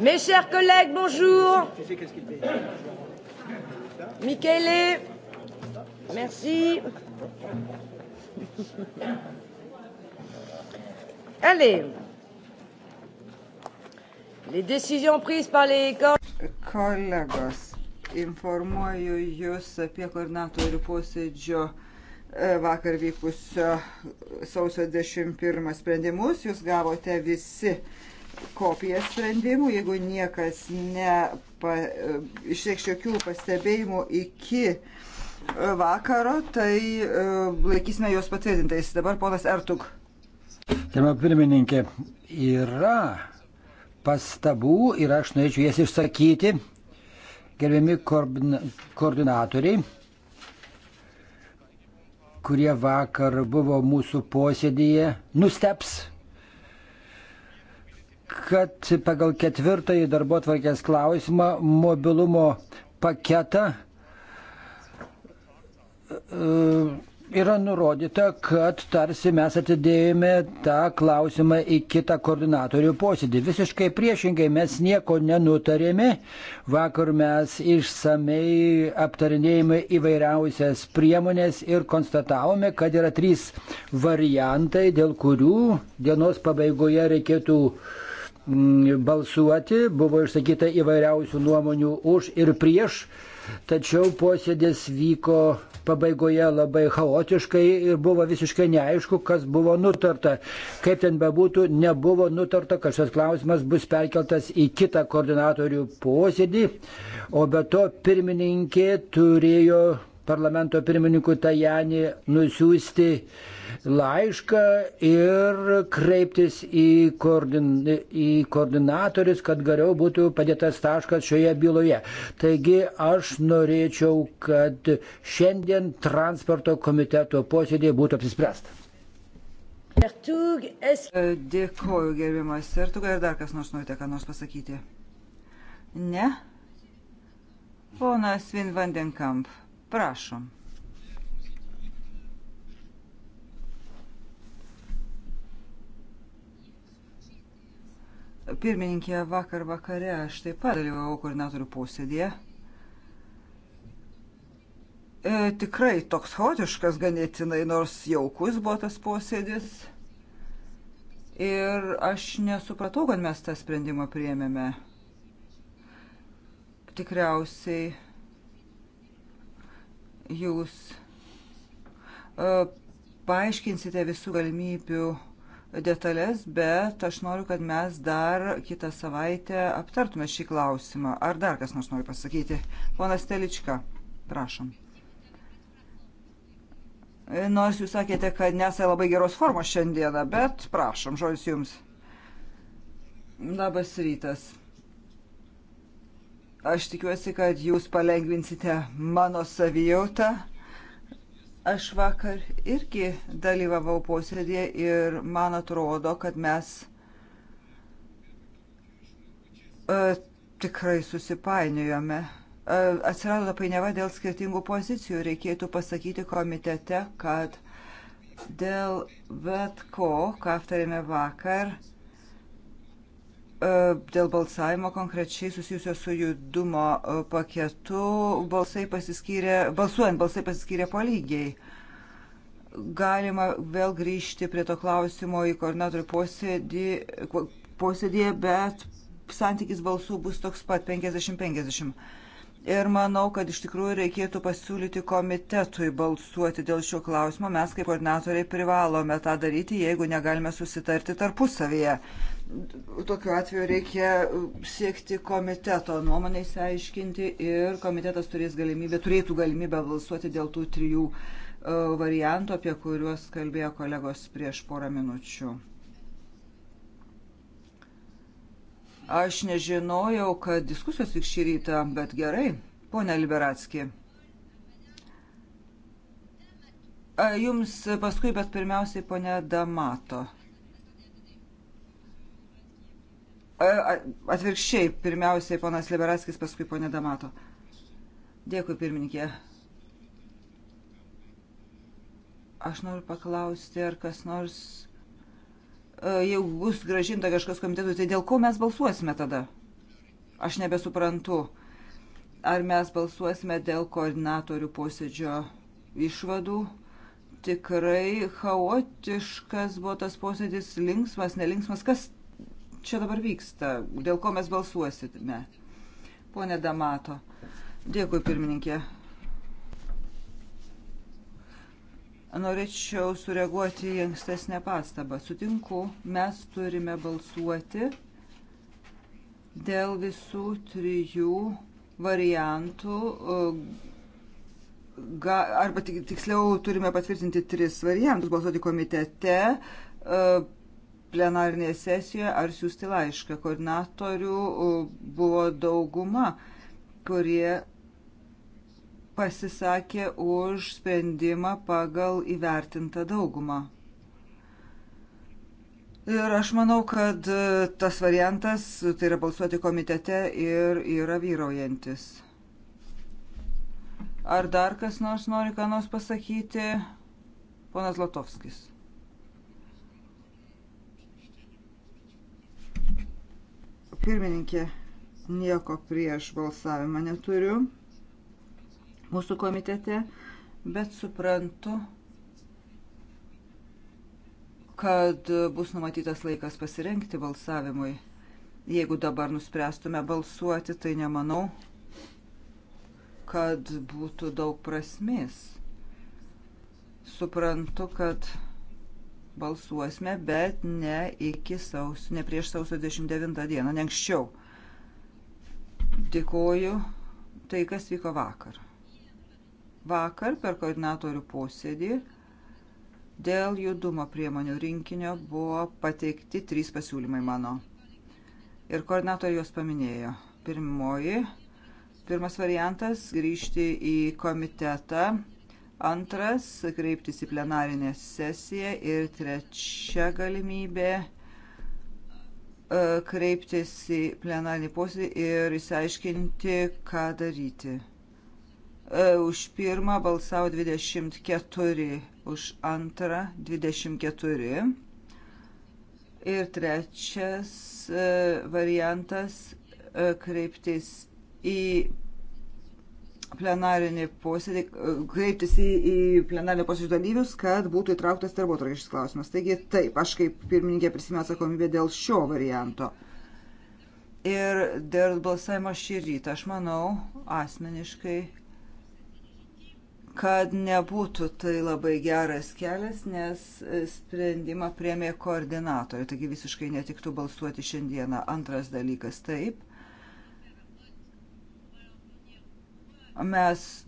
Mes chers collègues, bonjour. Michele, merci. Allez. Les décisions prises par les Kolegos, informuoju Jūs apie koordinatorių posėdžio vakar vykusio sausio 21 sprendimus. Jūs gavote visi kopiją sprendimų. Jeigu niekas neišreikš jokių pastebėjimų iki vakaro, tai e, laikysime juos patvirtintais. Dabar ponas Ertuk. Gerbiamą pirmininkė, yra pastabų ir aš norėčiau jas išsakyti. Gerbiami koordinatoriai, kurie vakar buvo mūsų posėdėje, nusteps, kad pagal ketvirtąjį darbo tvarkės klausimą mobilumo paketą uh, yra nurodyta, kad tarsi mes atidėjome tą klausimą į kitą koordinatorių posėdį. Visiškai priešingai mes nieko nenutarėme. Vakar mes išsamei aptarinėjome įvairiausias priemonės ir konstatavome, kad yra trys variantai, dėl kurių dienos pabaigoje reikėtų mm, balsuoti. Buvo išsakyta įvairiausių nuomonių už ir prieš tačiau posėdis vyko pabaigoje labai chaotiškai ir buvo visiškai neaišku, kas buvo nutarta. Kaip ten bebūtų, nebuvo nutarta, kad šis klausimas bus perkeltas į kitą koordinatorių posėdį, o be to pirmininkė turėjo parlamento pirmininkui Tajani nusiųsti laišką ir kreiptis į, koordin, į koordinatorius, kad geriau būtų padėtas taškas šioje byloje. Taigi aš norėčiau, kad šiandien transporto komiteto posėdėje būtų apsispręsta. E, dėkoju, gerbimas Sertuga, ir dar kas nors norite ką nors pasakyti? Ne? Ponas Vin Vandenkamp, prašom. Pirmininkė, vakar vakare aš taip pat dalyvavau koordinatorių posėdėje. E, tikrai toks chaotiškas ganėtinai, nors jaukus buvo tas posėdis. Ir aš nesupratau, kad mes tą sprendimą priėmėme. Tikriausiai jūs e, paaiškinsite visų galimybių detalės, bet aš noriu, kad mes dar kitą savaitę aptartume šį klausimą. Ar dar kas nors nori pasakyti? Ponas Telička, prašom. Nors jūs sakėte, kad nesai labai geros formos šiandieną, bet prašom, žodis jums. Labas rytas. Aš tikiuosi, kad jūs palengvinsite mano savijautą Aš vakar irgi dalyvavau posėdėje ir man atrodo, kad mes e, tikrai susipainiojome. E, atsirado painiava dėl skirtingų pozicijų. Reikėtų pasakyti komitete, kad dėl bet ko, ką aptarėme vakar, e, E, dėl balsavimo konkrečiai susijusio su judumo e, paketu balsai pasiskyrė, balsuojant balsai pasiskyrė po lygiai. Galima vėl grįžti prie to klausimo į koordinatorių posėdį, posėdėje, bet santykis balsų bus toks pat 50-50. Ir manau, kad iš tikrųjų reikėtų pasiūlyti komitetui balsuoti dėl šio klausimo. Mes kaip koordinatoriai privalome tą daryti, jeigu negalime susitarti tarpusavyje. Tokiu atveju reikia siekti komiteto nuomonę įsiaiškinti ir komitetas turės galimybę, turėtų galimybę balsuoti dėl tų trijų e, variantų, apie kuriuos kalbėjo kolegos prieš porą minučių. Aš nežinojau, kad diskusijos vyks šį rytą, bet gerai, ponia Liberatski. E, jums paskui, bet pirmiausiai ponia Damato. atvirkščiai, pirmiausiai ponas Liberatskis, paskui ponė Damato. Dėkui, pirmininkė. Aš noriu paklausti, ar kas nors, e, jeigu bus gražinta kažkas komitetui, tai dėl ko mes balsuosime tada? Aš nebesuprantu, ar mes balsuosime dėl koordinatorių posėdžio išvadų, tikrai chaotiškas buvo tas posėdis, linksmas, nelinksmas, kas čia dabar vyksta, dėl ko mes balsuosime. Pone Damato, dėkui pirmininkė. Norėčiau sureaguoti į ankstesnę pastabą. Sutinku, mes turime balsuoti dėl visų trijų variantų. Ga, arba tiksliau turime patvirtinti tris variantus - balsuoti komitete, plenarinėje sesijoje ar siūsti laišką. Koordinatorių buvo dauguma, kurie pasisakė už sprendimą pagal įvertintą daugumą. Ir aš manau, kad e, tas variantas, tai yra balsuoti komitete, ir yra vyraujantis. Ar dar kas nors nori ką nors pasakyti? Ponas Latovskis. Pirmininkė, nieko prieš balsavimą neturiu mūsų komitete, bet suprantu, kad bus numatytas laikas pasirenkti balsavimui. Jeigu dabar nuspręstume balsuoti, tai nemanau, kad būtų daug prasmės. Suprantu, kad balsuosime, bet ne iki sausio, ne prieš sausio 29 dieną, ne anksčiau. Dėkoju tai, kas vyko vakar. Vakar per koordinatorių posėdį dėl judumo priemonių rinkinio buvo pateikti trys pasiūlymai mano. Ir koordinatoriai juos paminėjo. Pirmoji, pirmas variantas - grįžti į komitetą Antras - kreiptis į plenarinę sesiją. Ir trečia galimybė e, - kreiptis į plenarinį posėdį ir įsiaiškinti, ką daryti. E, už pirmą balsavo 24, už antrą 24. Ir trečias e, variantas - kreiptis į plenarinį posėdį, kreiptis į, į plenarinį posėdį dalyvius, kad būtų įtrauktas darbo šis klausimas. Taigi taip, aš kaip pirmininkė prisimenu atsakomybę dėl šio varianto. Ir dėl balsavimo šį rytą, aš manau asmeniškai, kad nebūtų tai labai geras kelias, nes sprendimą priemė koordinatoriai, taigi visiškai netiktų balsuoti šiandieną. Antras dalykas, taip Mes,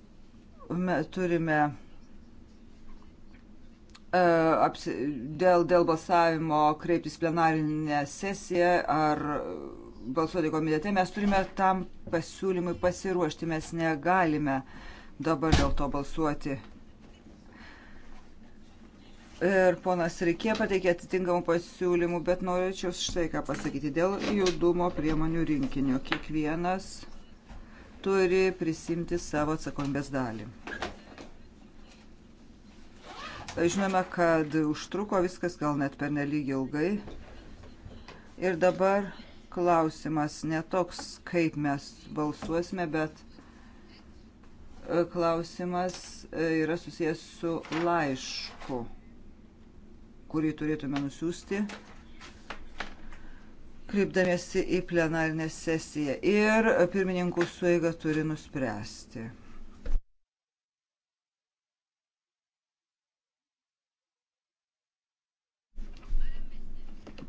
mes turime e, apsi, dėl, dėl balsavimo kreiptis plenarinę sesiją ar balsuoti komitete, mes turime tam pasiūlymui pasiruošti, mes negalime dabar dėl to balsuoti. Ir ponas Reikė pateikė atitinkamų pasiūlymų, bet norėčiau štai ką pasakyti dėl judumo priemonių rinkinio. Kiekvienas turi prisimti savo atsakomybės dalį. Žinome, kad užtruko viskas gal net per nelyg ilgai. Ir dabar klausimas netoks, kaip mes balsuosime, bet e, klausimas e, yra susijęs su laišku, kurį turėtume nusiųsti kreipdamėsi į plenarinę sesiją ir pirmininkų sueiga turi nuspręsti.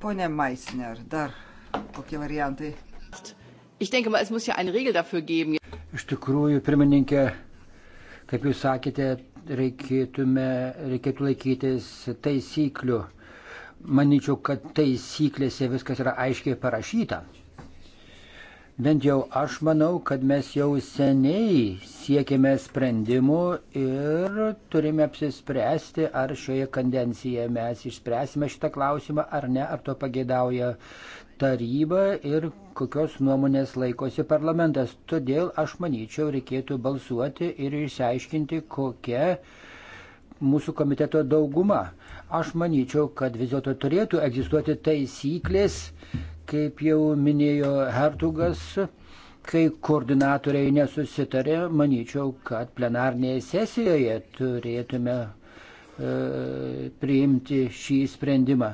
Pone Meisner, dar kokie variantai? Ich denke mal, es muss ja eine Regel dafür geben. Iš tikrųjų, pirmininkė, kaip jūs sakėte, reikėtume, reikėtų laikytis taisyklių Manyčiau, kad taisyklėse viskas yra aiškiai parašyta. Bent jau aš manau, kad mes jau seniai siekime sprendimų ir turime apsispręsti, ar šioje kandencijoje mes išspręsime šitą klausimą ar ne, ar to pageidauja taryba ir kokios nuomonės laikosi parlamentas. Todėl aš manyčiau, reikėtų balsuoti ir išsiaiškinti, kokia mūsų komiteto dauguma. Aš manyčiau, kad vis dėlto turėtų egzistuoti taisyklės, kaip jau minėjo Hertugas, kai koordinatoriai nesusitarė, manyčiau, kad plenarnėje sesijoje turėtume e, priimti šį sprendimą.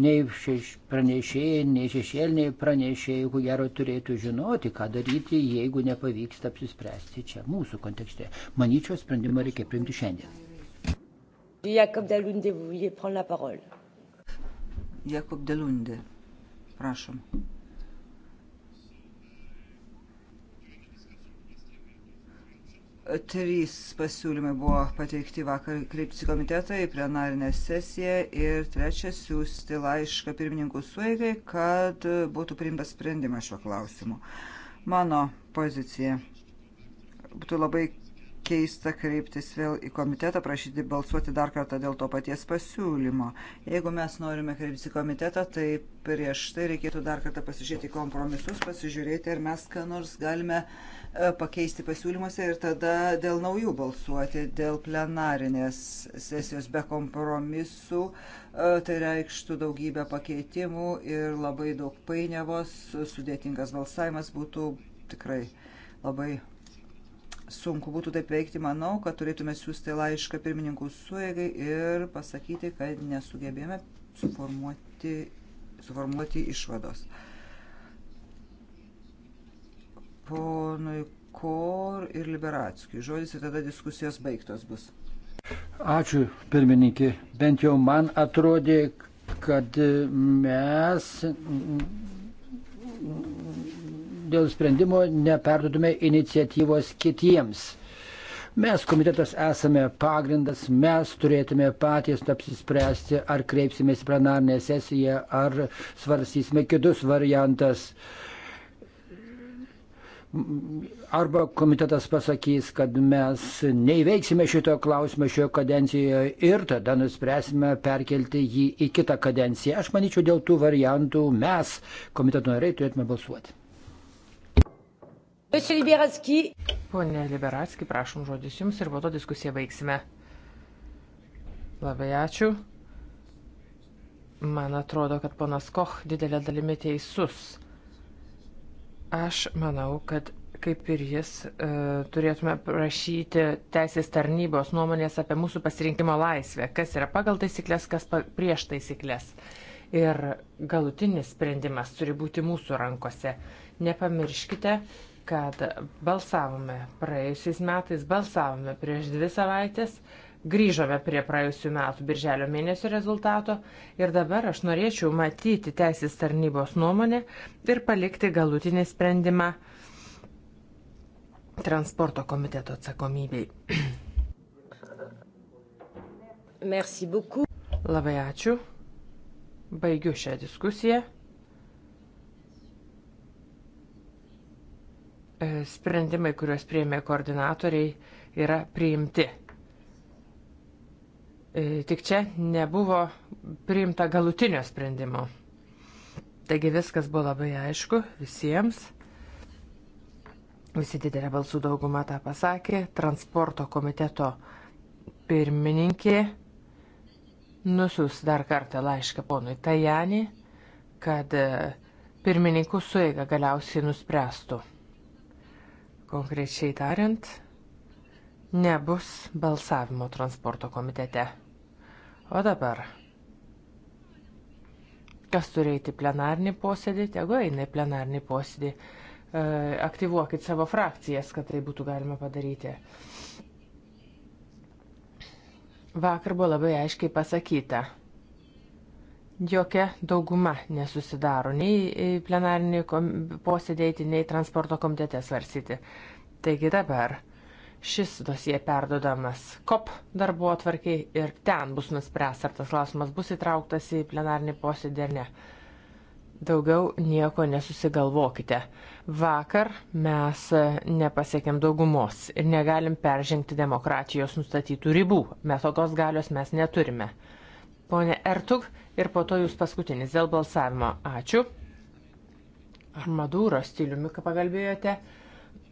Nei šeš, pranešėjai, nei šešėliniai pranešėjai, ko gero, turėtų žinoti, ką daryti, jeigu nepavyksta apsispręsti čia mūsų kontekste. Manyčiau, sprendimą reikia priimti šiandien. Jakob Dalunde, vous vouliez prendre la parole. Jakob Dalunde, prašom. Trys pasiūlymai buvo pateikti vakar kreiptis į komitetą, į plenarinę sesiją ir trečias siūsti laišką pirmininkų suėgai, kad būtų priimtas sprendimas šiuo klausimu. Mano pozicija būtų labai keista kreiptis vėl į komitetą, prašyti balsuoti dar kartą dėl to paties pasiūlymo. Jeigu mes norime kreiptis į komitetą, tai prieš tai reikėtų dar kartą pasižiūrėti kompromisus, pasižiūrėti, ar mes ką nors galime e, pakeisti pasiūlymuose ir tada dėl naujų balsuoti, dėl plenarinės sesijos be kompromisų. E, tai reikštų daugybę pakeitimų ir labai daug painiavos, sudėtingas balsavimas būtų tikrai labai sunku būtų taip veikti, manau, kad turėtume siūsti laišką pirmininkų suėgai ir pasakyti, kad nesugebėjome suformuoti, suformuoti išvados. Ponui Kor ir Liberatskijui žodis ir tada diskusijos baigtos bus. Ačiū, pirmininkė. Bent jau man atrodė, kad mes dėl sprendimo neperduotume iniciatyvos kitiems. Mes komitetas esame pagrindas, mes turėtume patys apsispręsti, ar kreipsimės plenarnę sesiją, ar svarsysime kitus variantas. Arba komitetas pasakys, kad mes neįveiksime šito klausimo šioje kadencijoje ir tada nuspręsime perkelti jį į kitą kadenciją. Aš manyčiau, dėl tų variantų mes, komiteto nariai, turėtume balsuoti. Monsieur Liberatski. Pone Liberatski, prašom žodis jums ir po to diskusiją baigsime. Labai ačiū. Man atrodo, kad ponas Koch didelė dalimi teisus. Aš manau, kad kaip ir jis e, turėtume prašyti teisės tarnybos nuomonės apie mūsų pasirinkimo laisvę, kas yra pagal taisyklės, kas prieš taisyklės. Ir galutinis sprendimas turi būti mūsų rankose. Nepamirškite, kad balsavome praėjusiais metais, balsavome prieš dvi savaitės, grįžome prie praėjusių metų birželio mėnesio rezultato ir dabar aš norėčiau matyti teisės tarnybos nuomonę ir palikti galutinį sprendimą transporto komiteto atsakomybei. Labai ačiū. Baigiu šią diskusiją. E, sprendimai, kuriuos prieimė koordinatoriai, yra priimti. E, tik čia nebuvo priimta galutinio sprendimo. Taigi viskas buvo labai aišku visiems. Visi didelė balsų dauguma tą pasakė. Transporto komiteto pirmininkė nusius dar kartą laišką ponui Tajani, kad e, pirmininkų suėga galiausiai nuspręstų Konkrečiai tariant, nebus balsavimo transporto komitete. O dabar, kas turi eiti plenarnį posėdį, tegu eina į plenarnį posėdį. E, aktyvuokit savo frakcijas, kad tai būtų galima padaryti. Vakar buvo labai aiškiai pasakyta, jokia dauguma nesusidaro nei plenarinį posėdėti, nei transporto komitete svarsyti. Taigi dabar šis dosie perdodamas COP darbo atvarkiai ir ten bus nuspręs, ar tas klausimas bus įtrauktas į plenarinį posėdį ar ne. Daugiau nieko nesusigalvokite. Vakar mes nepasiekėm daugumos ir negalim peržengti demokratijos nustatytų ribų. Mes tokios galios mes neturime. Pone Ertug ir po to jūs paskutinis dėl balsavimo. Ačiū. Ar Madūro stiliumi, ką pagalbėjote,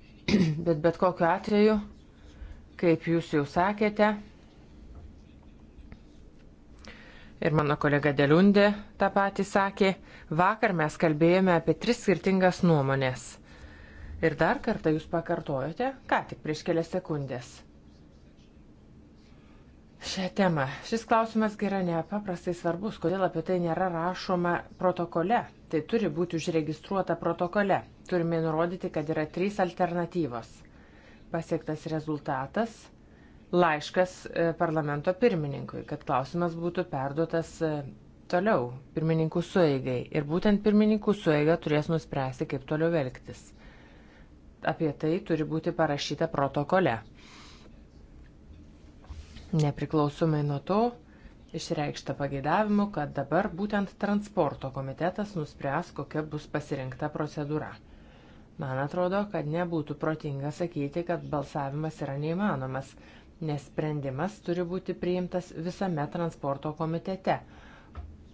bet bet kokiu atveju, kaip jūs jau sakėte, ir mano kolega Deliundė tą patį sakė, vakar mes kalbėjome apie tris skirtingas nuomonės. Ir dar kartą jūs pakartojote, ką tik prieš kelias sekundės šią temą. Šis klausimas yra nepaprastai svarbus. Kodėl apie tai nėra rašoma protokole? Tai turi būti užregistruota protokole. Turime nurodyti, kad yra trys alternatyvos. Pasiektas rezultatas - laiškas e, parlamento pirmininkui, kad klausimas būtų perduotas e, toliau pirmininkų sueigai. Ir būtent pirmininkų sueiga turės nuspręsti, kaip toliau elgtis. Apie tai turi būti parašyta protokole nepriklausomai nuo to išreikšta pageidavimu, kad dabar būtent transporto komitetas nuspręs, kokia bus pasirinkta procedūra. Man atrodo, kad nebūtų protinga sakyti, kad balsavimas yra neįmanomas, nes sprendimas turi būti priimtas visame transporto komitete.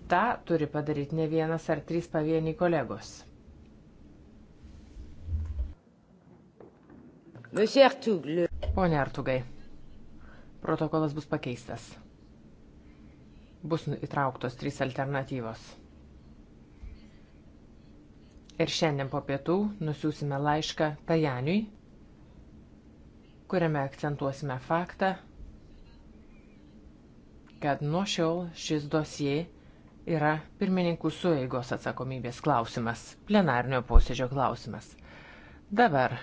Ta turi padaryti ne vienas ar trys pavieniai kolegos. Pone Artugai protokolas bus pakeistas. Bus įtrauktos trys alternatyvos. Ir šiandien po pietų nusiųsime laišką Tajaniui, kuriame akcentuosime faktą, kad nuo šiol šis dosie yra pirmininkų sueigos atsakomybės klausimas, plenarnio posėdžio klausimas. Dabar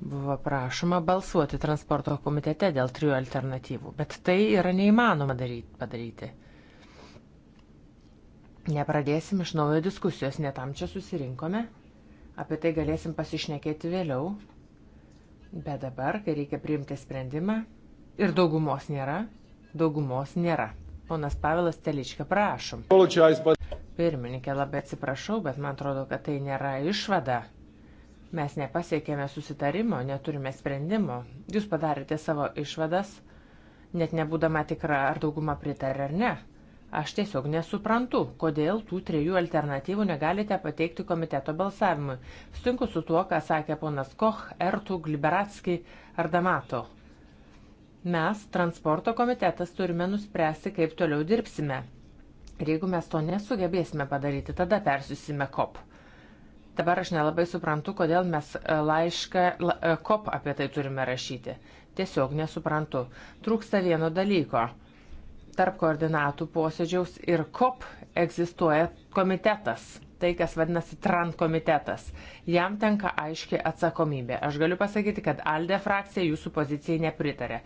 buvo prašoma balsuoti transporto komitete dėl trijų alternatyvų, bet tai yra neįmanoma daryti, padaryti. Nepradėsim iš naujo diskusijos, netam čia susirinkome, apie tai galėsim pasišnekėti vėliau, bet dabar, kai reikia priimti sprendimą ir daugumos nėra, daugumos nėra. Ponas Pavilas Telička, prašom. Pirmininkė, labai atsiprašau, bet man atrodo, kad tai nėra išvada Mes nepasiekėme susitarimo, neturime sprendimo. Jūs padarėte savo išvadas, net nebūdama tikra, ar dauguma pritarė ar ne. Aš tiesiog nesuprantu, kodėl tų trijų alternatyvų negalite pateikti komiteto balsavimui. Sutinku su tuo, ką sakė ponas Koch, Ertug, Liberatski ar Damato. Mes, transporto komitetas, turime nuspręsti, kaip toliau dirbsime. Ir jeigu mes to nesugebėsime padaryti, tada persiusime kop. Dabar aš nelabai suprantu, kodėl mes e, laišką la, e, kop apie tai turime rašyti. Tiesiog nesuprantu. Trūksta vieno dalyko. Tarp koordinatų posėdžiaus ir kop egzistuoja komitetas. Tai, kas vadinasi TRAN komitetas. Jam tenka aiški atsakomybė. Aš galiu pasakyti, kad ALDE frakcija jūsų pozicijai nepritarė.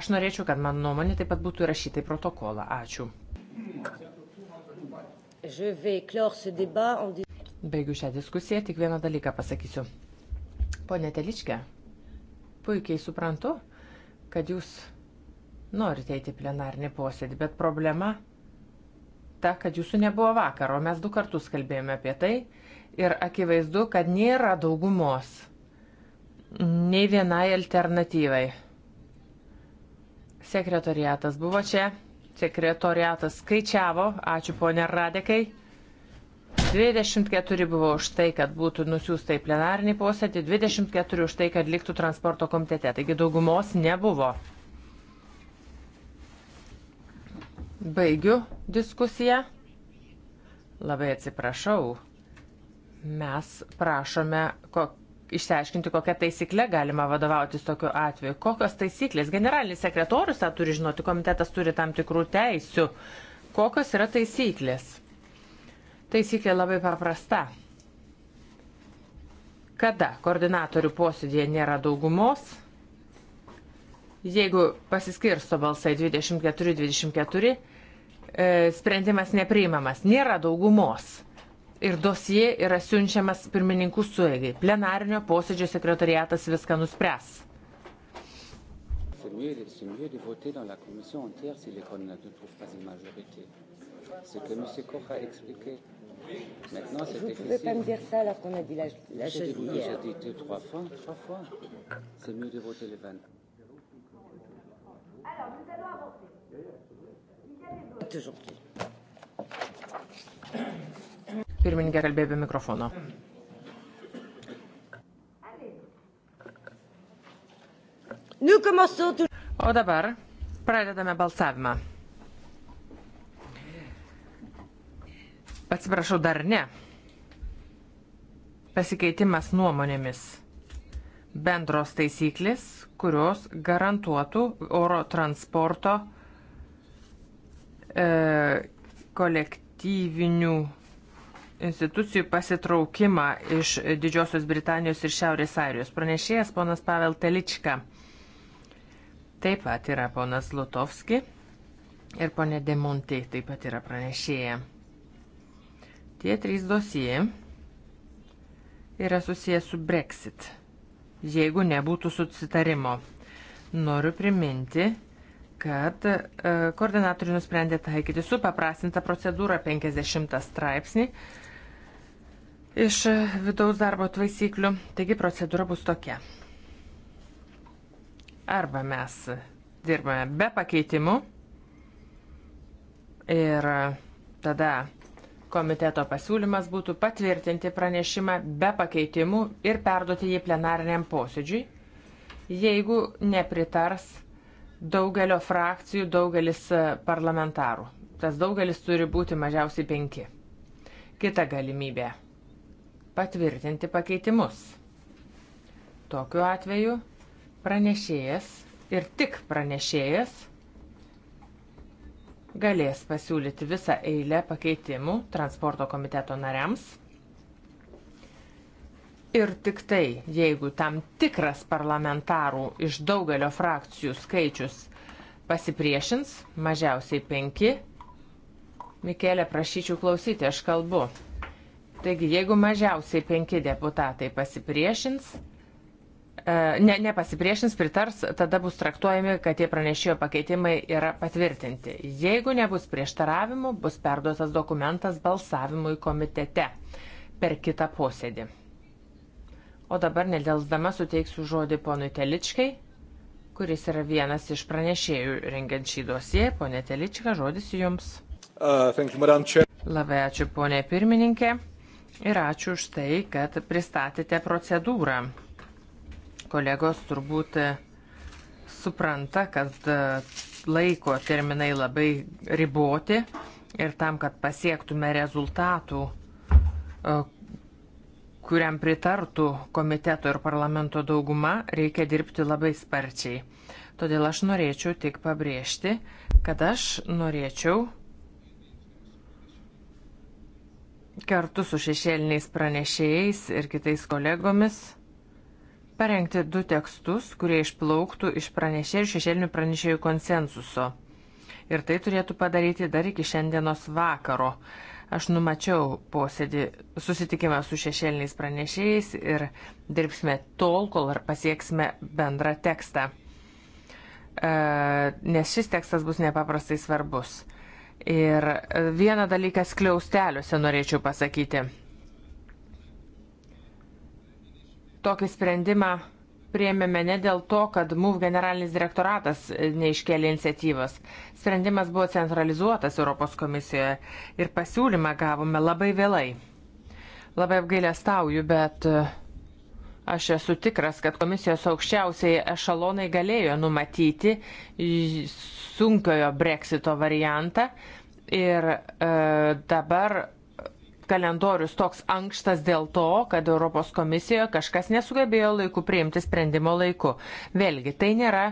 Aš norėčiau, kad mano nuomonė taip pat būtų įrašyta į protokolą. Ačiū. Baigiu šią diskusiją, tik vieną dalyką pasakysiu. Pone Teliške, puikiai suprantu, kad jūs norite eiti plenarnį posėdį, bet problema ta, kad jūsų nebuvo vakar, o mes du kartus kalbėjome apie tai ir akivaizdu, kad nėra daugumos nei vienai alternatyvai. Sekretoriatas buvo čia, sekretoriatas skaičiavo, ačiū ponė Radekai 24 buvo už tai, kad būtų nusiųsta į plenarinį posėdį, 24 už tai, kad liktų transporto komitete. Taigi daugumos nebuvo. Baigiu diskusiją. Labai atsiprašau. Mes prašome kok išsiaiškinti, kokią taisyklę galima vadovautis tokiu atveju. Kokios taisyklės? Generalinis sekretorius tą turi žinoti, komitetas turi tam tikrų teisių. Kokios yra taisyklės? Taisyklė labai paprasta. Kada koordinatorių posėdėje nėra daugumos, jeigu pasiskirsto balsai 24-24, e, sprendimas nepriimamas, nėra daugumos. Ir dosie yra siunčiamas pirmininkų suėgai. Plenarinio posėdžio sekretariatas viską nuspręs. C'est mieux, c'est mieux de voter dans la commission entière si les candidats ne trouvent pas une majorité ce que M. Koch a expliqué. Maintenant, c'est difficile. Vous ne pouvez pas me dire ça alors qu'on a dit la, la chose dit, hier. J'ai dit deux, trois fois, trois fois. C'est mieux de voter le 20. Alors, nous allons avancer. Il y a des votes aujourd'hui. Pirmininkė kalbėjo be mikrofono. O dabar pradedame balsavimą. Atsiprašau, dar ne. Pasikeitimas nuomonėmis. Bendros taisyklės, kurios garantuotų oro transporto e, kolektyvinių institucijų pasitraukimą iš Didžiosios Britanijos ir Šiaurės Airijos. Pranešėjas ponas Pavel Telička. Taip pat yra ponas Lutovski ir ponė Demontai taip pat yra pranešėja. Tie trys dosijai yra susijęs su Brexit, jeigu nebūtų susitarimo. Noriu priminti, kad e, koordinatoriai nusprendė taikyti supaprastintą procedūrą 50 straipsnį iš e, vidaus darbo taisyklių. Taigi procedūra bus tokia. Arba mes dirbame be pakeitimų ir e, tada Komiteto pasiūlymas būtų patvirtinti pranešimą be pakeitimų ir perduoti jį plenariniam posėdžiui, jeigu nepritars daugelio frakcijų daugelis e, parlamentarų. Tas daugelis turi būti mažiausiai penki. Kita galimybė - patvirtinti pakeitimus. Tokiu atveju pranešėjas ir tik pranešėjas galės pasiūlyti visą eilę pakeitimų transporto komiteto nariams. Ir tik tai, jeigu tam tikras parlamentarų iš daugelio frakcijų skaičius pasipriešins, mažiausiai penki, Mikėlė, prašyčiau klausyti, aš kalbu. Taigi, jeigu mažiausiai penki deputatai pasipriešins, E, ne, nepasipriešins, pritars, tada bus traktuojami, kad tie pranešėjo pakeitimai yra patvirtinti. Jeigu nebus prieštaravimų, bus perduotas dokumentas balsavimui komitete per kitą posėdį. O dabar nedelsdama suteiksiu žodį ponui Teličkai, kuris yra vienas iš pranešėjų rengiant šį dosiją. Pone Telička, žodis jums. Uh, you, Labai ačiū, ponė pirmininkė, ir ačiū už tai, kad pristatėte procedūrą Kolegos turbūt e, supranta, kad e, laiko terminai labai riboti ir tam, kad pasiektume rezultatų, e, kuriam pritartų komiteto ir parlamento dauguma, reikia dirbti labai sparčiai. Todėl aš norėčiau tik pabrėžti, kad aš norėčiau kartu su šešėliniais pranešėjais ir kitais kolegomis parengti du tekstus, kurie išplauktų iš pranešėjų ir šešėlinių pranešėjų konsensuso. Ir tai turėtų padaryti dar iki šiandienos vakaro. Aš numačiau posėdį, susitikimą su šešėliniais pranešėjais ir dirbsime tol, kol ar pasieksime bendrą tekstą. E, nes šis tekstas bus nepaprastai svarbus. Ir vieną dalyką skliausteliuose norėčiau pasakyti. tokį sprendimą priėmėme ne dėl to, kad MUV generalinis direktoratas neiškėlė iniciatyvos. Sprendimas buvo centralizuotas Europos komisijoje ir pasiūlymą gavome labai vėlai. Labai apgailestauju, bet e, aš esu tikras, kad komisijos aukščiausiai ešalonai galėjo numatyti sunkiojo breksito variantą ir e, dabar kalendorius toks ankštas dėl to, kad Europos komisijoje kažkas nesugebėjo laiku priimti sprendimo laiku. Vėlgi, tai nėra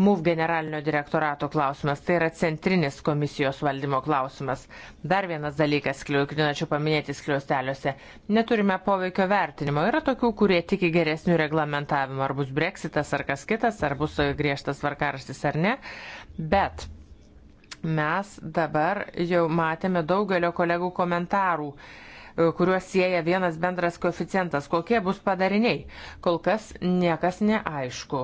MUV generalinio direktorato klausimas, tai yra centrinis komisijos valdymo klausimas. Dar vienas dalykas, kurį norėčiau paminėti skliausteliuose. Neturime poveikio vertinimo. Yra tokių, kurie tiki geresnių reglamentavimų, ar bus breksitas, ar kas kitas, ar bus griežtas varkaraštis ar ne. Bet mes dabar jau matėme daugelio kolegų komentarų kuriuos sieja vienas bendras koeficientas. Kokie bus padariniai? Kol kas niekas neaišku.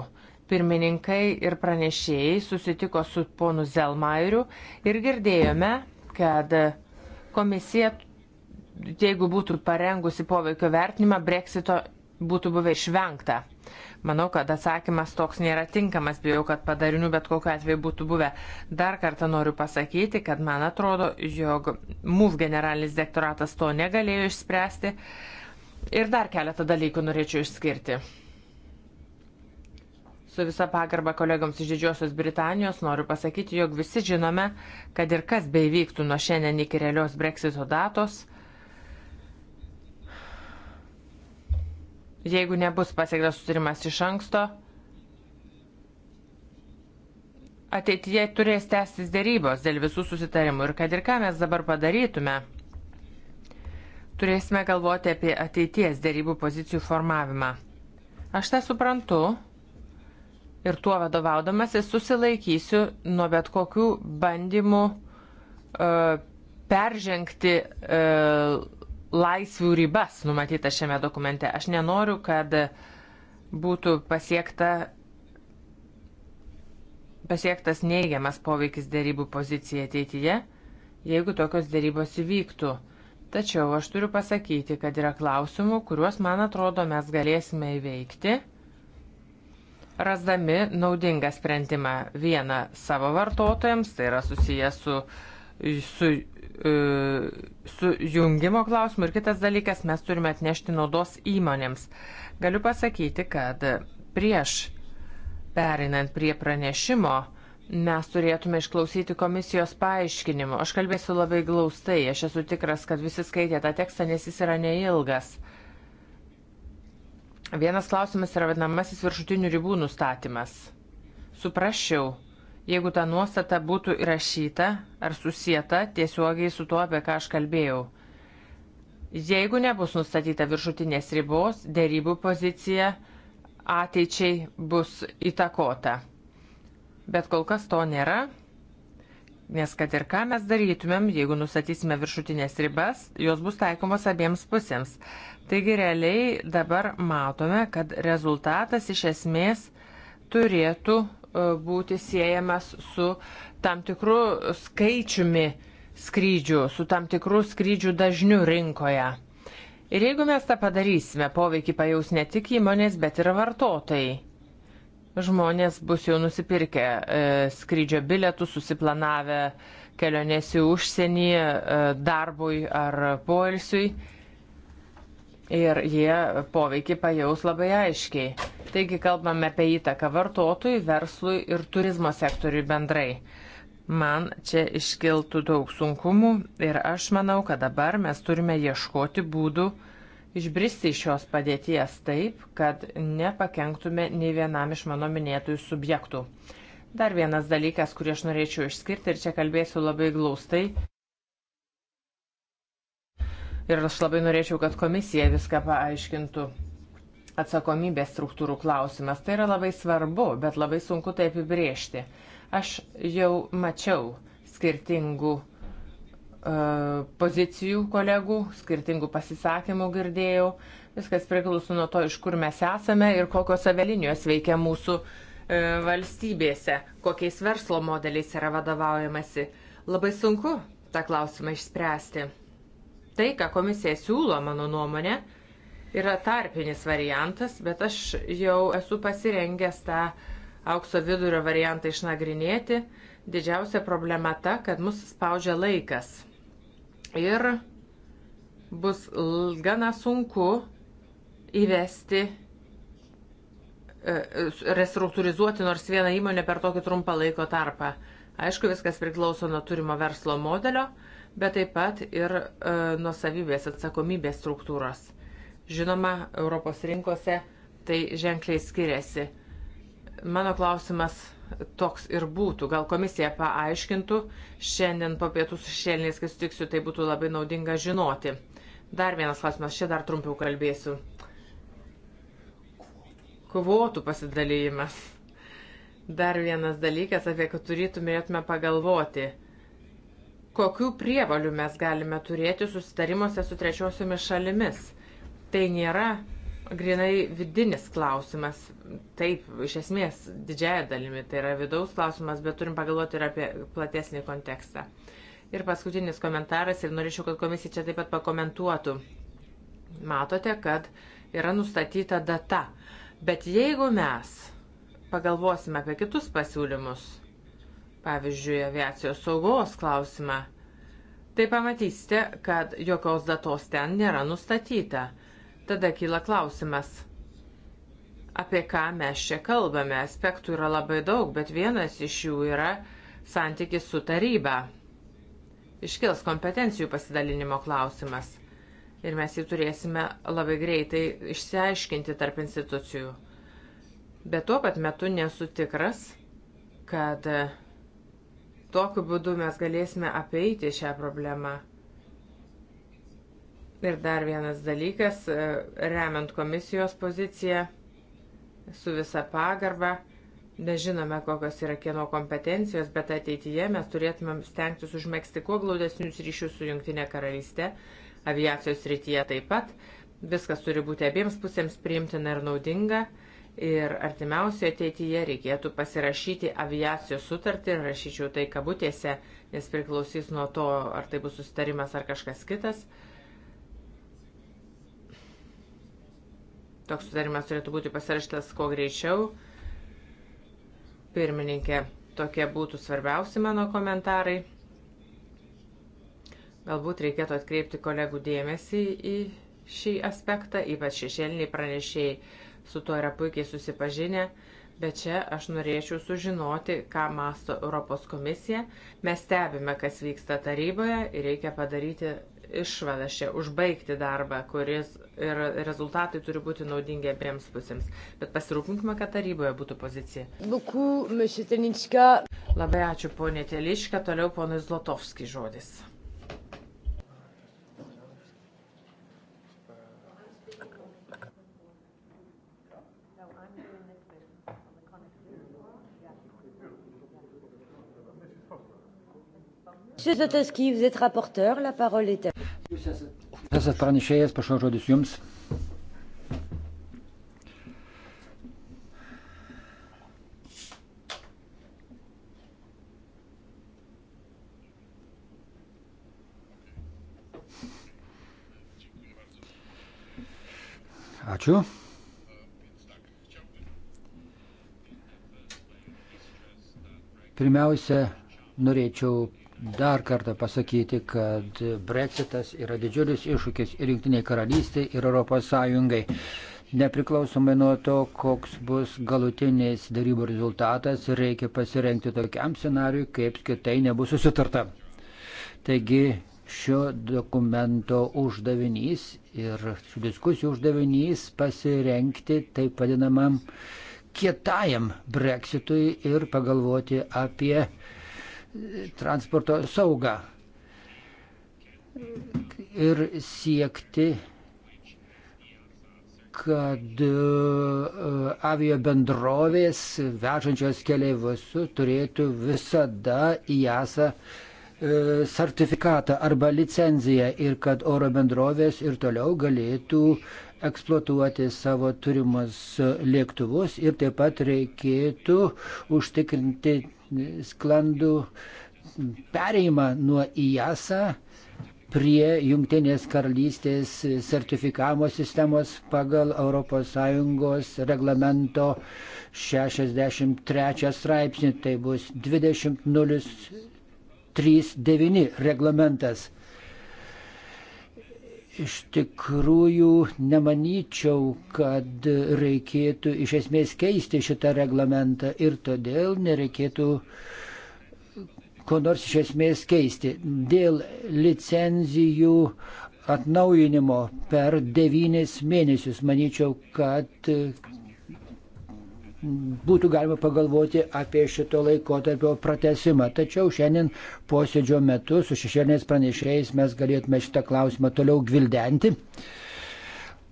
Pirmininkai ir pranešėjai susitiko su ponu Zelmairiu ir girdėjome, kad komisija, jeigu būtų parengusi poveikio vertinimą, breksito būtų buvę išvengta. Manau, kad atsakymas toks nėra tinkamas, bijau, kad padarinių bet kokiu atveju būtų buvę. Dar kartą noriu pasakyti, kad man atrodo, jog MUF generalinis direktoratas to negalėjo išspręsti. Ir dar keletą dalykų norėčiau išskirti. Su visa pagarba kolegoms iš Didžiosios Britanijos noriu pasakyti, jog visi žinome, kad ir kas beivyktų nuo šiandien iki realios breksito datos, Jeigu nebus pasiektas sutarimas iš anksto, ateityje turės tęstis dėrybos dėl visų susitarimų ir kad ir ką mes dabar padarytume, turėsime galvoti apie ateities dėrybų pozicijų formavimą. Aš tą suprantu ir tuo vadovaudamas ir susilaikysiu nuo bet kokių bandymų uh, peržengti uh, laisvių ribas numatytas šiame dokumente. Aš nenoriu, kad būtų pasiekta, pasiektas neigiamas poveikis dėrybų pozicijai ateityje, jeigu tokios dėrybos įvyktų. Tačiau aš turiu pasakyti, kad yra klausimų, kuriuos, man atrodo, mes galėsime įveikti, rasdami naudingą sprendimą vieną savo vartotojams, tai yra susijęs su, su E, sujungimo klausimų ir kitas dalykas, mes turime atnešti naudos įmonėms. Galiu pasakyti, kad prieš perinant prie pranešimo, Mes turėtume išklausyti komisijos paaiškinimų. Aš kalbėsiu labai glaustai. Aš esu tikras, kad visi skaitė tą tekstą, nes jis yra neilgas. Vienas klausimas yra vadinamasis viršutinių ribų nustatymas. Suprasčiau, jeigu ta nuostata būtų įrašyta ar susieta tiesiogiai su tuo, apie ką aš kalbėjau. Jeigu nebus nustatyta viršutinės ribos, dėrybų pozicija ateičiai bus įtakota. Bet kol kas to nėra, nes kad ir ką mes darytumėm, jeigu nustatysime viršutinės ribas, jos bus taikomos abiems pusėms. Taigi realiai dabar matome, kad rezultatas iš esmės turėtų E, būti siejamas su tam tikru skaičiumi skrydžių, su tam tikru skrydžių dažniu rinkoje. Ir jeigu mes tą padarysime, poveikį pajaus ne tik įmonės, bet ir vartotojai. Žmonės bus jau nusipirkę e, skrydžio bilietų, susiplanavę keliones į užsienį e, darbui ar poilsiui. E, ir jie poveikį pajaus labai aiškiai. Taigi kalbame apie įtaką vartotojui, verslui ir turizmo sektoriui bendrai. Man čia iškiltų daug sunkumų ir aš manau, kad dabar mes turime ieškoti būdų išbristi iš šios padėties taip, kad nepakenktume nei vienam iš mano minėtųjų subjektų. Dar vienas dalykas, kurį aš norėčiau išskirti ir čia kalbėsiu labai glaustai Ir aš labai norėčiau, kad komisija viską paaiškintų. Atsakomybės struktūrų klausimas. Tai yra labai svarbu, bet labai sunku tai apibriežti. Aš jau mačiau skirtingų e, pozicijų kolegų, skirtingų pasisakymų girdėjau. Viskas priklauso nuo to, iš kur mes esame ir kokios avelinijos veikia mūsų e, valstybėse, kokiais verslo modeliais yra vadovaujamasi. Labai sunku tą klausimą išspręsti. Tai, ką komisija siūlo, mano nuomonė, yra tarpinis variantas, bet aš jau esu pasirengęs tą aukso vidurio variantą išnagrinėti. Didžiausia problema ta, kad mus spaudžia laikas. Ir bus gana sunku įvesti, e, e, restruktūrizuoti nors vieną įmonę per tokį trumpą laiko tarpą. Aišku, viskas priklauso nuo turimo verslo modelio bet taip pat ir e, nusavybės atsakomybės struktūros. Žinoma, Europos rinkose tai ženkliai skiriasi. Mano klausimas toks ir būtų. Gal komisija paaiškintų, šiandien po pietų su šelniais, kai sutiksiu, tai būtų labai naudinga žinoti. Dar vienas klausimas, čia dar trumpiau kalbėsiu. Kvotų pasidalymas. Dar vienas dalykas, apie kurį turėtume pagalvoti kokių prievalių mes galime turėti susitarimuose su trečiosiomis šalimis. Tai nėra grinai vidinis klausimas. Taip, iš esmės, didžiaja dalimi tai yra vidaus klausimas, bet turim pagalvoti ir apie platesnį kontekstą. Ir paskutinis komentaras, ir norėčiau, kad komisija čia taip pat pakomentuotų. Matote, kad yra nustatyta data. Bet jeigu mes pagalvosime apie kitus pasiūlymus, pavyzdžiui, aviacijos saugos klausimą, tai pamatysite, kad jokios datos ten nėra nustatyta. Tada kyla klausimas, apie ką mes čia kalbame. Aspektų yra labai daug, bet vienas iš jų yra santykis su taryba. Iškils kompetencijų pasidalinimo klausimas. Ir mes jį turėsime labai greitai išsiaiškinti tarp institucijų. Bet tuo pat metu nesu tikras, kad Tokiu būdu mes galėsime apeiti šią problemą. Ir dar vienas dalykas, e, remiant komisijos poziciją su visa pagarba, nežinome, kokios yra kieno kompetencijos, bet ateityje mes turėtumėm stengtis užmėgsti kuo glaudesnius ryšius su Junktinė karalystė, aviacijos rytyje taip pat. Viskas turi būti abiems pusėms priimtina ir naudinga ir artimiausioje ateityje reikėtų pasirašyti aviacijos sutartį, rašyčiau tai kabutėse, nes priklausys nuo to, ar tai bus sustarimas ar kažkas kitas. Toks sutarimas turėtų būti pasirašytas kuo greičiau. Pirmininkė, tokie būtų svarbiausi mano komentarai. Galbūt reikėtų atkreipti kolegų dėmesį į šį aspektą, ypač šešėliniai pranešėjai su tuo yra puikiai susipažinę. Bet čia aš norėčiau sužinoti, ką masto Europos komisija. Mes stebime, kas vyksta taryboje ir reikia padaryti išvadą čia, užbaigti darbą, kuris ir rezultatai turi būti naudingi abiems pusėms. Bet pasirūpinkime, kad taryboje būtų pozicija. Buku, Labai ačiū, ponė Teliška. Toliau ponui Zlotovskis žodis. Monsieur Zoteski, vous êtes rapporteur, la parole est à vous. Jūs esat pranešėjas, prašau žodis jums. Ačiū. Pirmiausia, norėčiau dar kartą pasakyti, kad Brexitas yra didžiulis iššūkis ir Junktiniai karalystiai, ir Europos Sąjungai. Nepriklausomai nuo to, koks bus galutinis darybų rezultatas, reikia pasirengti tokiam scenariui, kaip kitai nebus susitarta. Taigi šio dokumento uždavinys ir šių diskusijų uždavinys pasirengti taip vadinamam kietajam breksitui ir pagalvoti apie transporto saugą ir siekti, kad e, avio bendrovės vežančios keliaivus turėtų visada įjasa e, sertifikatą arba licenciją ir kad oro bendrovės ir toliau galėtų eksploatuoti savo turimus lėktuvus ir taip pat reikėtų užtikrinti sklandų pereimą nuo IASA prie Junktinės karalystės sertifikavimo sistemos pagal ES reglamento 63 straipsnį, tai bus 20.039 reglamentas. Iš tikrųjų nemanyčiau, kad reikėtų iš esmės keisti šitą reglamentą ir todėl nereikėtų ko nors iš esmės keisti. Dėl licenzijų atnaujinimo per devynis mėnesius manyčiau, kad būtų galima pagalvoti apie šito laikotarpio pratesimą. Tačiau šiandien posėdžio metu su šešėliniais pranešėjais mes galėtume šitą klausimą toliau gvildenti.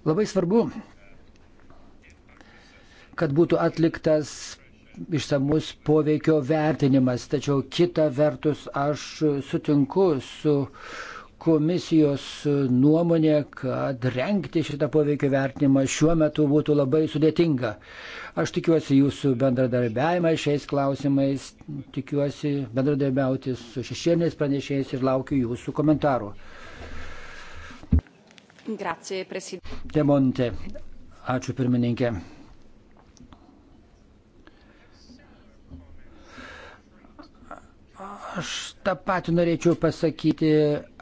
Labai svarbu, kad būtų atliktas išsamus poveikio vertinimas. Tačiau kita vertus aš sutinku su komisijos nuomonė, kad renkti šitą poveikio vertinimą šiuo metu būtų labai sudėtinga. Aš tikiuosi jūsų bendradarbiavimą šiais klausimais, tikiuosi bendradarbiauti su šešėliniais pranešėjais ir laukiu jūsų komentarų. Grazie, Demonte. Ačiū pirmininkė. Aš tą patį norėčiau pasakyti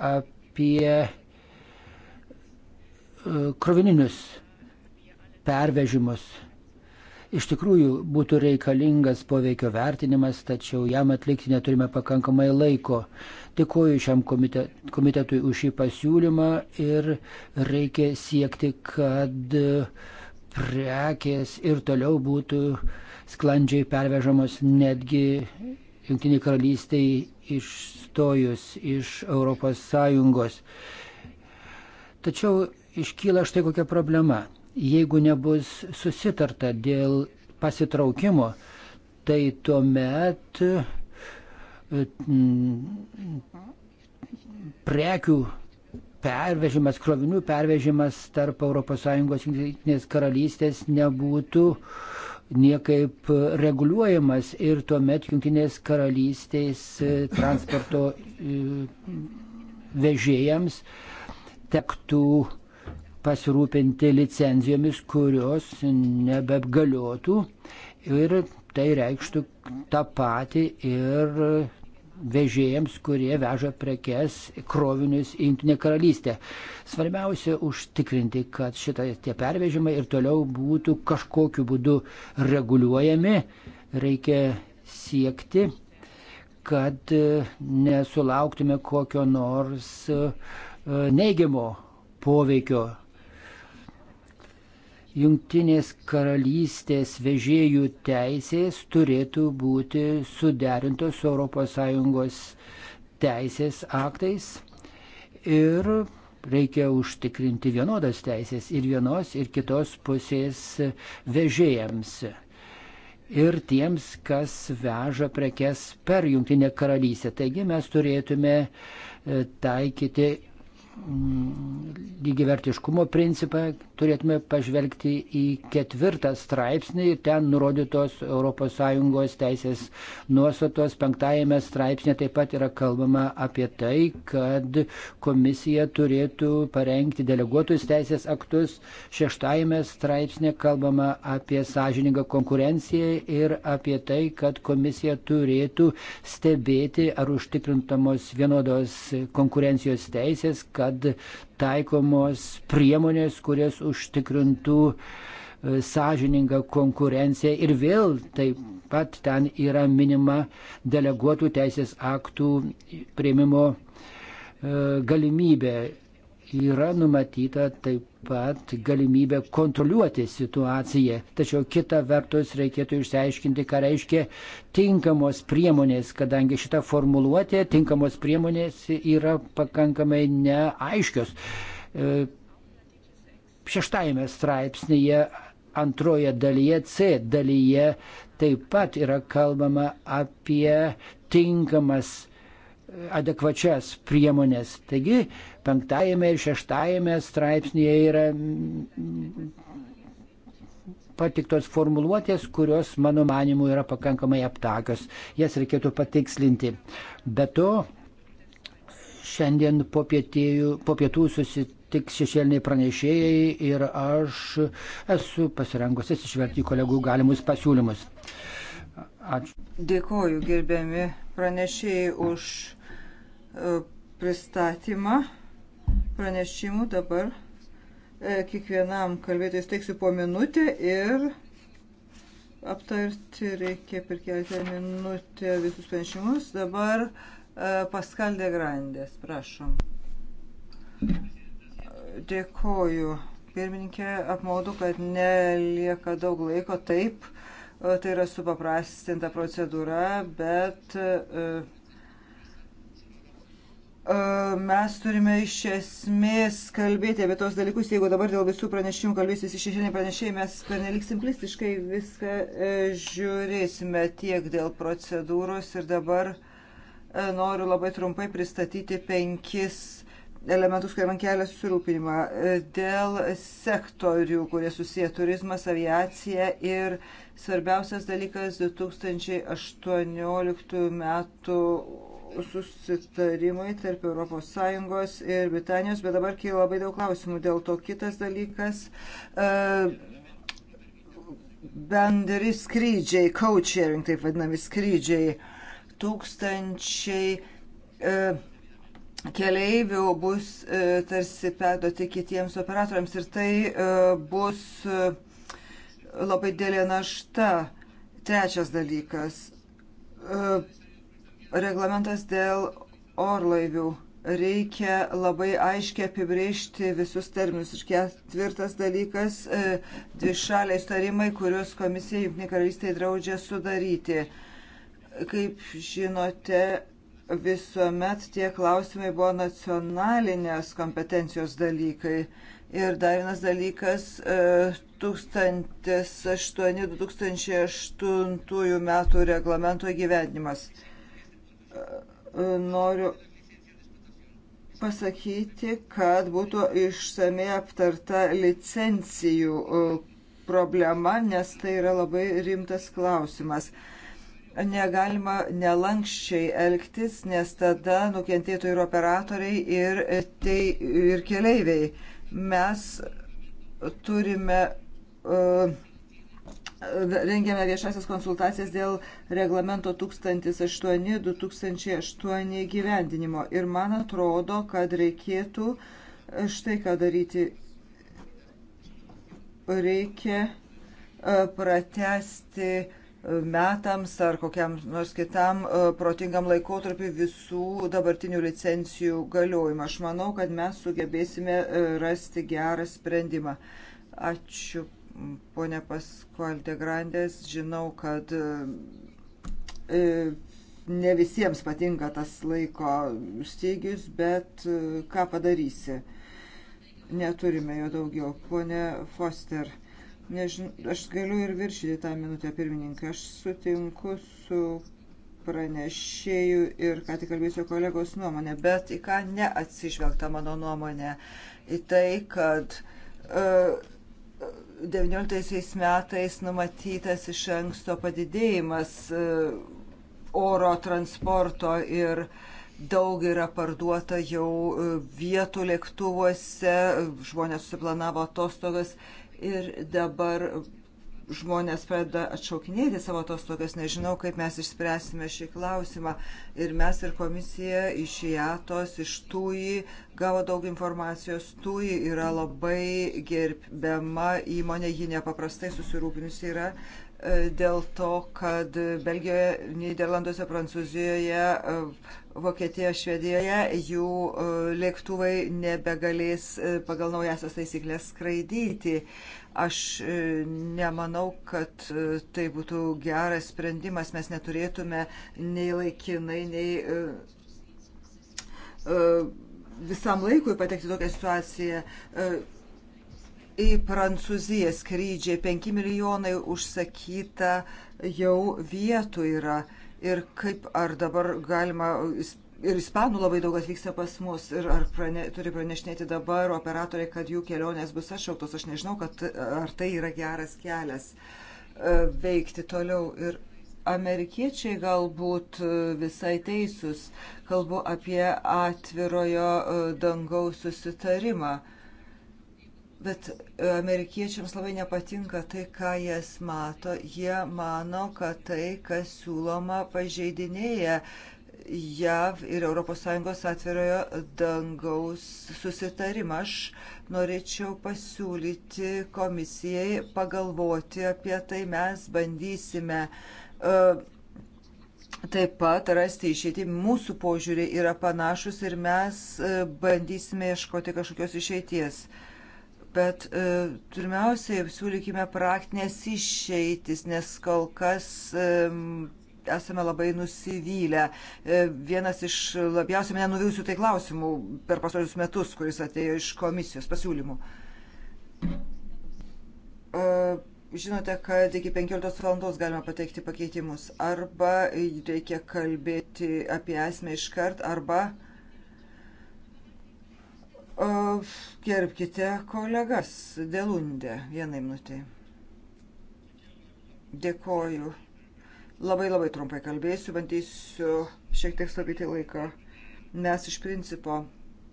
apie e, krovininius pervežimus. Iš tikrųjų būtų reikalingas poveikio vertinimas, tačiau jam atlikti neturime pakankamai laiko. Dėkuoju šiam komite, komitetui už šį pasiūlymą ir reikia siekti, kad prekės ir toliau būtų sklandžiai pervežamos netgi Junktinė karalystė išstojus iš ES. Tačiau iškyla štai kokia problema. Jeigu nebus susitarta dėl pasitraukimo, tai tuomet e, prekių pervežimas, krovinių pervežimas tarp ES ir Junktinės karalystės nebūtų niekaip reguliuojamas ir tuomet Junkinės karalystės e, transporto e, vežėjams tektų pasirūpinti licenzijomis, kurios nebegaliotų ir tai reikštų tą patį ir vežėjams, kurie veža prekes, krovinius į Junktinę karalystę. Svarbiausia užtikrinti, kad šitie tie pervežimai ir toliau būtų kažkokiu būdu reguliuojami. Reikia siekti, kad e, nesulauktume kokio nors e, neigiamo poveikio Jungtinės karalystės vežėjų teisės turėtų būti suderintos su ES teisės aktais ir reikia užtikrinti vienodas teisės ir vienos ir kitos pusės vežėjams. Ir tiems, kas veža prekes per Jungtinę karalystę. Taigi mes turėtume e, taikyti Mm, lygivertiškumo principą turėtume pažvelgti į ketvirtą straipsnį ir ten nurodytos ES teisės nuostatos. Penktajame straipsnė taip pat yra kalbama apie tai, kad komisija turėtų parengti deleguotus teisės aktus. Šeštajame straipsnė kalbama apie sąžiningą konkurenciją ir apie tai, kad komisija turėtų stebėti ar užtikrintamos vienodos konkurencijos teisės, kad kad taikomos priemonės, kurias užtikrintų e, sąžininga konkurencija ir vėl taip pat ten yra minima deleguotų teisės aktų prieimimo e, galimybė yra numatyta taip pat galimybė kontroliuoti situaciją. Tačiau kita vertus reikėtų išsiaiškinti, ką reiškia tinkamos priemonės, kadangi šita formuluotė tinkamos priemonės yra pakankamai neaiškios. E, šeštajame straipsnėje antroje dalyje, C dalyje taip pat yra kalbama apie tinkamas adekvačias priemonės. Taigi Penktajame ir šeštajame straipsnėje yra patiktos formuluotės, kurios, mano manimu, yra pakankamai aptakios. Jas reikėtų patikslinti. Be to, šiandien po, pietėjų, po pietų susitiks šešėliniai pranešėjai ir aš esu pasirengusi atsižvelgti kolegų galimus pasiūlymus. Ačiū. Dėkoju gerbiami pranešėjai už e, pristatymą pranešimų. Dabar e, kiekvienam kalbėtojui steiksiu po minutę ir aptarti reikia per keletą minutę visus pranešimus. Dabar e, Paskaldė Grandės, prašom. Dėkoju. Pirmininkė, apmaudu, kad nelieka daug laiko. Taip, e, tai yra supaprastinta procedūra, bet uh, E, mes turime iš esmės kalbėti apie tos dalykus, jeigu dabar dėl visų pranešimų kalbės visi šešėliniai pranešėjai, mes pernelik simplistiškai viską e, žiūrėsime tiek dėl procedūros ir dabar e, noriu labai trumpai pristatyti penkis elementus, kurie man kelia susirūpinimą. Dėl sektorių, kurie susiję turizmas, aviacija ir svarbiausias dalykas 2018 metų susitarimai tarp ES ir Britanijos, bet dabar kyla labai daug klausimų. Dėl to kitas dalykas e, - bendri skrydžiai, coaching, taip vadinami skrydžiai. Tūkstančiai e, keleivių bus e, tarsi perduoti kitiems operatoriams ir tai e, bus e, labai dėlė našta. Trečias dalykas. E, Reglamentas dėl orlaivių. Reikia labai aiškiai apibriežti visus terminus. Ir ketvirtas dalykas e, - dvišaliai starimai, kuriuos komisija Junktinė karalystė draudžia sudaryti. Kaip žinote, visuomet tie klausimai buvo nacionalinės kompetencijos dalykai. Ir dar vienas dalykas, 2008-2008 e, metų reglamento gyvenimas noriu pasakyti, kad būtų išsamei aptarta licencijų e, problema, nes tai yra labai rimtas klausimas. Negalima nelankščiai elgtis, nes tada nukentėtų ir operatoriai, ir, tai, ir keleiviai. Mes turime uh, rengiame viešasias konsultacijas dėl reglamento 1008-2008 gyvendinimo. Ir man atrodo, kad reikėtų štai ką daryti. Reikia e, pratesti e, metams ar kokiam nors kitam e, protingam laikotarpiu visų dabartinių licencijų galiojimą. Aš manau, kad mes sugebėsime rasti gerą sprendimą. Ačiū ponė Paskualtė Grandės, žinau, kad e, ne visiems patinka tas laiko stygius, bet e, ką padarysi. Neturime jo daugiau. Pone Foster, nežin, aš galiu ir viršyti tą minutę pirmininką. Aš sutinku su pranešėjų ir ką tik kalbėjusio kolegos nuomonė, bet į ką neatsižvelgta mano nuomonė, į tai, kad uh, 19 metais numatytas iš anksto padidėjimas e, oro transporto ir daug yra parduota jau e, vietų lėktuvuose, žmonės suplanavo atostogas ir dabar žmonės pradeda atšaukinėti savo tos tokios, nežinau, kaip mes išspręsime šį klausimą. Ir mes ir komisija iš JATOS, iš TUI gavo daug informacijos. TUI yra labai gerbiama įmonė, ji nepaprastai susirūpinusi yra e, dėl to, kad Belgijoje, Niderlanduose, Prancūzijoje, e, Vokietijoje, Švedijoje jų e, lėktuvai nebegalės pagal naujasias taisyklės skraidyti. Uh, Aš e, nemanau, kad e, tai būtų geras sprendimas, mes neturėtume nei laikinai, nei e, visam laikui patekti tokią situaciją. Į Prancūziją skrydžiai 5 milijonai užsakyta jau vietų yra. Ir kaip ar dabar galima ir ispanų labai daug atvyksta pas mus ir ar prane, turi pranešinėti dabar operatoriai, kad jų kelionės bus atšauktos. Aš nežinau, kad, ar tai yra geras kelias e, veikti toliau. Ir amerikiečiai galbūt e, visai teisūs. Kalbu apie atvirojo e, dangaus susitarimą. Bet amerikiečiams labai nepatinka tai, ką jas mato. Jie mano, kad tai, kas siūloma, pažeidinėja JAV ir ES atvirojo dangaus susitarimą. Aš norėčiau pasiūlyti komisijai pagalvoti apie tai. Mes bandysime uh, taip pat rasti išeitį. Mūsų požiūriai yra panašus ir mes uh, bandysime ieškoti kažkokios išeities. Bet e, uh, pirmiausiai siūlykime praktinės išeitis, nes kol kas e, um, esame labai nusivylę. E, vienas iš labiausiai mane nuvilusių tai klausimų per pasaulius metus, kuris atėjo iš komisijos pasiūlymų. E, žinote, kad iki 15 valandos galima pateikti pakeitimus. Arba reikia kalbėti apie esmę iškart, arba e, gerbkite kolegas. Dėlundė, vienai minutė. Dėkoju. Labai labai trumpai kalbėsiu, bandysiu šiek tiek stabdyti laiką. Mes iš principo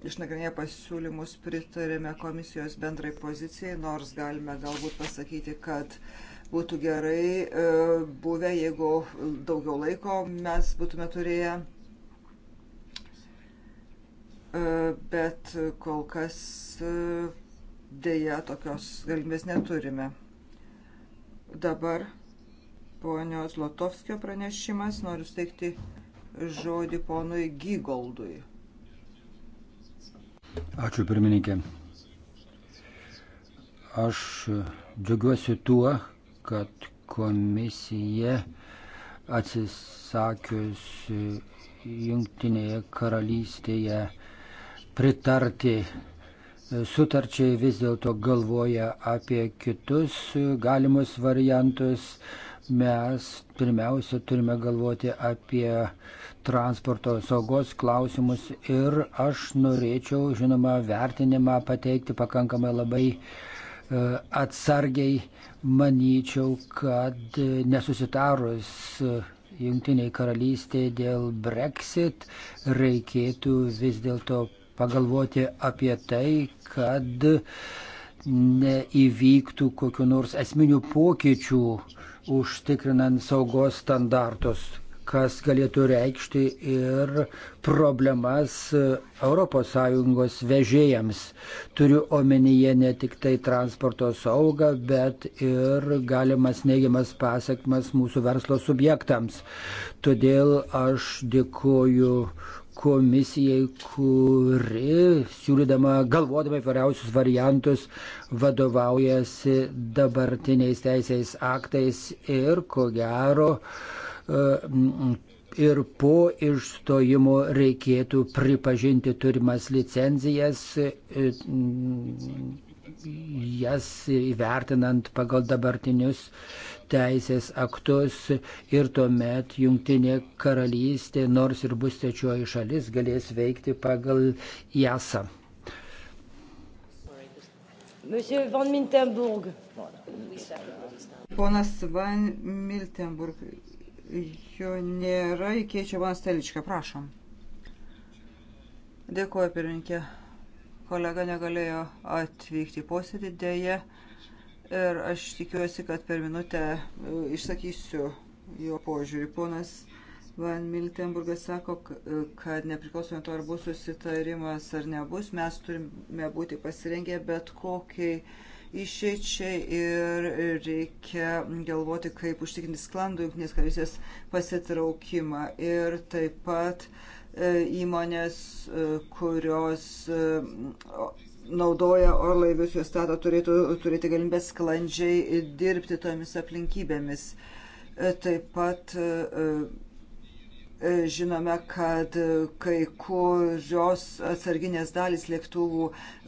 išnagrinėję pasiūlymus pritarėme komisijos bendrai pozicijai, nors galime galbūt pasakyti, kad būtų gerai e, buvę, jeigu daugiau laiko mes būtume turėję. E, bet kol kas e, dėja tokios galimybės neturime. Dabar ponios Lotovskio pranešimas. Noriu steigti žodį ponui Gygoldui. Ačiū pirmininkė. Aš džiaugiuosi tuo, kad komisija atsisakius Junktinėje karalystėje pritarti sutarčiai vis dėlto galvoja apie kitus galimus variantus, mes pirmiausia turime galvoti apie transporto saugos klausimus ir aš norėčiau, žinoma, vertinimą pateikti pakankamai labai e, atsargiai. Manyčiau, kad e, nesusitarus e, Junktiniai karalystė dėl Brexit reikėtų vis dėlto pagalvoti apie tai, kad neįvyktų kokiu nors esminių pokyčių uh, užtikrinant saugos standartus, kas galėtų reikšti ir problemas ES vežėjams. Turiu omenyje ne tik tai transporto saugą, bet ir galimas neigiamas pasiekmes mūsų verslo subjektams. Todėl aš dėkoju komisijai, kuri siūlydama, galvodama įvairiausius variantus, vadovaujasi dabartiniais teisės aktais ir ko gero e, ir po išstojimo reikėtų pripažinti turimas licenzijas, e, jas įvertinant pagal dabartinius teisės aktus ir tuomet jungtinė karalystė, nors ir bus trečioji šalis, galės veikti pagal JASA. Monsieur Van Miltenburg. Ponas Van Miltenburg, jo nėra, įkeičia Van Steličką, prašom. Dėkuoju, pirminkė. Kolega negalėjo atvykti į posėdį dėje. Ir aš tikiuosi, kad per minutę e, išsakysiu jo požiūrį. Ponas Van Miltenburgas sako, e, kad nepriklausomai to, ar bus susitarimas ar nebus, mes turime būti pasirengę bet kokiai išeičiai ir reikia galvoti, kaip užtikrinti sklandų jungtinės karalystės pasitraukimą. Ir taip pat e, įmonės, kurios naudoja orlaivius, juos stato, turėtų turėti galimybę sklandžiai dirbti tomis aplinkybėmis. E, taip pat e, E, žinome, kad e, kai kurios atsarginės dalys lėktuvų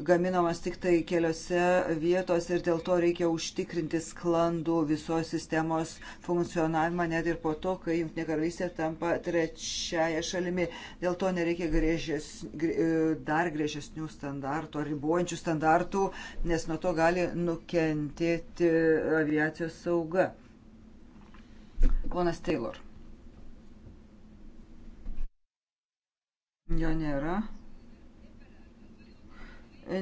gaminamas tik tai keliose vietose ir dėl to reikia užtikrinti sklandų visos sistemos funkcionavimą net ir po to, kai Junktinė karalystė tampa trečiaja šalimi. Dėl to nereikia grėžės, grė, e, dar griežesnių standartų ar ribojančių standartų, nes nuo to gali nukentėti aviacijos sauga. Ponas Taylor. Jo nėra.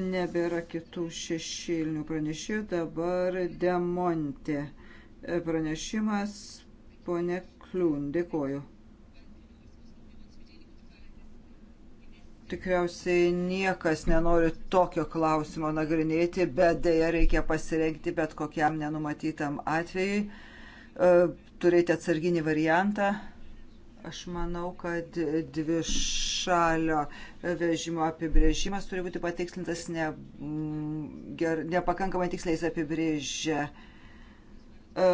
Nebėra kitų šešėlinių pranešėjų. Dabar Demonte pranešimas. Pone Kliūn, dėkoju. Tikriausiai niekas nenori tokio klausimo nagrinėti, bet dėja reikia pasirengti bet kokiam nenumatytam atvejui, e, turėti atsarginį variantą. Aš manau, kad dvišalio vežimo apibrėžimas turi būti patikslintas ne, mm, ger, nepakankamai tiksliais apibrėžę e,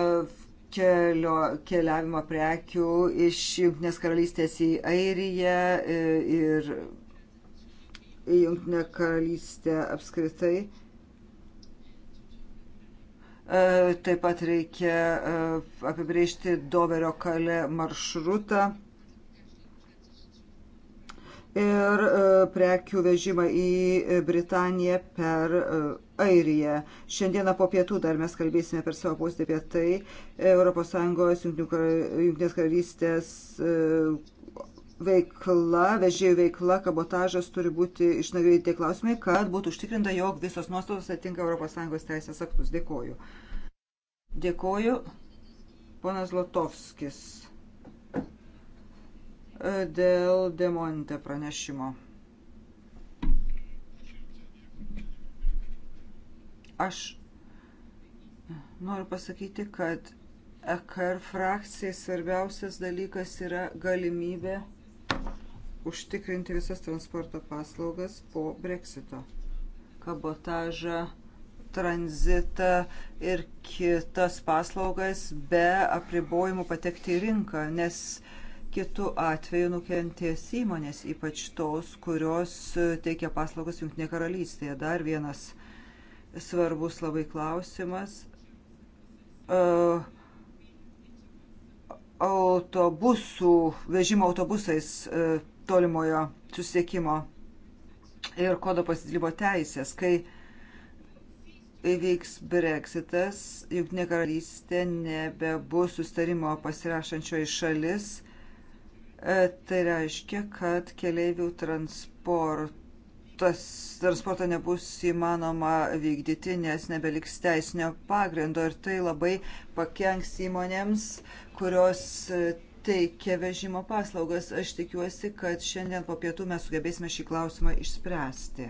kelio, keliavimo prekių iš Junktinės karalystės į Airiją e, ir į Junktinę karalystę apskritai E, taip pat reikia e, apibriežti Doverio kalę maršrutą ir e, prekių vežimą į Britaniją per Airiją. Šiandieną po pietų dar mes kalbėsime per savo postį apie tai. ES Junktinės karalystės veikla, vežėjų veikla, kabotažas turi būti išnagrinėti klausimai, kad būtų užtikrinta, jog visos nuostatos atitinka ES teisės aktus. Dėkoju. Dėkoju, ponas Lotovskis, e, dėl Demonte pranešimo. Aš noriu pasakyti, kad EKR frakcijai svarbiausias dalykas yra galimybė užtikrinti visas transporto paslaugas po breksito. Kabotažą tranzitą ir kitas paslaugas be apribojimų patekti į rinką, nes kitų atveju nukentės įmonės, ypač tos, kurios teikia paslaugas Junktinė karalystėje. Dar vienas svarbus labai klausimas. Uh, autobusų, vežimo autobusais e, tolimojo susiekimo ir kodo pasidalymo teisės, kai įvyks breksitas, jungtinė karalystė nebebus sustarimo pasirašančioji šalis. E, tai reiškia, kad keleivių transportas, transporto nebus įmanoma vykdyti, nes nebeliks teisinio pagrindo ir tai labai pakenks įmonėms, kurios e, teikia vežimo paslaugas. Aš tikiuosi, kad šiandien po pietų mes sugebėsime šį klausimą išspręsti.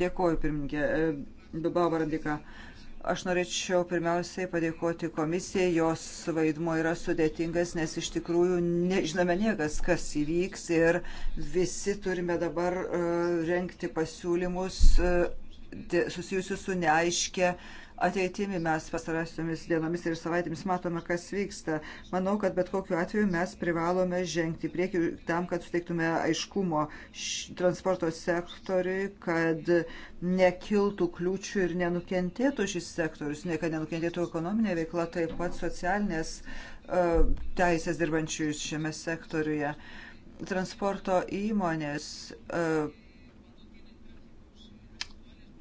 Dėkoju, pirmininkė. E, Bilbao Barandika. Aš norėčiau pirmiausiai padėkoti komisijai, jos vaidmo yra sudėtingas, nes iš tikrųjų nežinome niekas, kas įvyks ir visi turime dabar uh, e, renkti pasiūlymus uh, susijusius su neaiškia uh, ateitimi mes pasarasiomis dienomis ir savaitėmis matome, kas vyksta. Manau, kad bet kokiu atveju mes privalome žengti prieki tam, kad suteiktume aiškumo transporto sektoriui, kad nekiltų kliūčių ir nenukentėtų šis sektorius, ne, kad nenukentėtų ekonominė veikla, taip pat socialinės e, teisės dirbančių šiame sektoriuje. Transporto įmonės uh,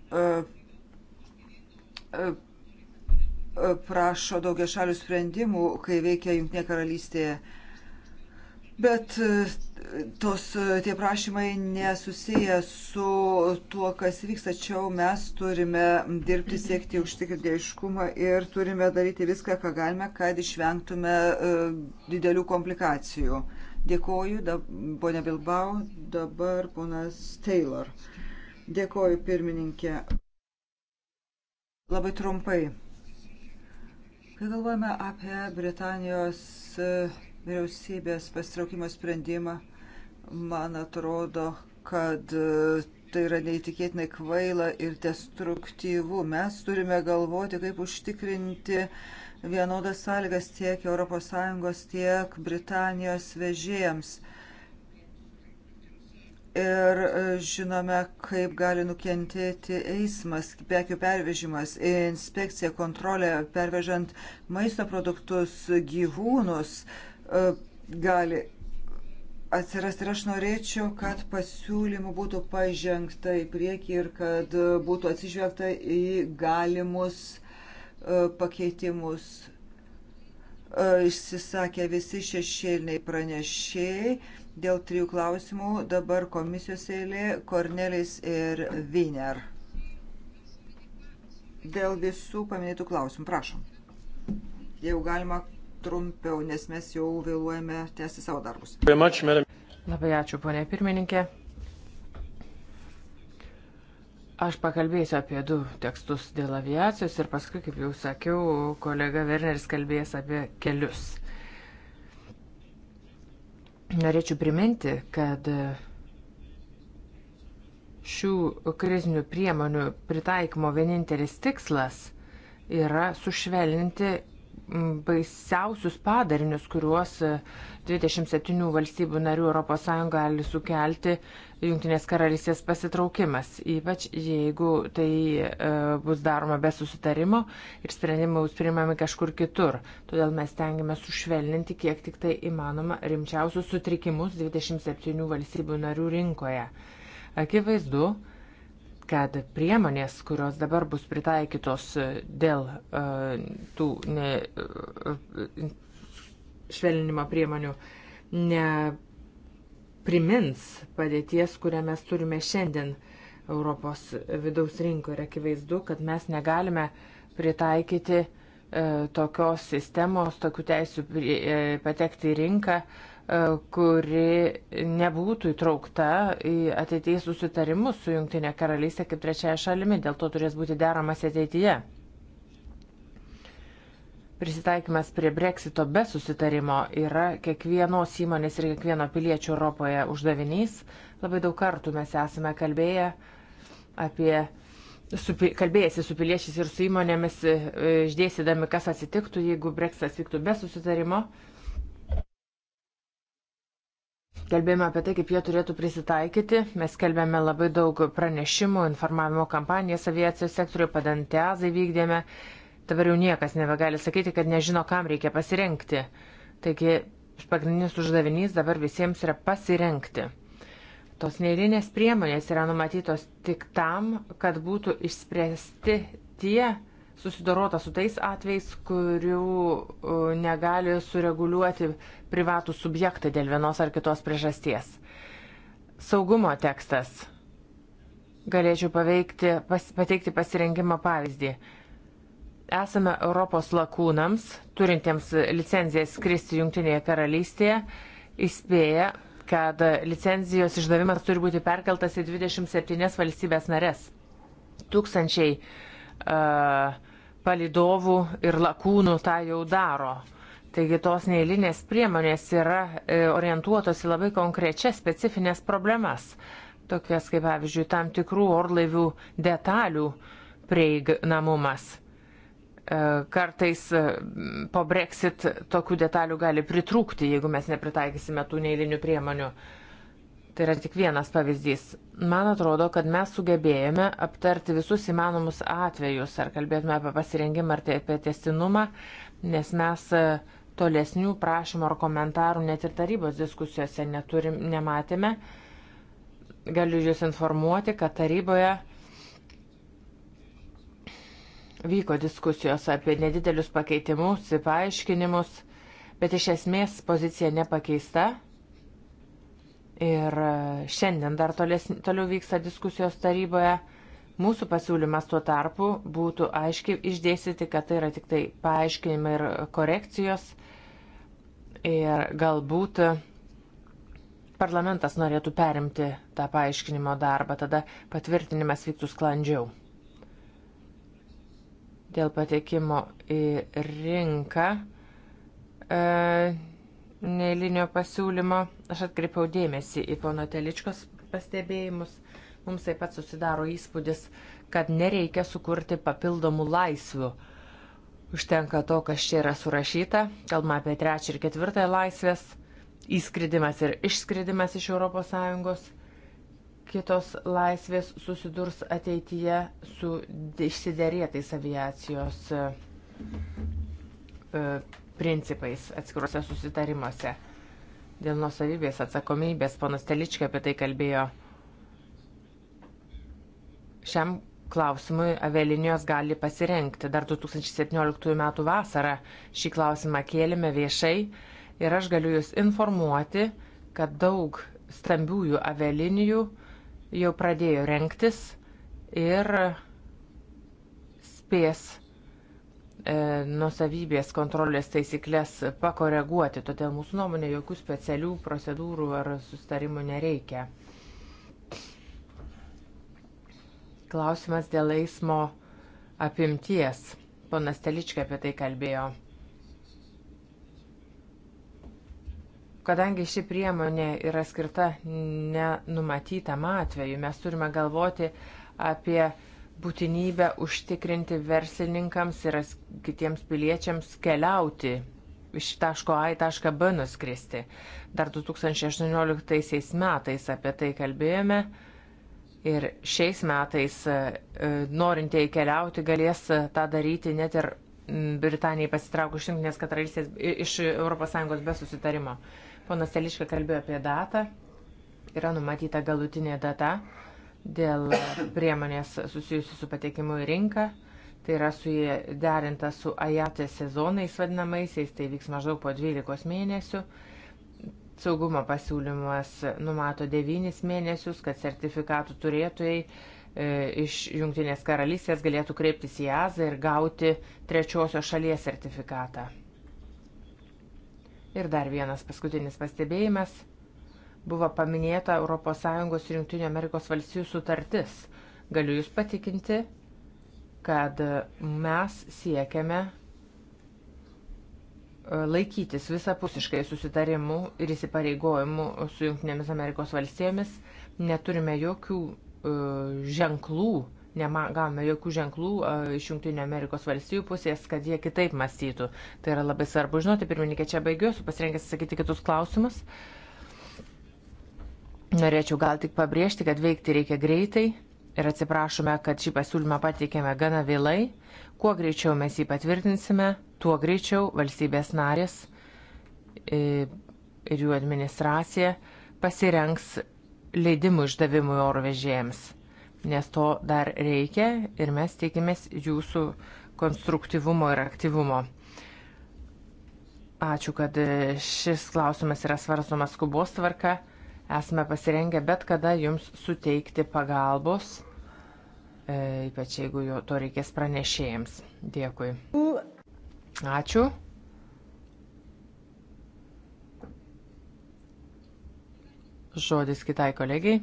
uh, prašo daugia šalių sprendimų, kai veikia Junktinė karalystėje. Bet e, tos, e, tie prašymai nesusiję su tuo, kas vyksta, tačiau mes turime dirbti, siekti užtikrinti aiškumą ir turime daryti viską, ką galime, kad išvengtume e, didelių komplikacijų. Dėkoju, ponia Bilbao, dabar ponas Taylor. Dėkoju, pirmininkė. Labai trumpai. Kai galvojame apie Britanijos e, vyriausybės pastraukimo sprendimą, man atrodo, kad e, tai yra neįtikėtinai kvaila ir destruktyvu. Mes turime galvoti, kaip užtikrinti vienodas sąlygas tiek ES, tiek Britanijos vežėjams ir e, žinome, kaip gali nukentėti eismas, prekių pervežimas, inspekcija, kontrolė pervežant maisto produktus, gyvūnus e, gali atsirasti. Ir aš norėčiau, kad pasiūlymų būtų pažengta į priekį ir kad būtų atsižvelgta į galimus e, pakeitimus. Išsisakė visi šešėliniai pranešėjai dėl trijų klausimų. Dabar komisijos eilė Kornelis ir Viner. Dėl visų paminėtų klausimų, prašom. Jau galima trumpiau, nes mes jau vėluojame tęsti savo darbus. Labai ačiū, ponė pirmininkė. Aš pakalbėsiu apie du tekstus dėl aviacijos ir paskui, kaip jau sakiau, kolega Werneris kalbės apie kelius. Norėčiau priminti, kad šių krizinių priemonių pritaikymo vienintelis tikslas yra sušvelninti baisiausius padarinius, kuriuos 27 valstybių narių ES gali sukelti Junktinės karalystės pasitraukimas, ypač jeigu tai e, bus daroma be susitarimo ir sprendimai bus priimami kažkur kitur. Todėl mes tengiame sušvelninti kiek tik tai įmanoma rimčiausius sutrikimus 27 valstybių narių rinkoje. Akivaizdu, kad priemonės, kurios dabar bus pritaikytos dėl e, tų ne, e, e švelninimo priemonių, ne primins padėties, kurią mes turime šiandien Europos vidaus rinkoje. Ir akivaizdu, kad mes negalime pritaikyti e, tokios sistemos, tokių teisių e, patekti į rinką, e, kuri nebūtų įtraukta į ateityje susitarimus su Junktinė karalystė kaip trečiaja šalimi. Dėl to turės būti deramas ateityje. Prisitaikymas prie breksito be susitarimo yra kiekvienos įmonės ir kiekvieno piliečio Europoje uždavinys. Labai daug kartų mes esame kalbėję apie su, kalbėjęsi su piliečiais ir su įmonėmis, e, išdėsidami, kas atsitiktų, jeigu breksitas vyktų be susitarimo. Kalbėjome apie tai, kaip jie turėtų prisitaikyti. Mes kalbėjome labai daug pranešimų, informavimo kampaniją aviacijos sektoriuje, padantezai vykdėme Dabar jau niekas nebegali sakyti, kad nežino, kam reikia pasirenkti. Taigi pagrindinis uždavinys dabar visiems yra pasirenkti. Tos neįlinės priemonės yra numatytos tik tam, kad būtų išspręsti tie, susidorota su tais atvejais, kurių negali sureguliuoti privatų subjektai dėl vienos ar kitos priežasties. Saugumo tekstas. Galėčiau paveikti, pas, pateikti pasirengimo pavyzdį. Esame Europos lakūnams, turintiems licenciją skristi Junktinėje karalystėje, įspėję, kad licenzijos išdavimas turi būti perkeltas į 27 valstybės narės. Tūkstančiai uh, palidovų ir lakūnų tą jau daro. Taigi tos neįlinės priemonės yra e, orientuotos į labai konkrečias specifines problemas, tokias kaip pavyzdžiui tam tikrų orlaivių detalių prieignamumas. E, kartais e, po Brexit tokių detalių gali pritrūkti, jeigu mes nepritaikysime tų neįlinių priemonių. Tai yra tik vienas pavyzdys. Man atrodo, kad mes sugebėjome aptarti visus įmanomus atvejus, ar kalbėtume apie pasirengimą, ar tai apie testinumą, nes mes e, tolesnių prašymų ar komentarų net ir tarybos diskusijose neturim, nematėme. Galiu Jūs informuoti, kad taryboje Vyko diskusijos apie nedidelius pakeitimus, paaiškinimus, bet iš esmės pozicija nepakeista. Ir e, šiandien dar tolės, toliau vyksta diskusijos taryboje. Mūsų pasiūlymas tuo tarpu būtų aiškiai išdėstyti, kad tai yra tik tai paaiškinimai ir korekcijos. Ir galbūt parlamentas norėtų perimti tą paaiškinimo darbą, tada patvirtinimas vyktų sklandžiau dėl patekimo į rinką e, neįlinio pasiūlymo. Aš atkreipiau dėmesį į pono Teličkos pastebėjimus. Mums taip pat susidaro įspūdis, kad nereikia sukurti papildomų laisvių. Užtenka to, kas čia yra surašyta. Kalbame apie trečią ir ketvirtąją laisvės, įskridimas ir išskridimas iš ES kitos laisvės susidurs ateityje su išsiderėtais aviacijos e, principais atskiruose susitarimuose. Dėl nusavybės atsakomybės ponas Teličkė apie tai kalbėjo. Šiam klausimui avialinijos gali pasirenkti. Dar 2017 m. vasarą šį klausimą kėlėme viešai ir aš galiu Jūs informuoti, kad daug stambiųjų avialinijų uh, jau pradėjo renktis ir spės e, nusavybės kontrolės taisyklės pakoreguoti, todėl mūsų nuomonė jokių specialių procedūrų ar sustarimų nereikia. Klausimas dėl eismo apimties. Ponas Teličkė apie tai kalbėjo. Kadangi ši priemonė yra skirta nenumatytam atveju, mes turime galvoti apie būtinybę užtikrinti verslininkams ir kitiems piliečiams keliauti iš taško A į tašką B nuskristi. Dar 2018 metais apie tai kalbėjome ir šiais metais e, e, norintieji keliauti galės e, tą daryti net ir Britanijai pasitraukus iš Junktinės karalystės iš ES be susitarimo. Ponas Teliškė kalbėjo apie datą. Yra numatyta galutinė data dėl priemonės susijusi su patekimu į rinką. Tai yra su derinta su ajatė sezonais vadinamaisiais, tai vyks maždaug po 12 mėnesių. Saugumo pasiūlymas numato 9 mėnesius, kad sertifikatų turėtojai e, iš Junktinės karalystės galėtų kreiptis į EASA ir gauti trečiosios šalies sertifikatą. Ir dar vienas paskutinis pastebėjimas. Buvo paminėta ES ir JAV sutartis. Galiu Jūs patikinti, kad mes siekiame e, laikytis visapusiškai susitarimų ir įsipareigojimų su Junktinėmis Amerikos valstybėmis. Neturime jokių e, ženklų, Negavome jokių ženklų iš Junktinio Amerikos valstybių pusės, kad jie kitaip mąstytų. Tai yra labai svarbu žinoti. Pirmininkė, čia baigiu, esu pasirengęs atsakyti kitus klausimus. Norėčiau gal tik pabrėžti, kad veikti reikia greitai ir atsiprašome, kad šį pasiūlymą pateikėme gana vėlai. Kuo greičiau mes jį patvirtinsime, tuo greičiau valstybės narės e, ir jų administracija pasirengs leidimų išdavimui oro vežėjams nes to dar reikia ir mes tikimės jūsų konstruktyvumo ir aktyvumo. Ačiū, kad šis klausimas yra svarstomas skubos tvarka. Esame pasirengę bet kada jums suteikti pagalbos, e, ypač jeigu to reikės pranešėjams. Dėkui. Ačiū. Žodis kitai kolegijai.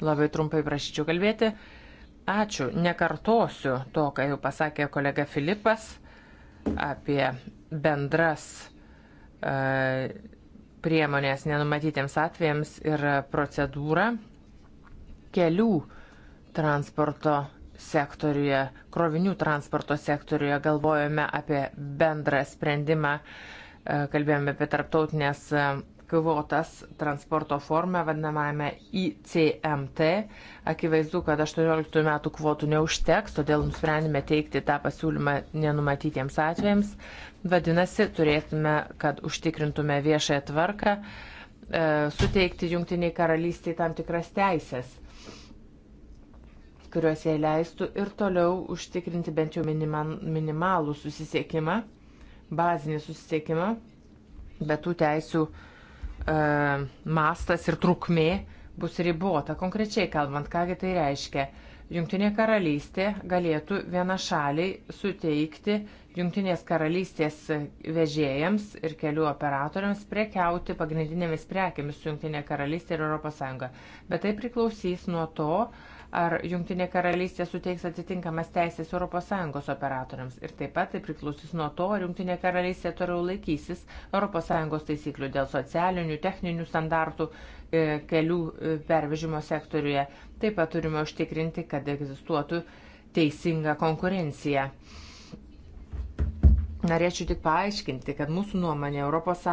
Labai trumpai prašyčiau kalbėti. Ačiū, nekartosiu to, ką jau pasakė kolega Filipas apie bendras e, priemonės nenumatytiems atvejams ir procedūrą kelių transporto sektoriuje, krovinių transporto sektoriuje galvojame apie bendrą sprendimą, e, kalbėjome apie tarptautinės kvotas transporto forme vadinamame ICMT. Akivaizdu, kad 18 metų kvotų neužteks, todėl nusprendėme teikti tą pasiūlymą nenumatytiems atvejams. Vadinasi, turėtume, kad užtikrintume viešąją tvarką, e, suteikti Junktiniai karalystiai tam tikras teisės kurios jai leistų ir toliau užtikrinti bent jau minimalų susisiekimą, bazinį susisiekimą, bet tų teisių uh, E, mastas ir trukmė bus ribota. Konkrečiai kalbant, kągi tai reiškia. Junktinė karalystė galėtų vienašaliai suteikti Junktinės karalystės vežėjams ir kelių operatoriams prekiauti pagrindinėmis prekiamis su Junktinė karalystė ir ES. Bet tai priklausys nuo to, ar Junktinė karalystė suteiks atitinkamas teisės ES operatoriams. Ir taip pat tai priklausys nuo to, ar Junktinė karalystė toliau laikysis ES taisyklių dėl socialinių, techninių standartų e, kelių e, pervežimo sektoriuje. Taip pat turime užtikrinti, kad egzistuotų teisinga konkurencija. Norėčiau tik paaiškinti, kad mūsų nuomonė ES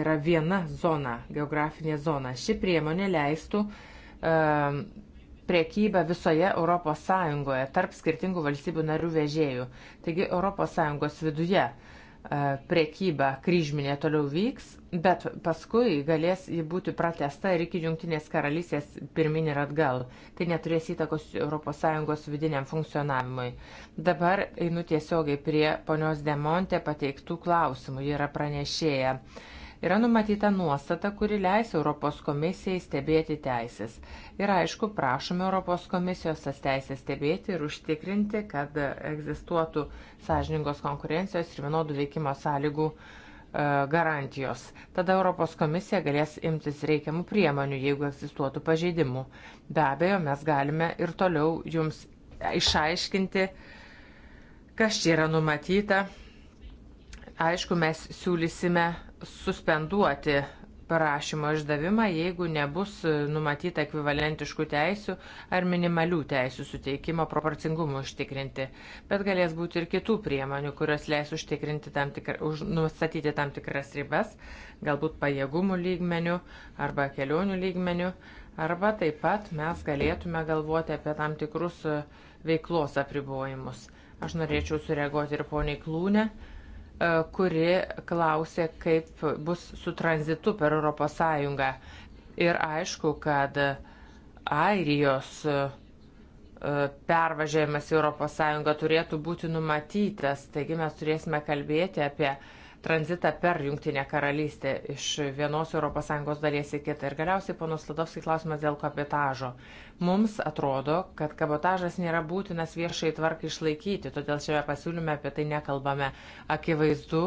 yra viena zona, geografinė zona. Ši priemonė leistų uh, priekybą visoje ES tarp skirtingų valstybių narių vežėjų. Taigi ES viduje e, priekyba kryžminė toliau vyks, bet paskui galės ji būti pratesta ir iki Junktinės karalystės pirmin ir atgal. Tai neturės įtakos ES vidiniam funkcionavimui. Dabar einu tiesiogiai prie ponios Demonte pateiktų klausimų. Ji yra pranešėja. Uh, Yra numatyta nuostata, kuri leis Europos komisijai stebėti teisės. Ir aišku, prašome Europos komisijos tas teisės stebėti ir užtikrinti, kad egzistuotų sąžiningos konkurencijos ir vienodų veikimo sąlygų e, garantijos. Tada Europos komisija galės imtis reikiamų priemonių, jeigu egzistuotų pažeidimų. Be abejo, mes galime ir toliau jums išaiškinti, kas čia yra numatyta. Aišku, mes siūlysime suspenduoti parašymo išdavimą, jeigu nebus numatyta ekvivalentiškų teisių ar minimalių teisių suteikimo proporcingumų užtikrinti, bet galės būti ir kitų priemonių, kurios leis užtikrinti tam tikrą, už, nustatyti tam tikras ribas, galbūt pajėgumų lygmenių arba kelionių lygmenių, arba taip pat mes galėtume galvoti apie tam tikrus veiklos apribojimus. Aš norėčiau sureaguoti ir poniai Klūnė E, kuri klausė, kaip bus su tranzitu per ES. Ir aišku, kad Airijos e, pervažiavimas į ES turėtų būti numatytas, taigi mes turėsime kalbėti apie uh, tranzitą per Junktinę karalystę iš vienos ES dalies į kitą. Ir galiausiai ponos Ladovskai klausimas dėl kabotažo. Mums atrodo, kad kabotažas nėra būtinas viešai tvarkai išlaikyti, todėl šiame pasiūlyme apie tai nekalbame. Akivaizdu,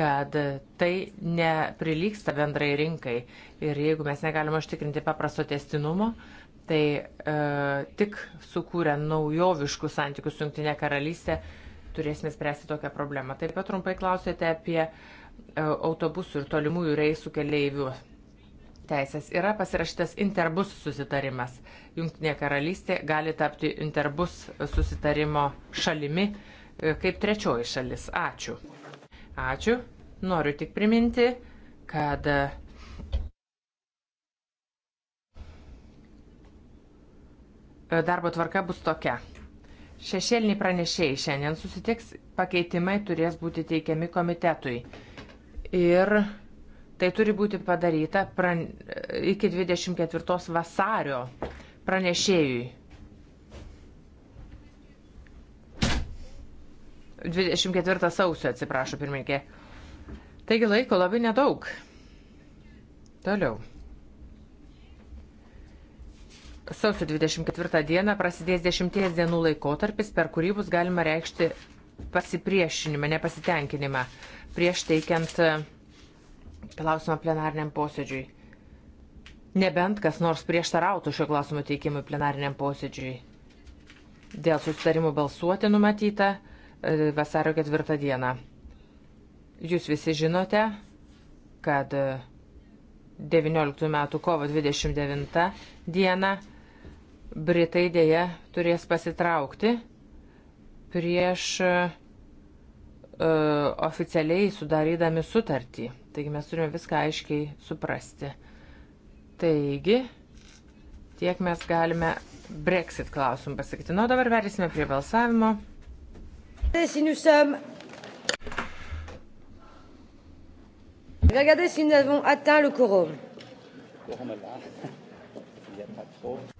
kad tai neprilyksta bendrai rinkai. Ir jeigu mes negalime užtikrinti paprasto testinumo, tai e, tik sukūrę naujoviškų santykių su Junktinė karalystė, e, turėsime spręsti tokią problemą. Taip pat trumpai klausėte apie e, autobusų ir tolimųjų reisų keleivių teisės. Yra pasirašytas interbus susitarimas. Junktinė karalystė gali tapti interbus susitarimo šalimi e, kaip trečioji šalis. Ačiū. Ačiū. Noriu tik priminti, kad e, darbo tvarka bus tokia. Šešėliniai pranešėjai šiandien susitiks, pakeitimai turės būti teikiami komitetui. Ir tai turi būti padaryta pran... iki 24 vasario pranešėjui. 24 sausio, atsiprašau, pirmininkė. Taigi laiko labai nedaug. Toliau. Sausio 24 dieną prasidės dešimties dienų laikotarpis, per kurį bus galima reikšti pasipriešinimą, nepasitenkinimą prieš teikiant e, klausimą plenariniam posėdžiui. Nebent kas nors prieštarautų šio klausimo teikimui plenariniam posėdžiui. Dėl susitarimų balsuoti numatyta e, vasario 4 dieną. Jūs visi žinote, kad 19 e, metų kovo 29 dieną Britai dėja turės pasitraukti prieš e, oficialiai sudarydami sutartį. Taigi mes turime viską aiškiai suprasti. Taigi, tiek mes galime Brexit klausimų pasakyti. Na, nu, dabar verysime prie balsavimo. Regardez si nous avons atteint le quorum.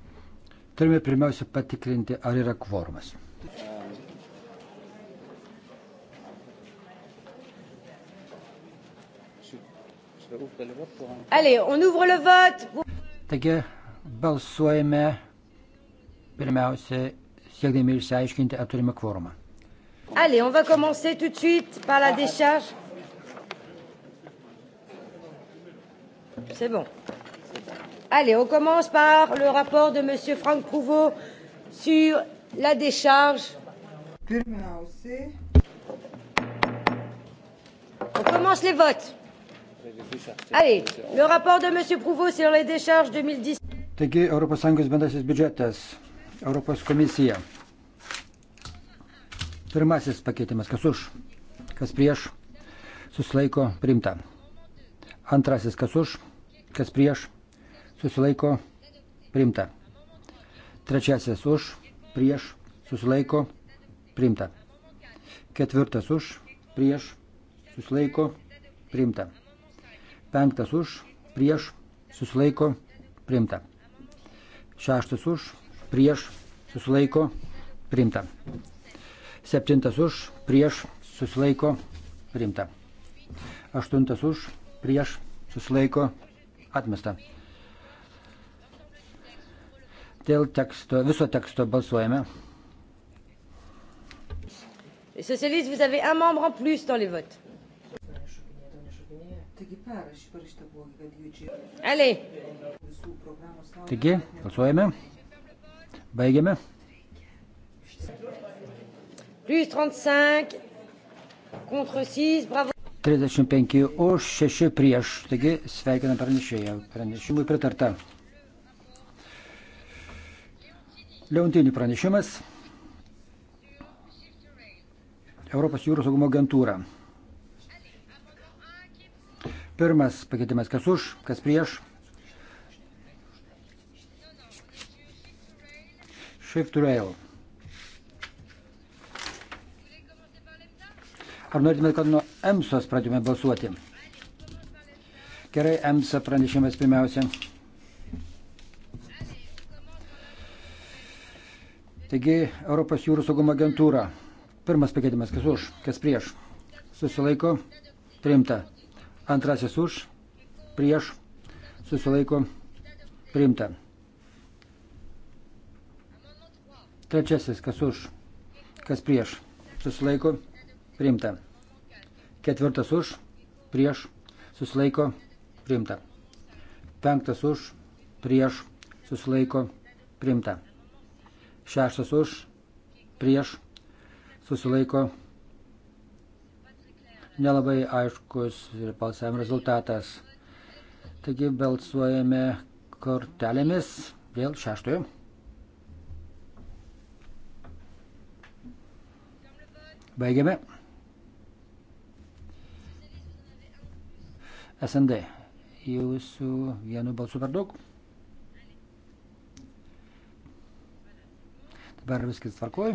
Turime pirmiausia patikrinti, ar yra kvormas. Allez, on ouvre le vote. Taigi balsuojame pirmiausia siekdami išsiaiškinti, ar turime kvorumą. Allez, on va commencer tout de suite par la décharge. C'est bon. Allez, on commence par le rapport de Monsieur Franck Prouveau sur la décharge. Pirmiausiai. On commence les votes. Allez, le rapport de Monsieur Prouveau sur les décharges 2010. Taigi, ES bendrasis biudžetas, Europos komisija. Pirmasis pakeitimas, kas už, kas prieš, susilaiko primta. Antrasis, kas už, kas prieš, susilaiko primta. Trečiasis už, prieš, susilaiko primta. Ketvirtas už, prieš, susilaiko primta. Penktas už, prieš, susilaiko primta. Šeštas už, prieš, susilaiko primta. Septintas už, prieš, susilaiko primta. Aštuntas už, prieš, susilaiko atmesta. Dėl teksto, viso teksto balsuojame. Socialistes, vous avez un membre en plus dans les votes. Allez. Taigi, balsuojame. Baigiame. Plus 35 contre 6, bravo. 35 už, 6 prieš. Taigi sveikinam pranešėją. Pranešimui pritarta. Leontinių pranešimas. Europos jūros saugumo agentūra. Pirmas pakeitimas, kas už, kas prieš. Shift to rail. Ar norėtume, kad nuo EMSOS pradėtume balsuoti? Gerai, EMSA pranešimas pirmiausia. Taigi, Europos jūrų saugumo agentūra. Pirmas pakeitimas, kas už, kas prieš. Susilaiko, priimta. Antrasis už, prieš, susilaiko, priimta. Trečiasis, kas už, kas prieš, susilaiko, priimta. Ketvirtas už, prieš, susilaiko, priimta. Penktas už, prieš, susilaiko, priimta. Šeštas už, prieš, susilaiko. Nelabai aiškus balsavimo rezultatas. Taigi balsuojame kortelėmis dėl šeštojo. Baigiame. SND. Jūsų vienu balsu per daug. Barviskis tvarkoj.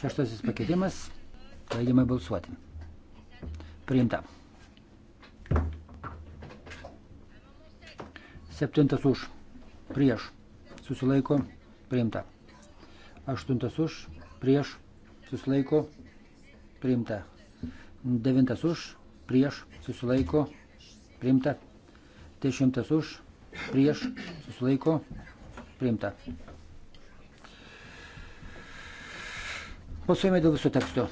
Šeštasis pakeitimas. Baigiamai balsuoti. Priimta. Septintas už. Prieš. Susilaiko. Priimta. Aštuntas už. Prieš. Susilaiko. Priimta. Devintas už. Prieš. Susilaiko. Priimta. Dešimtas už. Prieš. Susilaiko. Priimta. Balsuojame dėl viso teksto.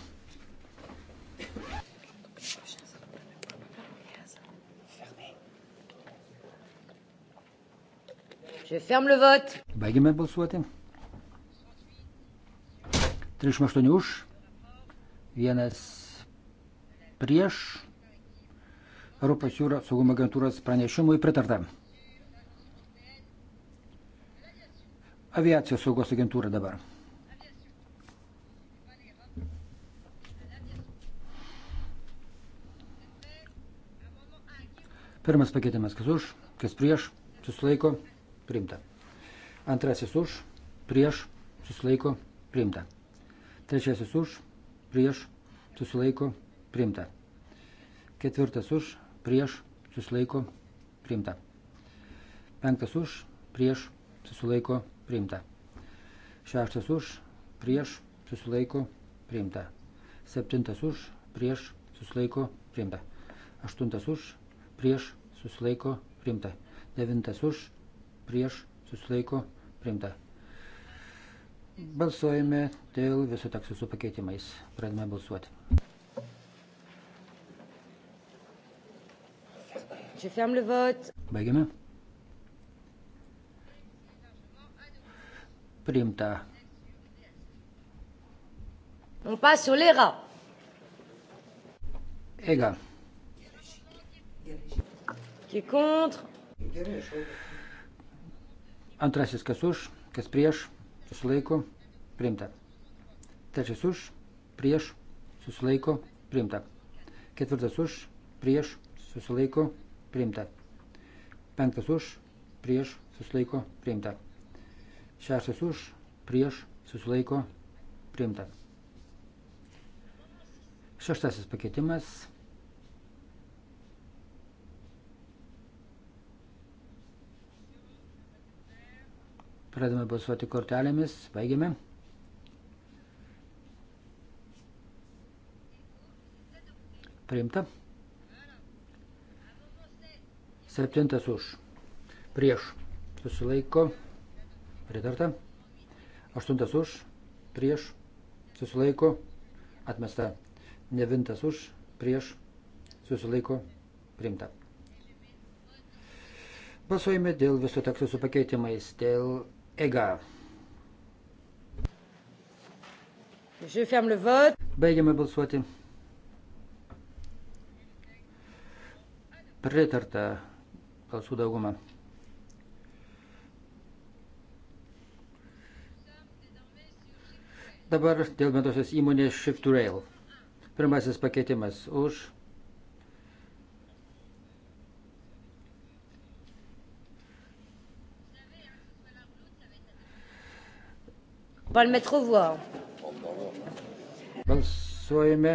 Je ferme le vote. Baigime balsuoti. 38 už, vienas prieš. Europos jūros saugumo agentūros pranešimui pritarta. Aviacijos saugos agentūra dabar. Pirmas pakeitimas, kas už, kas prieš, susilaiko, priimta. Antrasis už, prieš, susilaiko, priimta. Trečiasis už, prieš, susilaiko, priimta. Ketvirtas už, prieš, susilaiko, priimta. Penktas už, prieš, susilaiko, priimta. Šeštas už, prieš, susilaiko, priimta. Septintas už, prieš, susilaiko, priimta. Aštuntas už, prieš, susilaiko primta. Devintas už, prieš susilaiko primta. Balsuojame dėl visų tekstų su pakeitimais. Pradame balsuoti. Je ferme le vote. Baigiame. Priimta. On passe sur l'ERA. EGA. Qui est contre? Antrasis, kas už, kas prieš, susilaiko, priimta. Trečias už, prieš, susilaiko, priimta. Ketvirtas už, prieš, susilaiko, priimta. Penktas už, prieš, susilaiko, priimta. Šeštas už, prieš, susilaiko, priimta. Šeštasis pakeitimas Pradame balsuoti kortelėmis. Baigiame. Priimta. Septintas už. Prieš. Susilaiko. Pritarta. Aštuntas už. Prieš. Susilaiko. Atmesta. Devintas už. Prieš. Susilaiko. Priimta. Balsuojame dėl viso teksto su pakeitimais, dėl Ega. Baigiame balsuoti. Pritarta balsų dauguma. Dabar dėl bendrosios įmonės Shift to Rail. Pirmasis pakeitimas už Balsuojame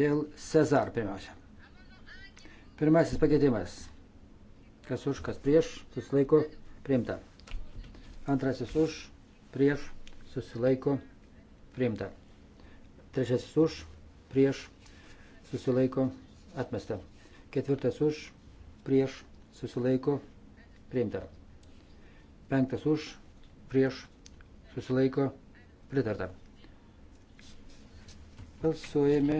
dėl Cezar pirmiausia. Pirmasis pakeitimas. Kas už, kas prieš, susilaiko, priimta. Antrasis už, prieš, susilaiko, priimta. Trečiasis už, prieš, susilaiko, atmesta. Ketvirtas už, prieš, susilaiko, priimta. Penktas už, prieš, susilaiko, priimta Pritarta. Balsuojame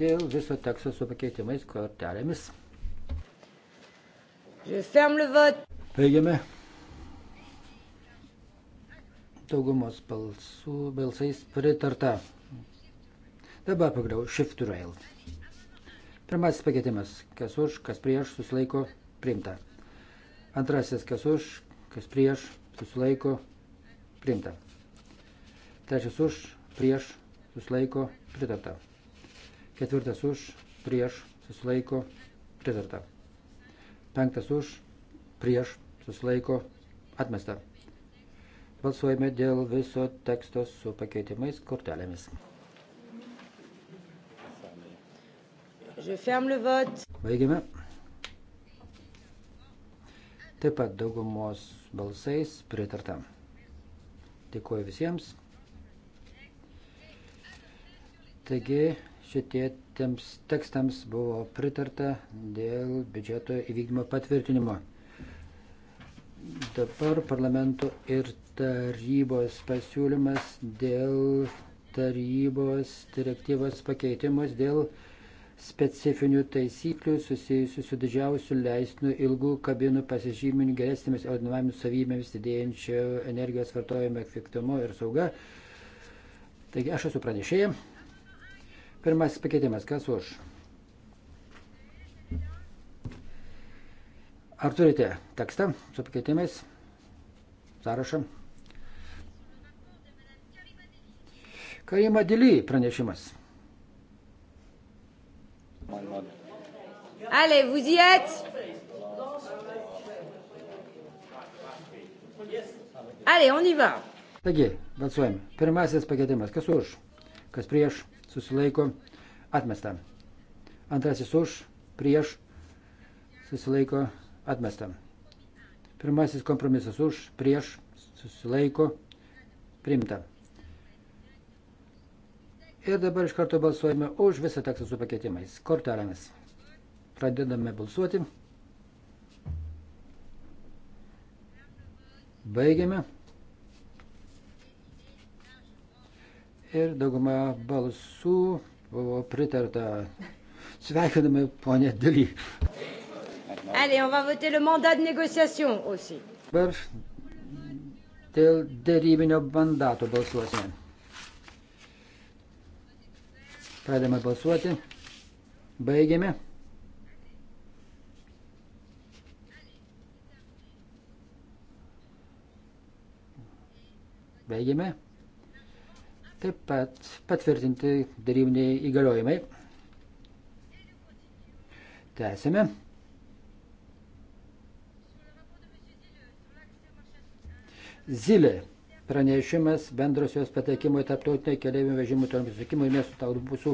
dėl viso teksto su pakeitimais kortelėmis. Baigiame. Daugumos balsų balsais pritarta. Dabar pagaliau Shift Rail. Pirmasis pakeitimas. Kas už, kas prieš, susilaiko, priimta. Antrasis, kas už, kas prieš, susilaiko, priimta. Trečias už, prieš, susilaiko, pritarta. Ketvirtas už, prieš, susilaiko, pritarta. Penktas už, prieš, susilaiko, atmesta. Balsuojame dėl viso teksto su pakeitimais kortelėmis. Baigiame. Taip pat daugumos balsais pritarta. Dėkuoju visiems. Taigi šitiems tekstams buvo pritarta dėl biudžeto įvykdymo patvirtinimo. Dabar parlamento ir tarybos pasiūlymas dėl tarybos direktyvos pakeitimus dėl specifinių taisyklių susijusių su didžiausių leistinų ilgų kabinų pasižyminių geresnėmis aerodinaminėmis savybėmis didėjančio energijos vartojimo efektyvumu ir sauga. Taigi aš esu pranešėja Pirmasis pakeitimas, kas už? Ar turite tekstą su pakeitimais? Sąrašą. Karima Dily pranešimas. Allez, vous y êtes Allez, on y va. Taigi, balsuojame. Pirmasis pakeitimas. Kas už? Kas prieš? susilaiko atmesta. Antrasis už, prieš, susilaiko atmesta. Pirmasis kompromisas už, prieš, susilaiko priimta. Ir dabar iš karto balsuojame už visą tekstą su pakeitimais. Kortelėmis. Pradedame balsuoti. Baigiame. ir dauguma balsų buvo pritarta. Sveikiname, ponė Daly. Allez, on va voter le mandat de négociation aussi. Dabar dėl dėrybinio mandato balsuosime. Pradėme balsuoti. Baigėme. Baigėme. Taip pat patvirtinti darybiniai įgaliojimai. Tęsime. Zilė pranešimas bendrosios patekimo į tarptautinę keliaivių vežimų tolimų susikimų į miestų autobusų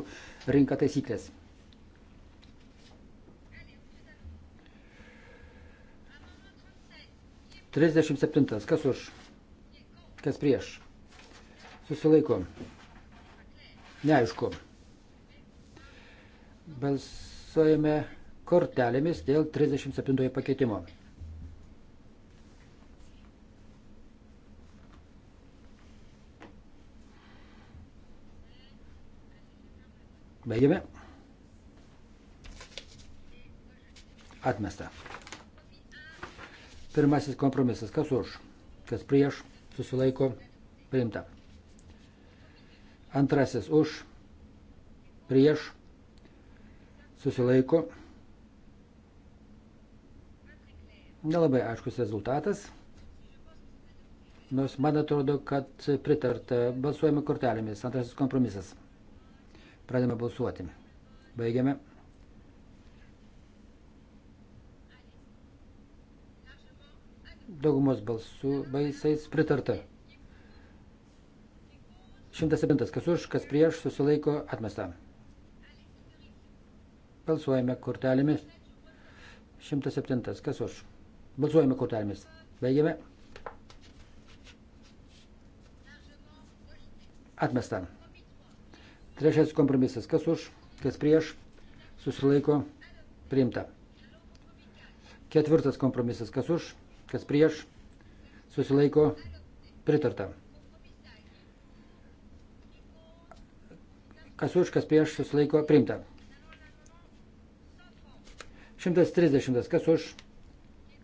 rinką taisyklės. Trisdešimt septintas. Kas už? Kas prieš? Susilaiko. Neaišku. Balsuojame kortelėmis dėl 37 pakeitimo. Baigiame. Atmesta. Pirmasis kompromisas. Kas už? Kas prieš? Susilaiko. Priimta. Antrasis už, prieš, susilaiko. Nelabai aiškus rezultatas, nors man atrodo, kad pritarta balsuojame kortelėmis. Antrasis kompromisas. Pradėme balsuoti. Baigiame. Daugumos balsų baisais pritarta. 107. Kas už, kas prieš, susilaiko atmesta. Balsuojame kortelėmis. 107. Kas už? Balsuojame kortelėmis. Baigiame. Atmesta. Trečias kompromisas. Kas už, kas prieš, susilaiko priimta. Ketvirtas kompromisas. Kas už, kas prieš, susilaiko pritarta. Kas už, kas prieš susilaiko priimta. 130. Kas už,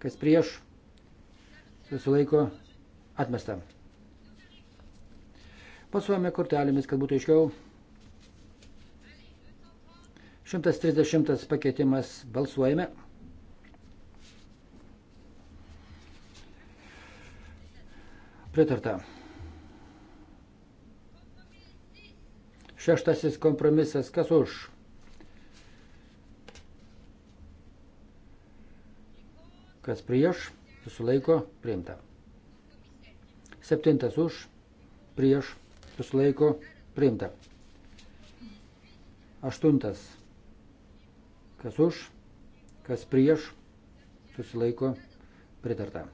kas prieš susilaiko atmesta. Pasuojame kortelėmis, kad būtų aiškiau. 130 pakeitimas balsuojame. Pritarta. Šeštasis kompromisas, kas už? Kas prieš, susilaiko, priimta. Septintas už, prieš, susilaiko, priimta. Aštuntas, kas už, kas prieš, susilaiko, pritarta.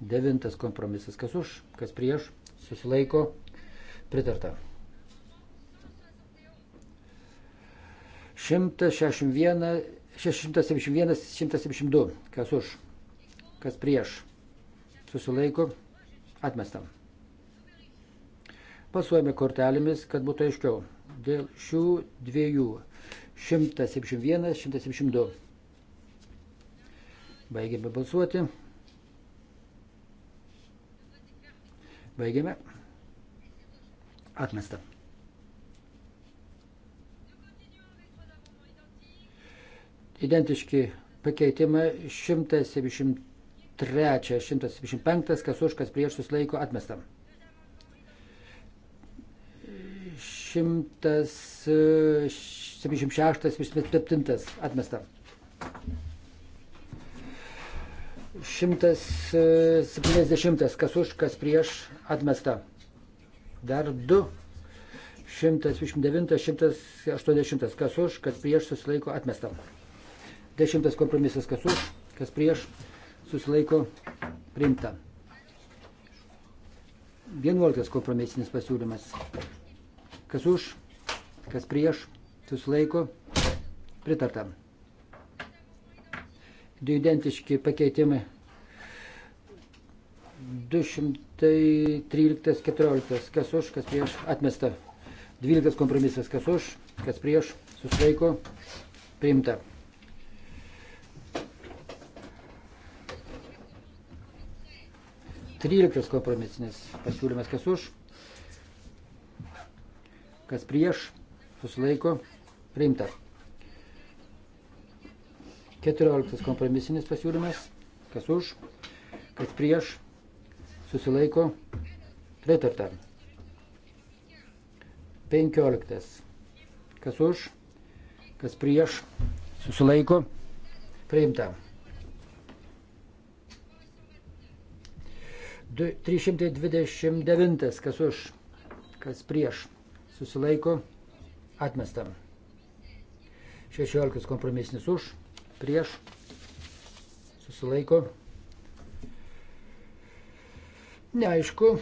Devintas kompromisas, kas už, kas prieš, susilaiko, pritarta. 161, 671, 172. Kas už? Kas prieš? Susilaiko. Atmestam. Pasuojame kortelėmis, kad būtų aiškiau. Dėl šių dviejų. 171, 172. Baigiame balsuoti. Baigiame. Atmestam. Identiški pakeitimai 173, 175, kas už, kas prieš susilaiko atmestam. 176 ir 107 atmesta. 170 kas už, kas prieš atmesta. Dar 2. 129, 180 kas už, kas prieš susilaiko atmesta. Dešimtas kompromisas, kas už, kas prieš, susilaiko priimta. Vienuoliktas kompromisinis pasiūlymas, kas už, kas prieš, susilaiko pritarta. Du identiški pakeitimai. 213, 14, kas už, kas prieš, atmesta. 12 kompromisas, kas už, kas prieš, susilaiko, priimta. 13 kompromisinis pasiūlymas, kas už, kas prieš, susilaiko, priimta. 14 kompromisinis pasiūlymas, kas už, kas prieš, susilaiko, pritarta. 15. Kas už, kas prieš, susilaiko, priimta. 329, kas už, kas prieš, susilaiko, atmestam. 16 kompromisinis už, prieš, susilaiko. Neaišku,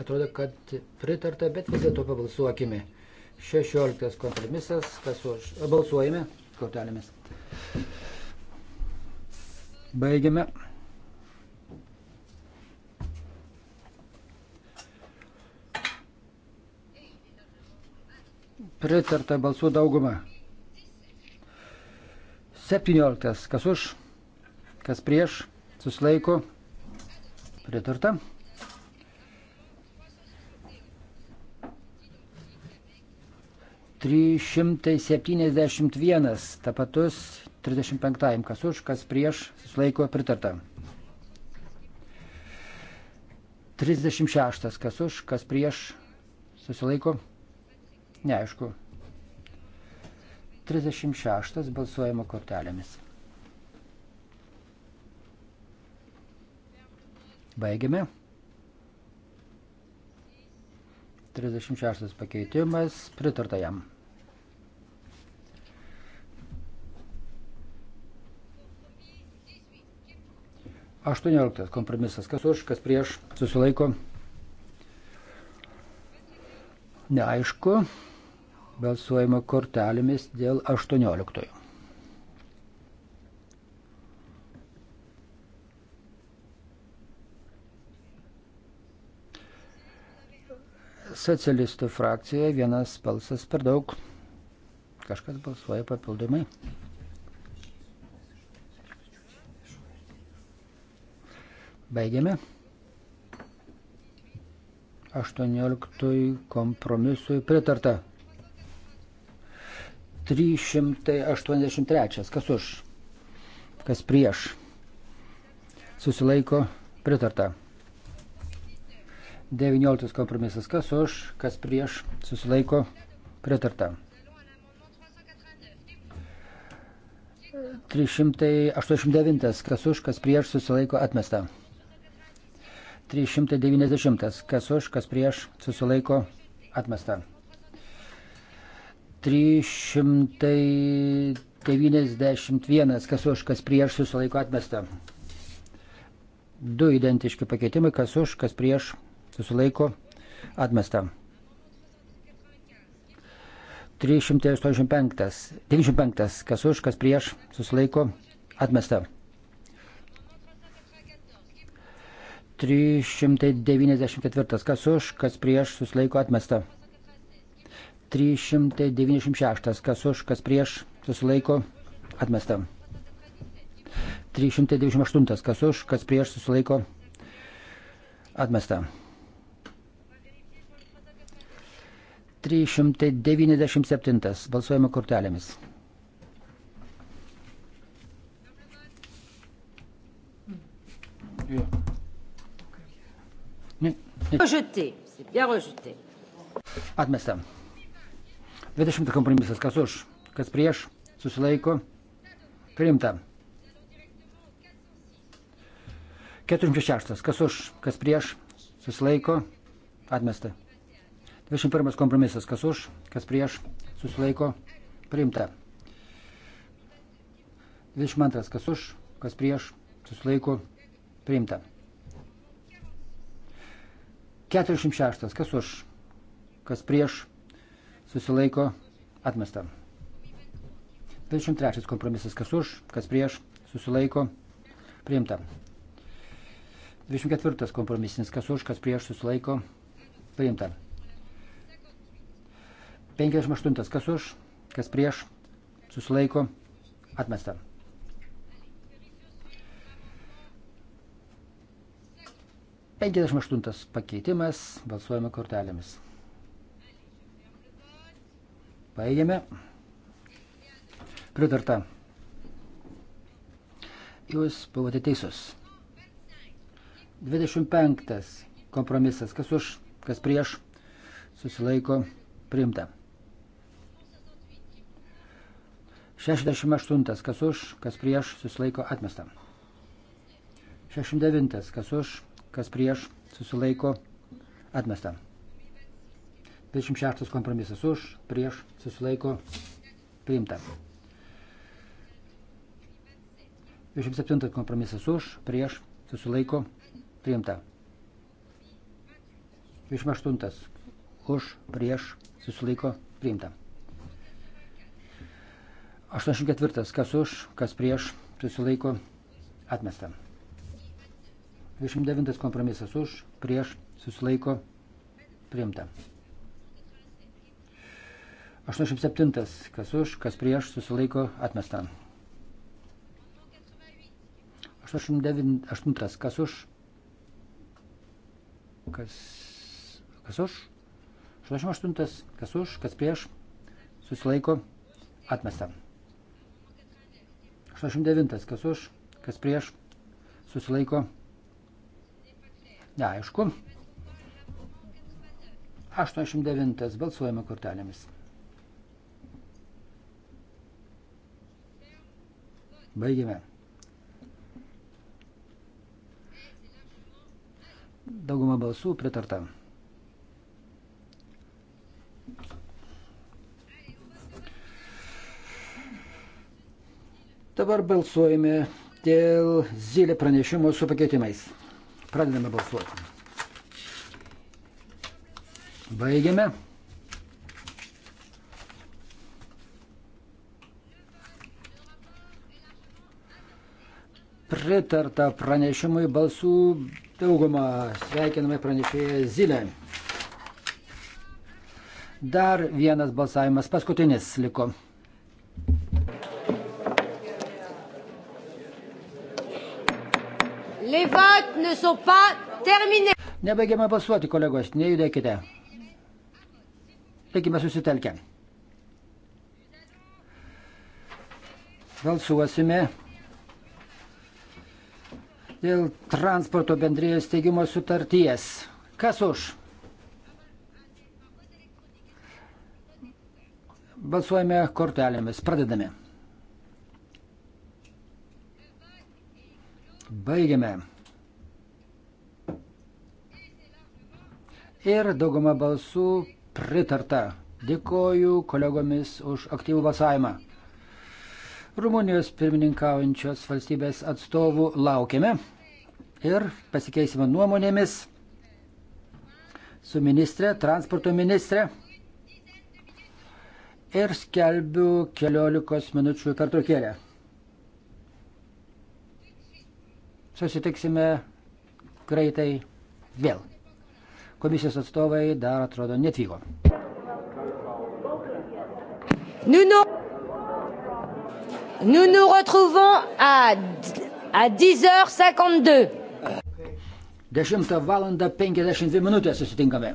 atrodo, kad pritarta, bet vis dėlto pabalsuokime. 16 kompromisas, kas už. Balsuojame kortelėmis. Baigiame. pritarta balsų dauguma. 17. Kas už, kas prieš, susilaiko, pritarta. Trišimtai septyniasdešimt vienas, tapatus 35. Kas už, kas prieš, susilaiko, pritarta. 36. Kas už, kas prieš, susilaiko, pritarta. Neaišku. 36 balsuojama kortelėmis. Baigiame. 36 pakeitimas, pritarta jam. Aštuonioliktas kompromisas. Kas už, kas prieš, susilaiko. Neaišku. Balsuojama kortelėmis dėl 18. Socialistų frakcijoje vienas balsas per daug. Kažkas balsuoja papildomai. Baigiame. 18 kompromisui pritarta. 383. Kas už? Kas prieš? Susilaiko pritarta. 19 kompromisas. Kas už? Kas prieš? Susilaiko pritarta. 389. Kas už? Kas prieš? Susilaiko atmesta. 390. Kas už? Kas prieš? Susilaiko atmesta. 391, kas už, kas prieš susilaiko atmesta. Du identiški pakeitimai, kas už, kas prieš susilaiko atmesta. 385, 95, kas už, kas prieš susilaiko atmesta. 394, kas už, kas prieš susilaiko atmesta. 396. Kas už, kas prieš, susilaiko, atmesta. 328. Kas už, kas prieš, susilaiko, atmesta. 397. Balsuojame kortelėmis. Rejeté. C'est bien rejeté. Atmesta. 20 kompromisas, kas už, kas prieš, susilaiko, priimta. 46, kas už, kas prieš, susilaiko, atmesta. 21 kompromisas, kas už, kas prieš, susilaiko, priimta. 22, kas už, kas prieš, susilaiko, priimta. 46, kas už, kas prieš, susilaiko atmesta. 23 kompromisas kas už, kas prieš, susilaiko priimta. 24 kompromisinis kas už, kas prieš, susilaiko priimta. 58 kas už, kas prieš, susilaiko atmesta. 58 pakeitimas balsuojame kortelėmis. Paėdėme. Pritarta. Jūs buvote teisus. 25 kompromisas. Kas už, kas prieš, susilaiko priimta. 68. Kas už, kas prieš, susilaiko atmesta. 69. Kas už, kas prieš, susilaiko atmesta. 26 kompromisas už, prieš, susilaiko, priimta. 27 kompromisas už, prieš, susilaiko, priimta. 28 už, prieš, susilaiko, priimta. 84 kas už, kas prieš, susilaiko, atmesta. 29 kompromisas už, prieš, susilaiko, priimta. 87. Kas už, kas prieš, susilaiko atmesta. 89. Kas už, kas, kas už. 88. Kas už, kas prieš, susilaiko atmesta. 89. Kas už, kas prieš, susilaiko neaišku. 89. Balsuojame kortelėmis. Baigėme. Dauguma balsų pritarta. Dabar balsuojame dėl zylė pranešimo su pakeitimais. Pradedame balsuoti. Baigiame. pritarta pranešimui balsų daugumą. Sveikiname pranešėją Zilę. Dar vienas balsavimas, paskutinis liko. Nebaigiame balsuoti, kolegos, nejudėkite. Tikime susitelkę. Balsuosime dėl transporto bendrėjos steigimo sutarties. Kas už? Balsuojame kortelėmis. Pradedame. Baigiame. Ir dauguma balsų pritarta. Dėkoju kolegomis už aktyvų balsavimą. Rumunijos pirmininkaujančios valstybės atstovų laukiame ir pasikeisime nuomonėmis su ministrė, transporto ministrė. Ir skelbiu keliolikos minučių pertraukėlę. Susitiksime greitai vėl. Komisijos atstovai dar atrodo netvyko. Nuno. Nu. Nous nous retrouvons à, à 10h52. 10 val. 52 minutės susitinkame.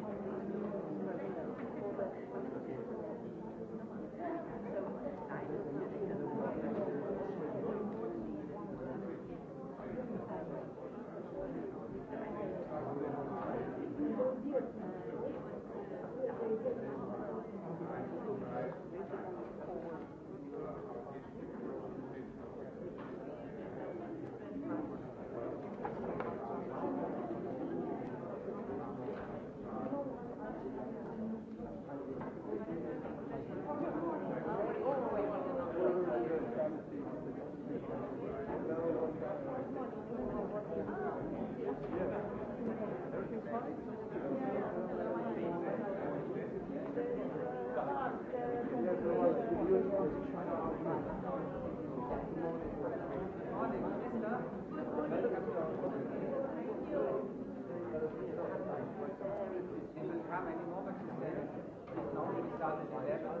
many moments in there. Now we started in there.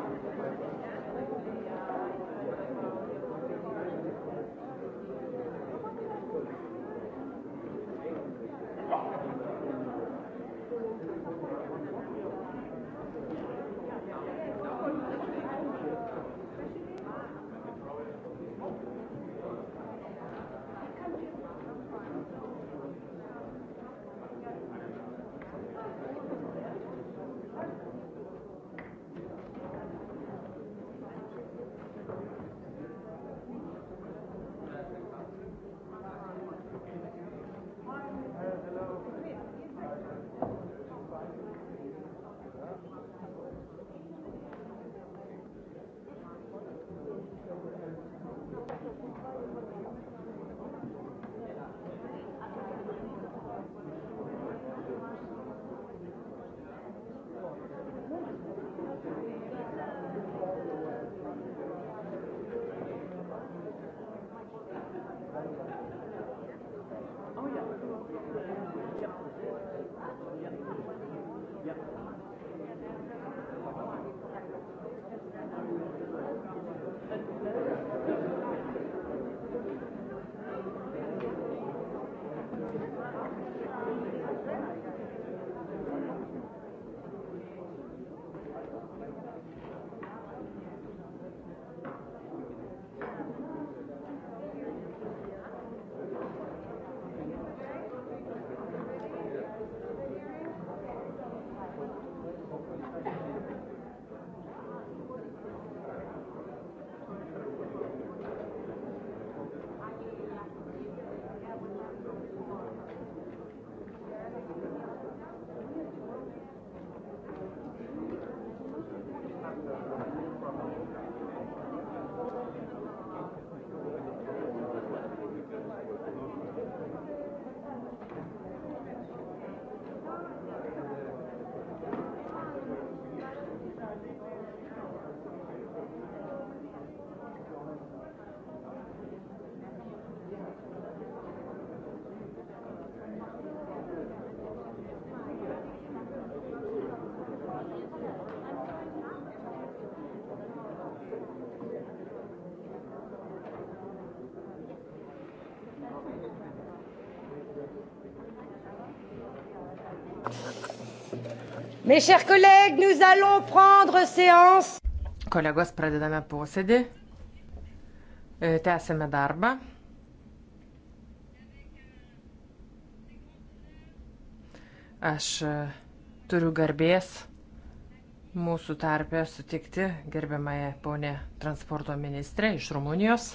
Mes chers collègues, nous allons prendre séance. Kolegos, pradedame posėdį. E, tęsime darbą. Aš e, turiu garbės mūsų tarpę sutikti gerbiamąją ponę transporto ministrę iš Rumunijos,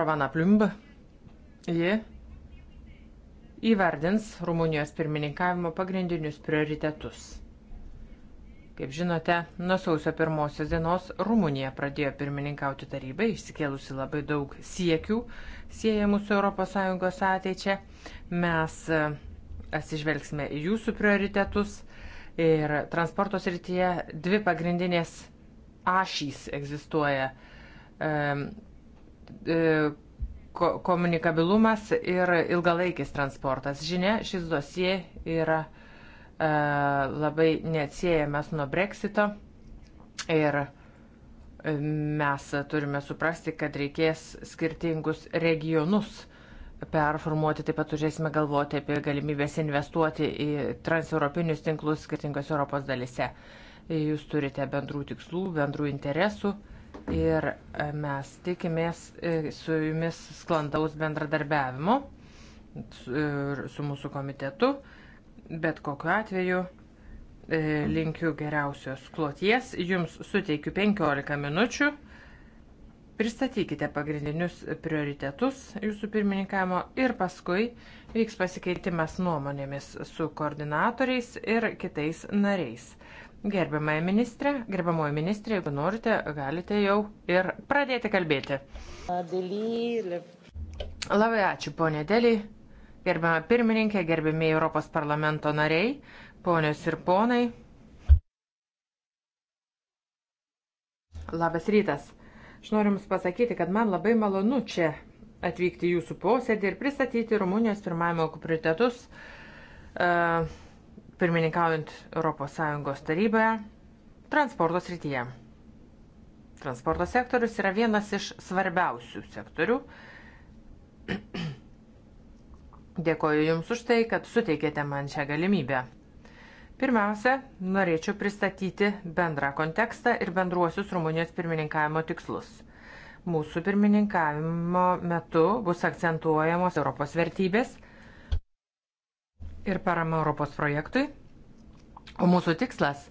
Rovana Plumb. Ji įvardins Rumunijos pirmininkavimo pagrindinius prioritetus. Kaip žinote, nuo sausio pirmosios dienos Rumunija pradėjo pirmininkauti tarybai, išsikėlusi labai daug siekių siejamų su ES ateičia. Mes e, atsižvelgsime į jūsų prioritetus ir transporto srityje dvi pagrindinės ašys egzistuoja. E, e, komunikabilumas ir ilgalaikis transportas. Žinia, šis dosie yra e, labai neatsiejamas nuo breksito ir e, mes turime suprasti, kad reikės skirtingus regionus performuoti, taip pat turėsime galvoti apie galimybės investuoti į transeuropinius tinklus skirtingose Europos dalise. Jūs turite bendrų tikslų, bendrų interesų ir e, mes tikimės e, su jumis sklandaus bendradarbiavimo e, su mūsų komitetu. Bet kokiu atveju linkiu geriausios kloties. Jums suteikiu 15 minučių. Pristatykite pagrindinius prioritetus jūsų pirmininkavimo ir paskui vyks pasikeitimas nuomonėmis su koordinatoriais ir kitais nariais. Gerbiamai ministrė, gerbiamoji ministrė, jeigu norite, galite jau ir pradėti kalbėti. Adelyli. Labai ačiū, ponė Dėlį. Gerbiama pirmininkė, gerbiami Europos parlamento nariai, ponios ir ponai. Labas rytas. Aš noriu Jums pasakyti, kad man labai malonu čia atvykti į Jūsų posėdį ir pristatyti Rumunijos pirmavimo prioritetus. Uh, pirmininkaujant ES taryboje transporto srityje. Transporto sektorius yra vienas iš svarbiausių sektorių. Dėkoju Jums už tai, kad suteikėte man šią galimybę. Pirmiausia, norėčiau pristatyti bendrą kontekstą ir bendruosius Rumunijos pirmininkavimo tikslus. Mūsų pirmininkavimo metu bus akcentuojamos Europos vertybės – ir parama Europos projektui. O mūsų tikslas e,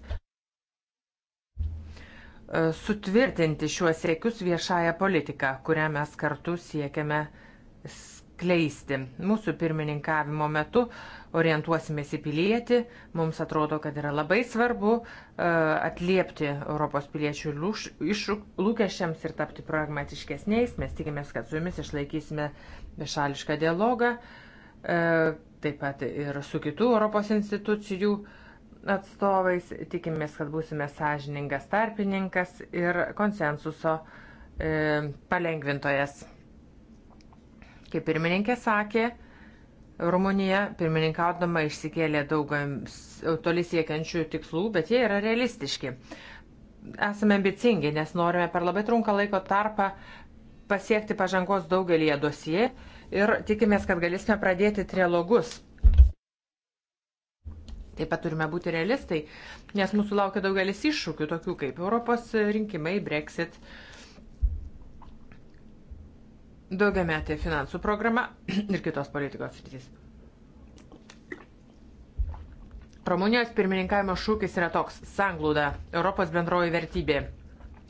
- sutvirtinti šiuos siekius viešąją politiką, kurią mes kartu siekiame skleisti. Mūsų pirmininkavimo metu orientuosimės į pilietį. Mums atrodo, kad yra labai svarbu e, atliepti Europos piliečių lūkesčiams ir tapti pragmatiškesniais. Mes tikimės, kad su jumis išlaikysime bešališką dialogą e, taip pat ir su kitų Europos institucijų atstovais. Tikimės, kad būsime sąžiningas tarpininkas ir konsensuso e, palengvintojas. Kaip pirmininkė sakė, Rumunija pirmininkaudama išsikėlė daug toli siekiančių tikslų, bet jie yra realistiški. Esame ambicingi, nes norime per labai trunką laiko tarpą pasiekti pažangos daugelį dosie ir tikimės, kad galėsime pradėti trialogus. Taip pat turime būti realistai, nes mūsų laukia daugelis iššūkių, tokių kaip Europos rinkimai, Brexit, daugiametė finansų programa ir kitos politikos rytis. Rumunijos pirmininkavimo šūkis yra toks - sanglūda, Europos bendroji vertybė.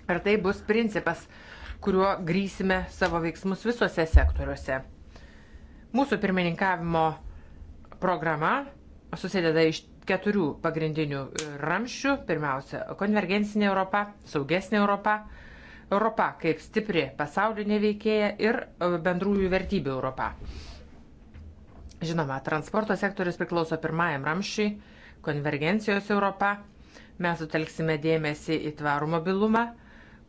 Ir tai bus principas, kuriuo grįsime savo veiksmus visose sektoriuose. Mūsų pirmininkavimo programa susideda iš keturių pagrindinių ramščių. Pirmiausia, konvergencinė Europa, saugesnė Europa, Europa kaip stipri pasaulinė veikėja ir e, bendrųjų vertybių Europa. Žinoma, transporto sektorius priklauso pirmajam ramščiui, konvergencijos Europa. Mes sutelksime dėmesį į tvarų mobilumą,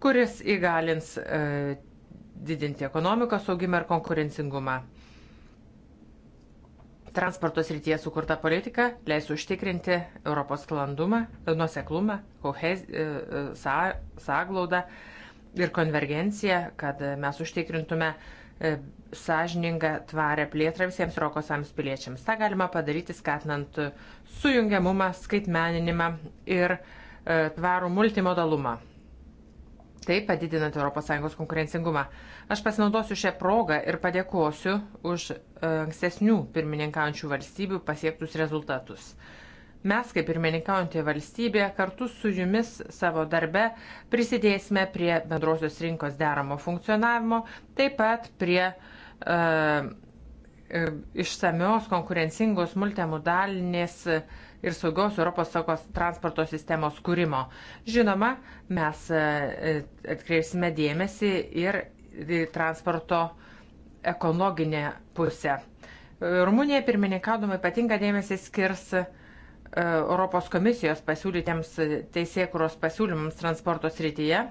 kuris įgalins e, didinti ekonomikos augimą ir konkurencingumą transporto srityje sukurta politika leis užtikrinti Europos sklandumą, e, nuoseklumą, kohez, e, e, sa, sąglaudą ir konvergenciją, kad mes užtikrintume sąžiningą, tvarę plėtrą visiems Rokosams piliečiams. Ta galima padaryti skatinant sujungiamumą, skaitmeninimą ir tvarų multimodalumą taip padidinant ES konkurencingumą. Aš pasinaudosiu šią progą ir padėkosiu už e, ankstesnių pirmininkaujančių valstybių pasiektus rezultatus. Mes, kaip pirmininkaujantė valstybė, kartu su jumis savo darbe prisidėsime prie bendrosios rinkos deramo funkcionavimo, taip pat prie e, e, išsamios konkurencingos multimudalinės e, ir saugios Europos saugos transporto sistemos kūrimo. Žinoma, mes e, e, atkreipsime dėmesį ir transporto ekologinę pusę. Rumunija pirmininkaudama ypatinga dėmesį skirs e, Europos komisijos pasiūlytiems teisėkuros pasiūlymams transporto srityje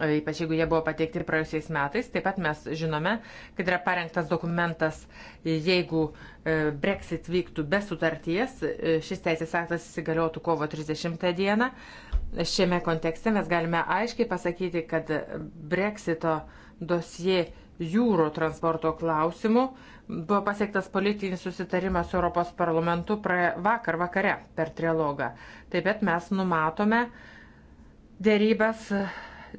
ypač jeigu jie buvo pateikti ir praėjusiais metais. Taip pat mes žinome, kad yra parengtas dokumentas, jeigu e, Brexit vyktų be sutarties, e, šis teisės aktas įsigaliotų kovo 30 dieną. Šiame kontekste mes galime aiškiai pasakyti, kad Brexito dosie jūrų transporto klausimų buvo pasiektas politinis susitarimas su Europos parlamentu pra, vakar vakare per trilogą. Taip pat mes numatome dėrybas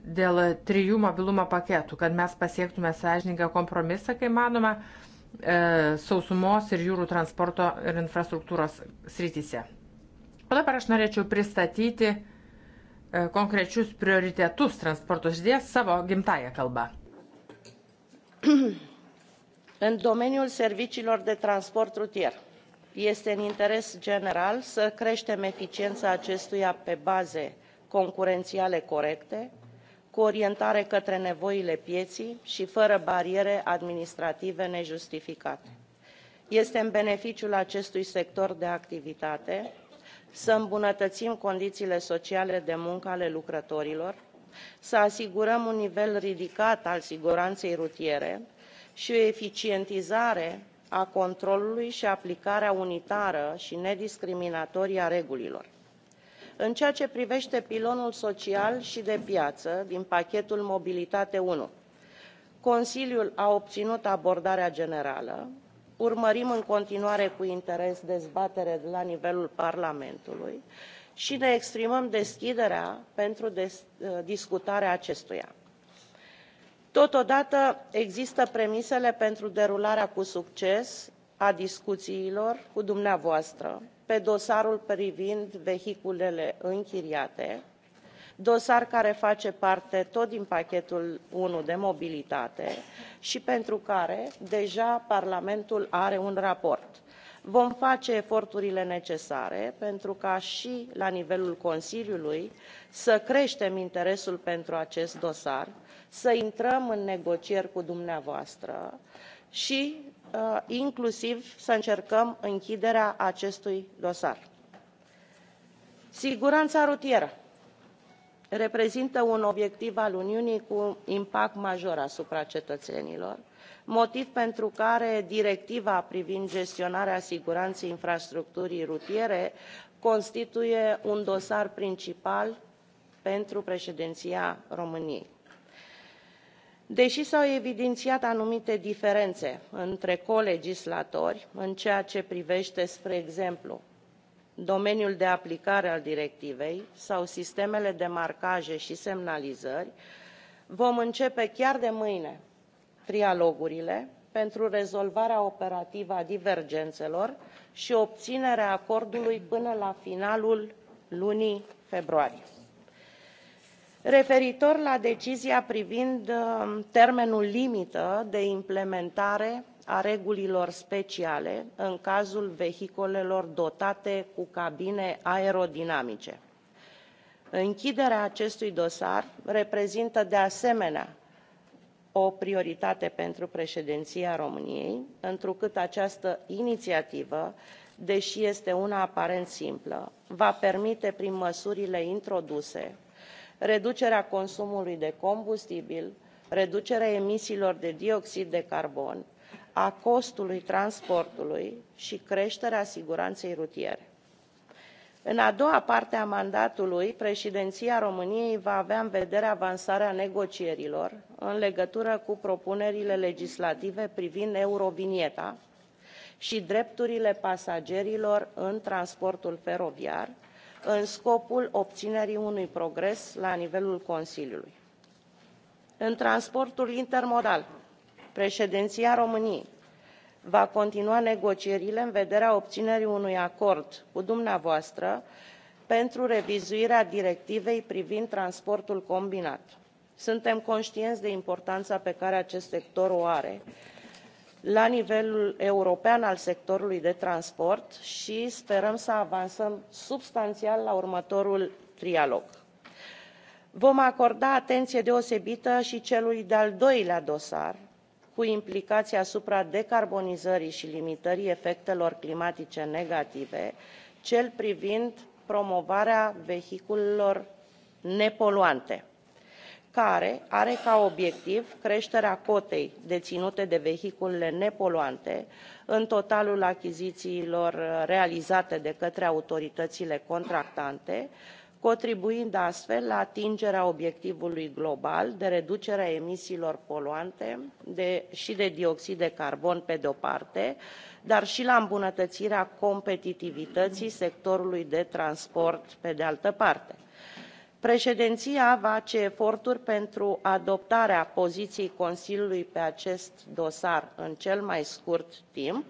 dėl trijų mobilumo paketų, kad mes pasiektume sąžininką kompromisą, kai manoma, e, sausumos ir jūrų transporto ir infrastruktūros srityse. O dabar aš norėčiau pristatyti e, konkrečius prioritetus transporto srityje savo gimtają kalbą. În domeniul serviciilor de transport rutier este în interes general să creștem eficiența acestuia pe baze concurențiale corecte, cu orientare către nevoile pieței și fără bariere administrative nejustificate. este în beneficiul acestui sector de activitate să îmbunătățim condițiile sociale de muncă ale lucrătorilor să asigurăm un nivel ridicat al siguranței rutiere și o eficientizare a controlului și aplicarea unitară și nediscriminatorie a regulilor în ceea ce privește pilonul social și de piață din pachetul mobilitate i consiliul a obținut abordarea generală urmărim în continuare cu interes dezbaterea de la nivelul parlamentului și ne exprimăm deschiderea pentru discutarea acestuia. totodată există premisele pentru derularea cu succes a discuțiilor cu dumneavoastră pe dosarul privind vehiculele închiriate, dosar care face parte tot din pachetul 1 de mobilitate și pentru care deja Parlamentul are un raport. Vom face eforturile necesare pentru ca și la nivelul Consiliului să creștem interesul pentru acest dosar, să intrăm în negocieri cu dumneavoastră și Uh, inclusiv să încercăm închiderea acestui dosar. Siguranța rutieră reprezintă un obiectiv al Uniunii cu impact major asupra cetățenilor, motiv pentru care directiva privind gestionarea siguranței infrastructurii rutiere constituie un dosar principal pentru președinția României deși s au evidențiat anumite diferențe între colegislatori în ceea ce privește spre exemplu domeniul de aplicare al directivei sau sistemele de marcaje și semnalizări vom începe chiar de mâine trialogurile pentru rezolvarea operativă a divergențelor și obținerea acordului până la finalul lunii februarie referitor la decizia privind um, termenul limită de implementare a regulilor speciale în cazul vehiculelor dotate cu cabine aerodinamice. închiderea acestui dosar reprezintă de asemenea o prioritate pentru președinția româniei întrucât această inițiativă deși este una aparent simplă va permite prin măsurile introduse reducerea consumului de combustibil reducerea emisiilor de dioxid de carbon a costului transportului și creșterea siguranței rutiere. în a doua parte a mandatului președinția româniei va avea în vedere avansarea negocierilor în legătură cu propunerile legislative privind eurovinieta și drepturile pasagerilor în transportul feroviar în scopul obținerii unui progres la nivelul consiliului. în transportul intermodal președinția româniei va continua negocierile în vederea obținerii unui acord cu dumneavoastră pentru revizuirea directivei privind transportul combinat. suntem conștienți de importanța pe care acest sector o are la nivelul european al sectorului de transport și sperăm să avansăm substanțial la următorul trialog. vom acorda atenție deosebită și celui de al doilea dosar cu implicații asupra decarbonizării și limitării efectelor climatice negative cel privind promovarea vehiculelor nepoluante care are ca obiectiv creșterea cotei deținute de vehiculele nepoluante în totalul achizițiilor realizate de către autoritățile contractante contribuind astfel la atingerea obiectivului global de reducere a emisiilor poluante și de dioxid de carbon pe de o parte dar și la îmbunătățirea competitivității sectorului de transport pe de altă parte președinția face eforturi pentru adoptarea poziției consiliului pe acest dosar în cel mai scurt timp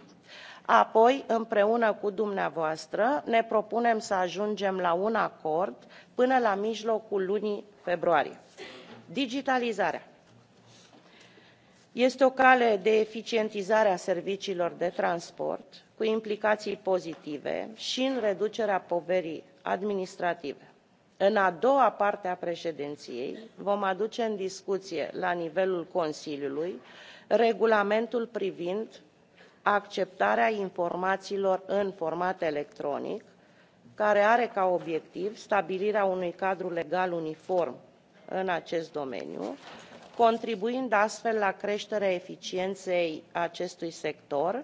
apoi împreună cu dumneavoastră ne propunem să ajungem la un acord până la mijlocul lunii februarie. digitalizarea este o cale de eficientizare a serviciilor de transport cu implicații pozitive și în reducerea poverii administrative în a doua parte a președinției vom aduce în discuție la nivelul consiliului regulamentul privind acceptarea informațiilor în format electronic care are ca obiectiv stabilirea unui cadru legal uniform în acest domeniu contribuind astfel la creșterea eficienței acestui sector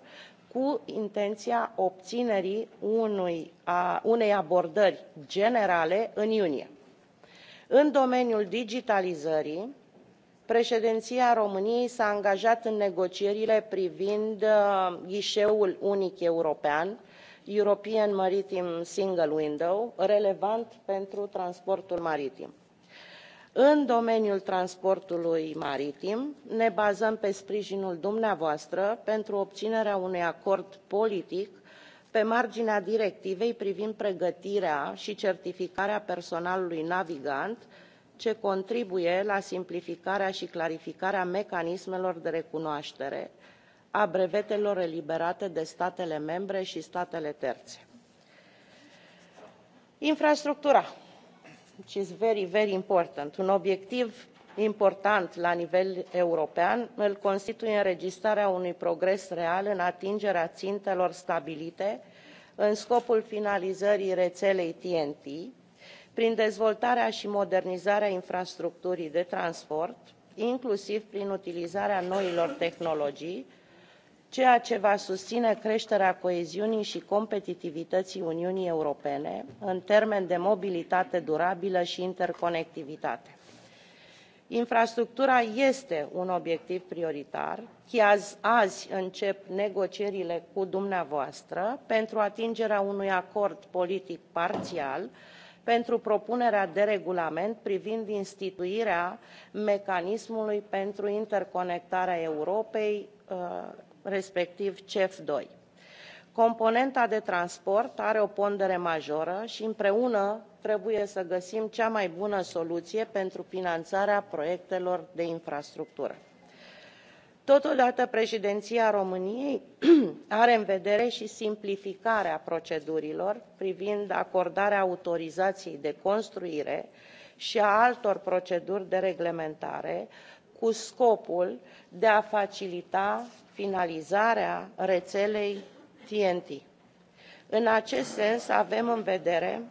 cu intenția obținerii unui, a, unei abordări generale în iunie. În domeniul digitalizării, președinția României s-a angajat în negocierile privind uh, ghișeul unic european, European Maritime Single Window, relevant pentru transportul maritim în domeniul transportului maritim ne bazăm pe sprijinul dumneavoastră pentru obținerea unui acord politic pe marginea directivei privind pregătirea și certificarea personalului navigant ce contribuie la simplificarea și clarificarea mecanismelor de recunoaștere a brevetelor eliberate de statele membre și statele terțe. infrastructura which is very, very important. Un obiectiv important la nivel european îl constituie înregistrarea unui progres real în atingerea țintelor stabilite în scopul finalizării rețelei TNT prin dezvoltarea și modernizarea infrastructurii de transport, inclusiv prin utilizarea noilor tehnologii, ceea ce va susține creșterea coeziunii și competitivității uniunii europene în termeni de mobilitate durabilă și interconectivitate. infrastructura este un obiectiv prioritar chiar azi încep negocierile cu dumneavoastră pentru atingerea unui acord politic parțial pentru propunerea de regulament privind instituirea mecanismului pentru interconectarea europei uh, respectiv cef ii. componenta de transport are o pondere majoră și împreună trebuie să găsim cea mai bună soluție pentru finanțarea proiectelor de infrastructură. totodată președinția româniei are în vedere și simplificarea procedurilor privind acordarea autorizației de construire și a altor proceduri de reglementare cu scopul de a facilita finalizarea rețelei TNT. În acest sens avem în vedere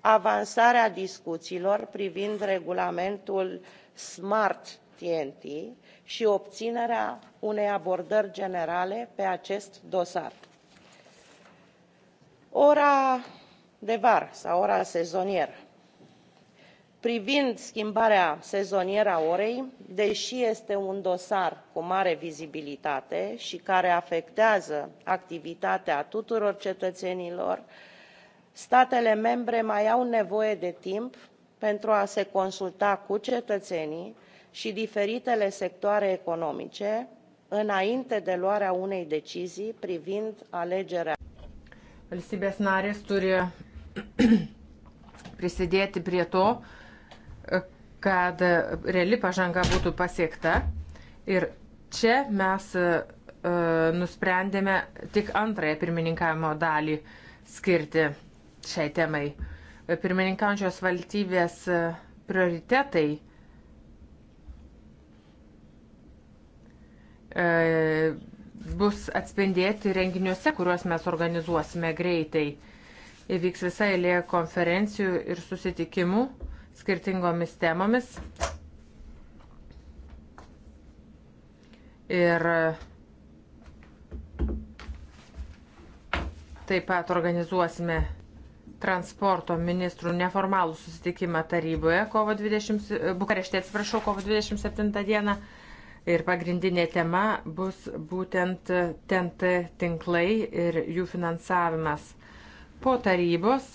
avansarea discuțiilor privind regulamentul Smart TNT și obținerea unei abordări generale pe acest dosar. Ora de vară sau ora sezonieră privind schimbarea sezonieră a orei deși este un dosar cu mare vizibilitate și care afectează activitatea tuturor cetățenilor statele membre mai au nevoie de timp pentru a se consulta cu cetățenii și diferitele sectoare economice înainte de luarea unei decizii privind alegerea. Valstybės narės turi prisidėti prie to, kad reali pažanga būtų pasiekta. Ir čia mes e, nusprendėme tik antrąją pirmininkavimo dalį skirti šiai temai. Pirmininkaujančios valstybės e, prioritetai e, bus atspindėti renginiuose, kuriuos mes organizuosime greitai. Įvyks visa eilė konferencijų ir susitikimų skirtingomis temomis. Ir taip pat organizuosime transporto ministrų neformalų susitikimą taryboje kovo 20, Bukareštė atsiprašau, kovo 27 dieną. Ir pagrindinė tema bus būtent TNT tinklai ir jų finansavimas. Po tarybos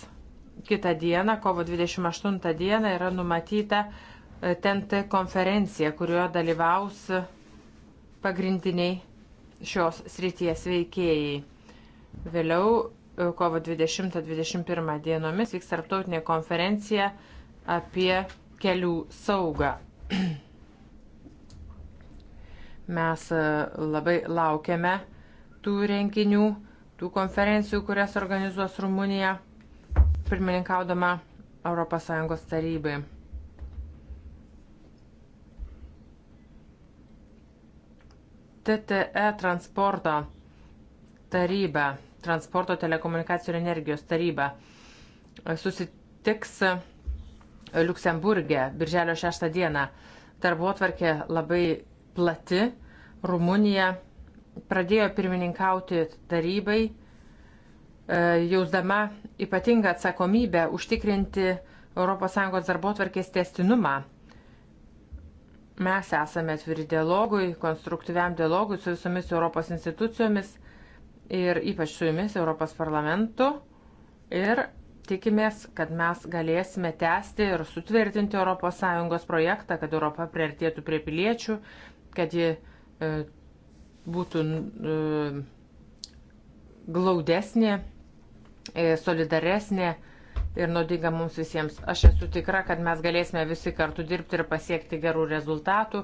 kitą dieną, kovo 28 dieną, yra numatyta TNT e, konferencija, kurioje dalyvaus e, pagrindiniai šios srities veikėjai. Vėliau, e, kovo 20-21 dienomis, vyks tarptautinė konferencija apie kelių saugą. Mes labai laukiame tų renginių, tų konferencijų, kurias organizuos Rumunija pirmininkaudama ES tarybai. TTE transporto taryba, transporto telekomunikacijų ir energijos taryba e, susitiks Luksemburgė birželio 6 dieną. Darbuotvarkė labai plati. Rumunija pradėjo pirmininkauti tarybai E, jausdama ypatingą atsakomybę užtikrinti ES darbotvarkės testinumą. Mes esame atviri dialogui, konstruktyviam dialogui su visomis Europos institucijomis ir ypač su jumis Europos parlamentu. Ir tikimės, kad mes galėsime tęsti ir sutvirtinti ES projektą, kad Europa priartėtų prie piliečių, kad ji e, būtų e, glaudesnė E, solidaresnė ir naudinga mums visiems. Aš esu tikra, kad mes galėsime visi kartu dirbti ir pasiekti gerų rezultatų.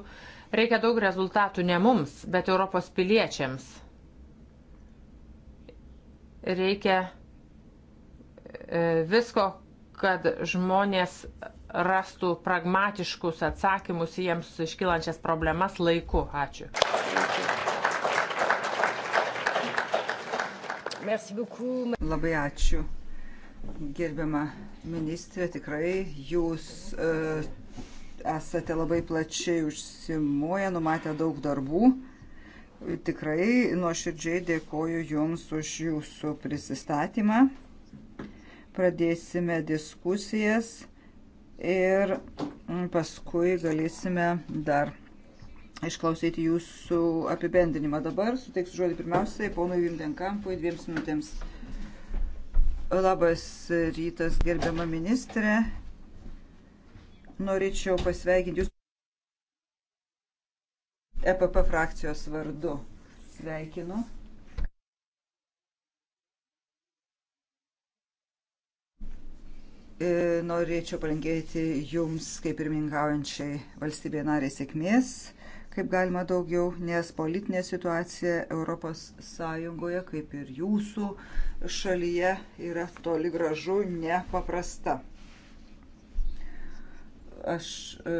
Reikia daug rezultatų ne mums, bet Europos piliečiams. Reikia e, visko, kad žmonės rastų pragmatiškus atsakymus į jiems iškylančias problemas laiku. Ačiū. Ačiū. Labai ačiū. Gerbiama ministrė, tikrai jūs uh, esate labai plačiai užsimoję, numatę daug darbų. Tikrai nuoširdžiai dėkoju Jums už Jūsų prisistatymą. Pradėsime diskusijas ir paskui galėsime dar išklausyti jūsų apibendinimą. Dabar suteiksiu žodį pirmiausiai ponui Vimdenkampui dviems minutėms. Labas rytas, gerbiama ministrė. Norėčiau pasveikinti jūs EPP frakcijos vardu. Sveikinu. E, norėčiau palinkėti Jums, kaip pirmininkaujančiai valstybė narė, sėkmės kaip galima daugiau, nes politinė situacija ES, kaip ir jūsų šalyje, yra toli gražu nepaprasta. Aš e,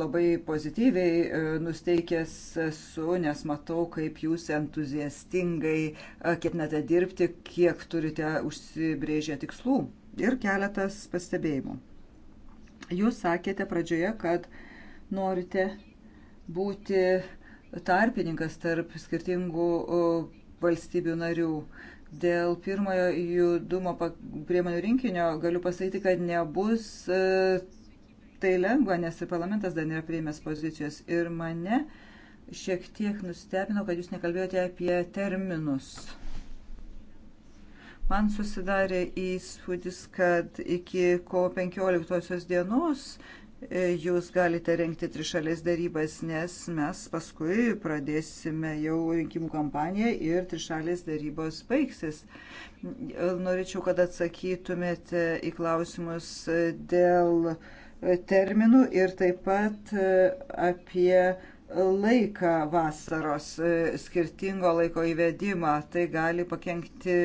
labai pozityviai e, nusteikęs esu, nes matau, kaip jūs entuziastingai e, ketinate dirbti, kiek turite užsibrėžę tikslų ir keletas pastebėjimų. Jūs sakėte pradžioje, kad norite būti tarpininkas tarp skirtingų valstybių narių. Dėl pirmojo judumo priemonių rinkinio galiu pasakyti, kad nebus e, tai lengva, nes ir parlamentas dar nėra prieimęs pozicijos. Ir mane šiek tiek nustebino, kad jūs nekalbėjote apie terminus. Man susidarė įspūdis, kad iki kovo 15 dienos E, jūs galite renkti trišalės darybas, nes mes paskui pradėsime jau rinkimų kampaniją ir trišalės darybos baigsis. E, norėčiau, kad atsakytumėte į klausimus dėl terminų ir taip pat e, apie laiką vasaros, skirtingo laiko įvedimą, tai gali pakengti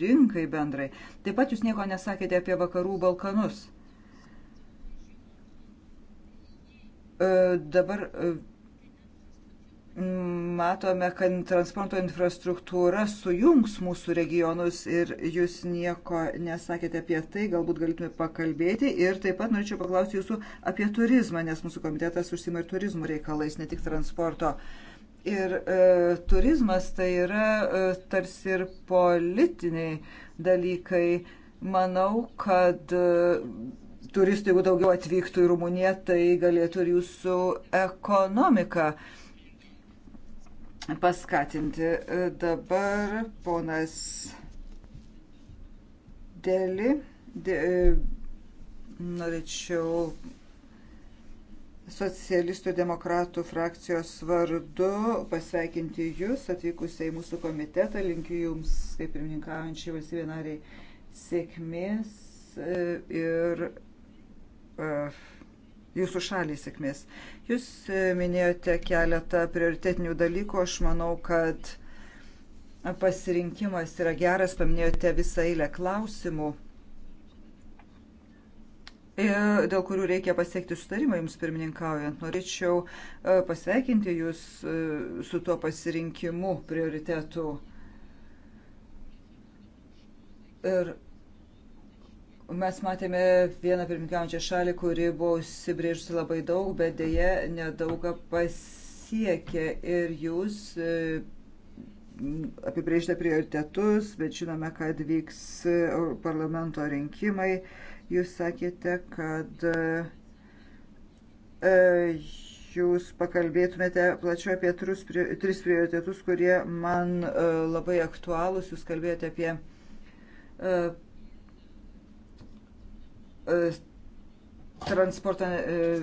rinkai bendrai. Taip pat jūs nieko nesakėte apie vakarų Balkanus. E, dabar e, matome, kad transporto infrastruktūra sujungs mūsų regionus ir jūs nieko nesakėte apie tai, galbūt galėtume pakalbėti. Ir taip pat norėčiau paklausti jūsų apie turizmą, nes mūsų komitetas užsima ir turizmo reikalais, ne tik transporto. Ir e, turizmas tai yra e, tarsi ir politiniai dalykai. Manau, kad e, turistų, jeigu daugiau atvyktų į Rumuniją, tai galėtų ir jūsų ekonomiką paskatinti. Dabar ponas Deli, de, norėčiau socialistų demokratų frakcijos vardu pasveikinti Jūs atvykusiai į mūsų komitetą. Linkiu Jums, kaip pirmininkaujančiai valstybė nariai, sėkmės e, ir E, jūsų šaliai sėkmės. Jūs e, minėjote keletą prioritetinių dalykų, aš manau, kad pasirinkimas yra geras, paminėjote visą eilę klausimų, dėl kurių reikia pasiekti sutarimą jums pirmininkaujant. Norėčiau e, pasveikinti jūs su tuo pasirinkimu prioritetų. Ir Mes matėme vieną pirmininkiaujančią šalį, kuri buvo užsibrėžusi labai daug, bet dėje nedaugą pasiekė. Ir jūs e, apibrėžite prioritetus, bet žinome, kad vyks e, parlamento rinkimai. Jūs sakėte, kad e, jūs pakalbėtumėte plačiau apie tris prioritetus, kurie man labai aktualūs. Jūs kalbėjote apie E, transporto e,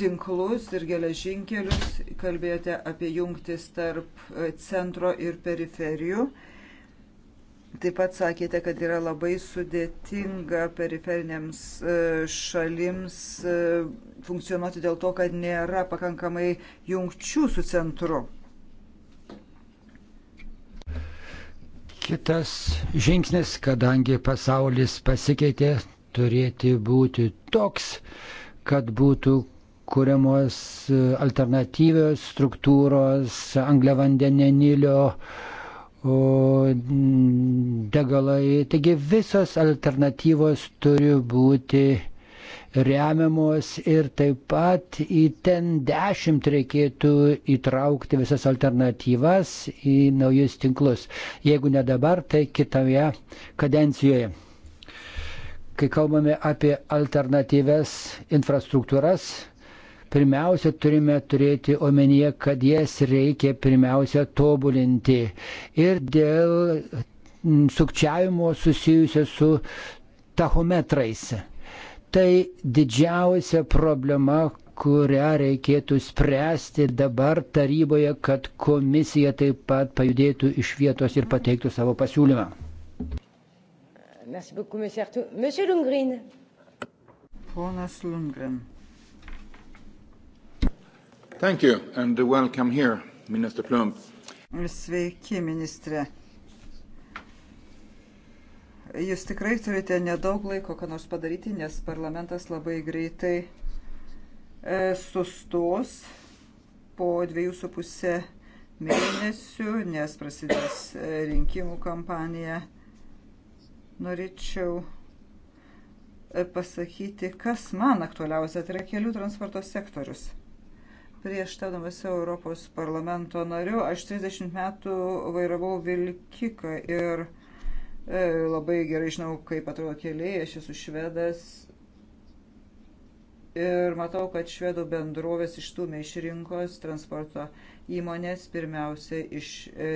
tinklus ir geležinkelius, kalbėjote apie jungtis tarp e, centro ir periferijų. Taip pat sakėte, kad yra labai sudėtinga periferiniams šalims funkcionuoti dėl to, kad nėra pakankamai jungčių su centru. Kitas žingsnis, kadangi pasaulis pasikeitė, turėti būti toks, kad būtų kuriamos e, alternatyvios struktūros, angliavandenilio degalai. Taigi visos alternatyvos turi būti remiamos ir taip pat į ten dešimt reikėtų įtraukti visas alternatyvas į naujus tinklus. Jeigu ne dabar, tai kitoje kadencijoje kai kalbame apie alternatyves infrastruktūras, pirmiausia turime turėti omenyje, kad jas reikia pirmiausia tobulinti. Ir dėl mm, sukčiavimo susijusio su tachometrais. Tai didžiausia problema, kurią reikėtų spręsti dabar taryboje, kad komisija taip pat pajudėtų iš vietos ir pateiktų savo pasiūlymą. Merci beaucoup, monsieur Artu. Monsieur Lundgren. Ponas Lundgren. Thank you and welcome here, Minister Plump. Sveiki, ministre. Jūs tikrai turite nedaug laiko, ką nors padaryti, nes parlamentas labai greitai e, sustos po dviejų su pusę mėnesių, nes prasidės e, rinkimų kampanija norėčiau e, pasakyti, kas man aktualiausia, tai yra kelių transporto sektorius. Prieš tapdamas Europos parlamento nariu, aš 30 metų vairavau vilkiką ir e, labai gerai žinau, kaip atrodo keliai, aš esu švedas ir matau, kad švedų bendrovės ištumė iš rinkos transporto įmonės pirmiausia iš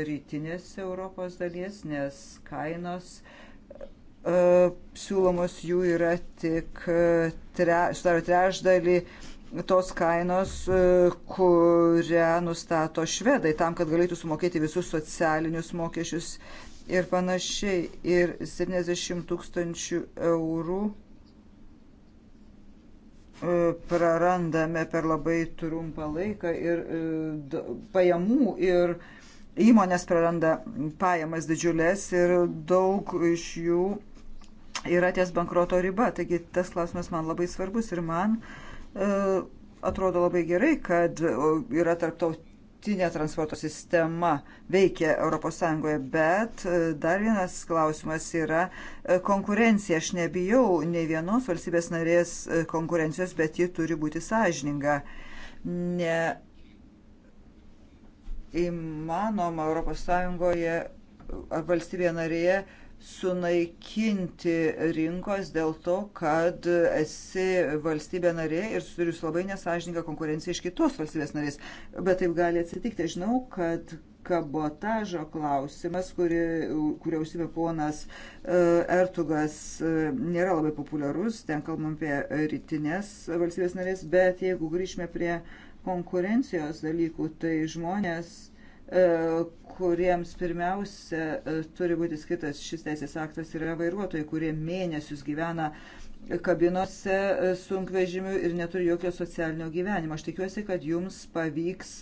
rytinės Europos dalies, nes kainos e, E, siūlomos jų yra tik tre, sudaro trešdalį tos kainos, e, kurią nustato švedai, tam, kad galėtų sumokėti visus socialinius mokesčius ir panašiai. Ir 70 tūkstančių eurų e, prarandame per labai trumpą laiką ir pajamų ir įmonės praranda pajamas didžiulės ir daug iš jų yra ties bankroto riba. Taigi tas klausimas man labai svarbus ir man e, atrodo labai gerai, kad yra tarptautinė transporto sistema veikia ES, bet e, dar vienas klausimas yra e, konkurencija. Aš nebijau nei vienos valstybės narės konkurencijos, bet ji turi būti sąžininga. Ne įmanoma ES ar valstybėje narėje sunaikinti rinkos dėl to, kad esi valstybė narė ir turi labai nesažininką konkurenciją iš kitos valstybės narės. Bet taip gali atsitikti. Žinau, kad kabotažo klausimas, kuri, kurio užsimė ponas e, Ertugas, e, nėra labai populiarus, ten kalbam apie rytinės valstybės narės, bet jeigu grįžtume prie konkurencijos dalykų, tai žmonės E, kuriems pirmiausia e, turi būti skirtas šis teisės aktas, yra vairuotojai, kurie mėnesius gyvena kabinose e, sunkvežimių ir neturi jokio socialinio gyvenimo. Aš tikiuosi, kad jums pavyks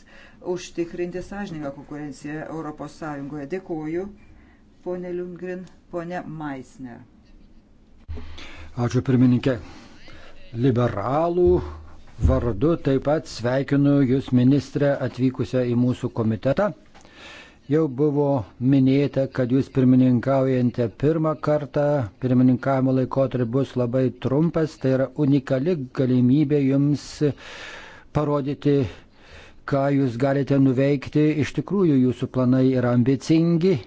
užtikrinti sąžiningą konkurenciją ES. Dėkuoju, ponė Liungrin, ponė Maisner. Ačiū pirmininkė. Liberalų vardu taip pat sveikinu Jūs, ministrė, atvykusią į mūsų komitetą. Jau buvo minėta, kad Jūs pirmininkaujate pirmą kartą, pirmininkavimo laikotarpis bus labai trumpas, tai yra unikali galimybė Jums parodyti, ką Jūs galite nuveikti. Iš tikrųjų, Jūsų planai yra ambicingi.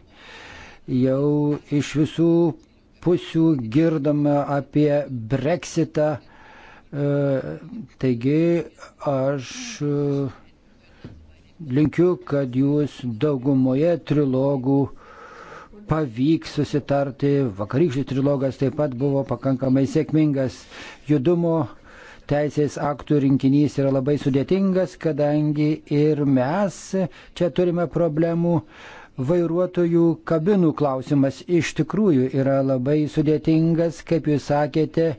Jau iš visų pusių girdama apie breksitą E, taigi aš e, linkiu, kad jūs daugumoje trilogų pavyks susitarti. Vakarykštis trilogas taip pat buvo pakankamai sėkmingas. Judumo teisės aktų rinkinys yra labai sudėtingas, kadangi ir mes čia turime problemų. Vairuotojų kabinų klausimas iš tikrųjų yra labai sudėtingas, kaip jūs sakėte,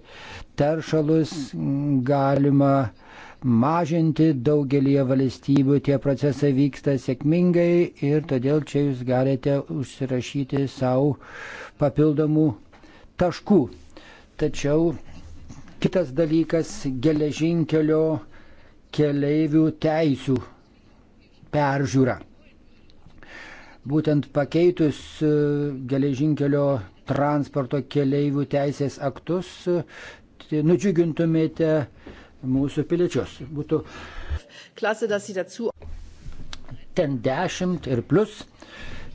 teršalus galima mažinti daugelie valstybių. Tie procesai vyksta sėkmingai ir todėl čia jūs galite užsirašyti savo papildomų taškų. Tačiau kitas dalykas - geležinkelio keleivių teisių peržiūra. Būtent pakeitus e, geležinkelio transporto keleivių teisės aktus nudžiugintumėte mūsų piliečius. Būtų ten 10 ir plus.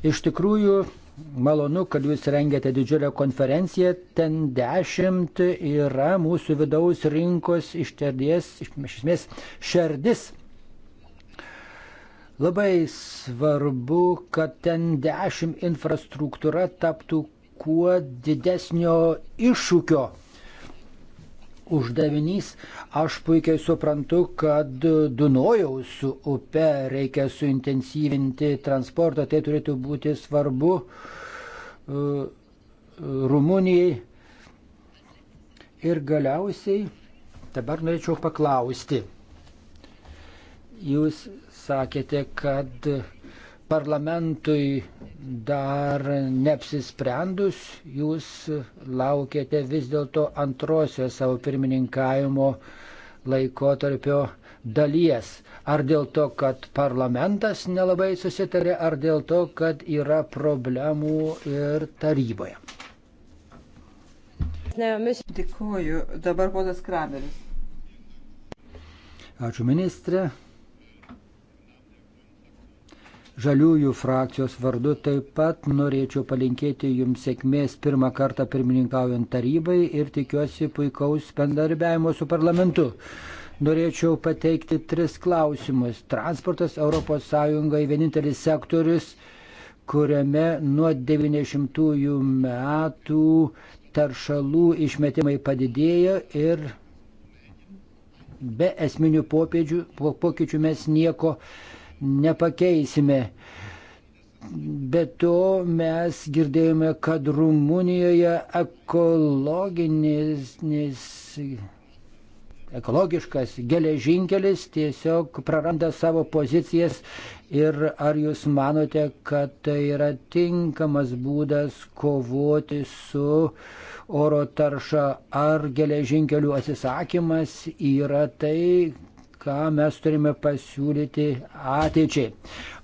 Iš tikrųjų, malonu, kad jūs rengiate didžiulę konferenciją. Ten 10 yra mūsų vidaus rinkos išterdies, iš esmės, šerdis. Labai svarbu, kad ten 10 infrastruktūra taptų kuo didesnio iššūkio uždavinys. Aš puikiai suprantu, kad Dunojaus upe reikia suintensyvinti transportą, tai turėtų būti svarbu uh, Rumunijai. Ir galiausiai dabar norėčiau paklausti. Jūs sakėte, kad parlamentui dar neapsisprendus, jūs laukiate vis dėlto antrosios savo pirmininkavimo laikotarpio dalies. Ar dėl to, kad parlamentas nelabai susitarė, ar dėl to, kad yra problemų ir taryboje? Dėkuoju. Dabar ponas Krameris. Ačiū ministrė. Žaliųjų frakcijos vardu taip pat norėčiau palinkėti Jums sėkmės pirmą kartą pirmininkaujant tarybai ir tikiuosi puikaus bendarbiavimo su parlamentu. Norėčiau pateikti tris klausimus. Transportas ES vienintelis sektorius, kuriame nuo 90-ųjų metų taršalų išmetimai padidėjo ir be esminių popėdžių, pokyčių mes nieko nepakeisime. Be to mes girdėjome, kad Rumunijoje ekologinis, ekologiškas geležinkelis tiesiog praranda savo pozicijas ir ar jūs manote, kad tai yra tinkamas būdas kovoti su oro tarša, ar geležinkelių atsisakymas yra tai, ką mes turime pasiūlyti ateičiai.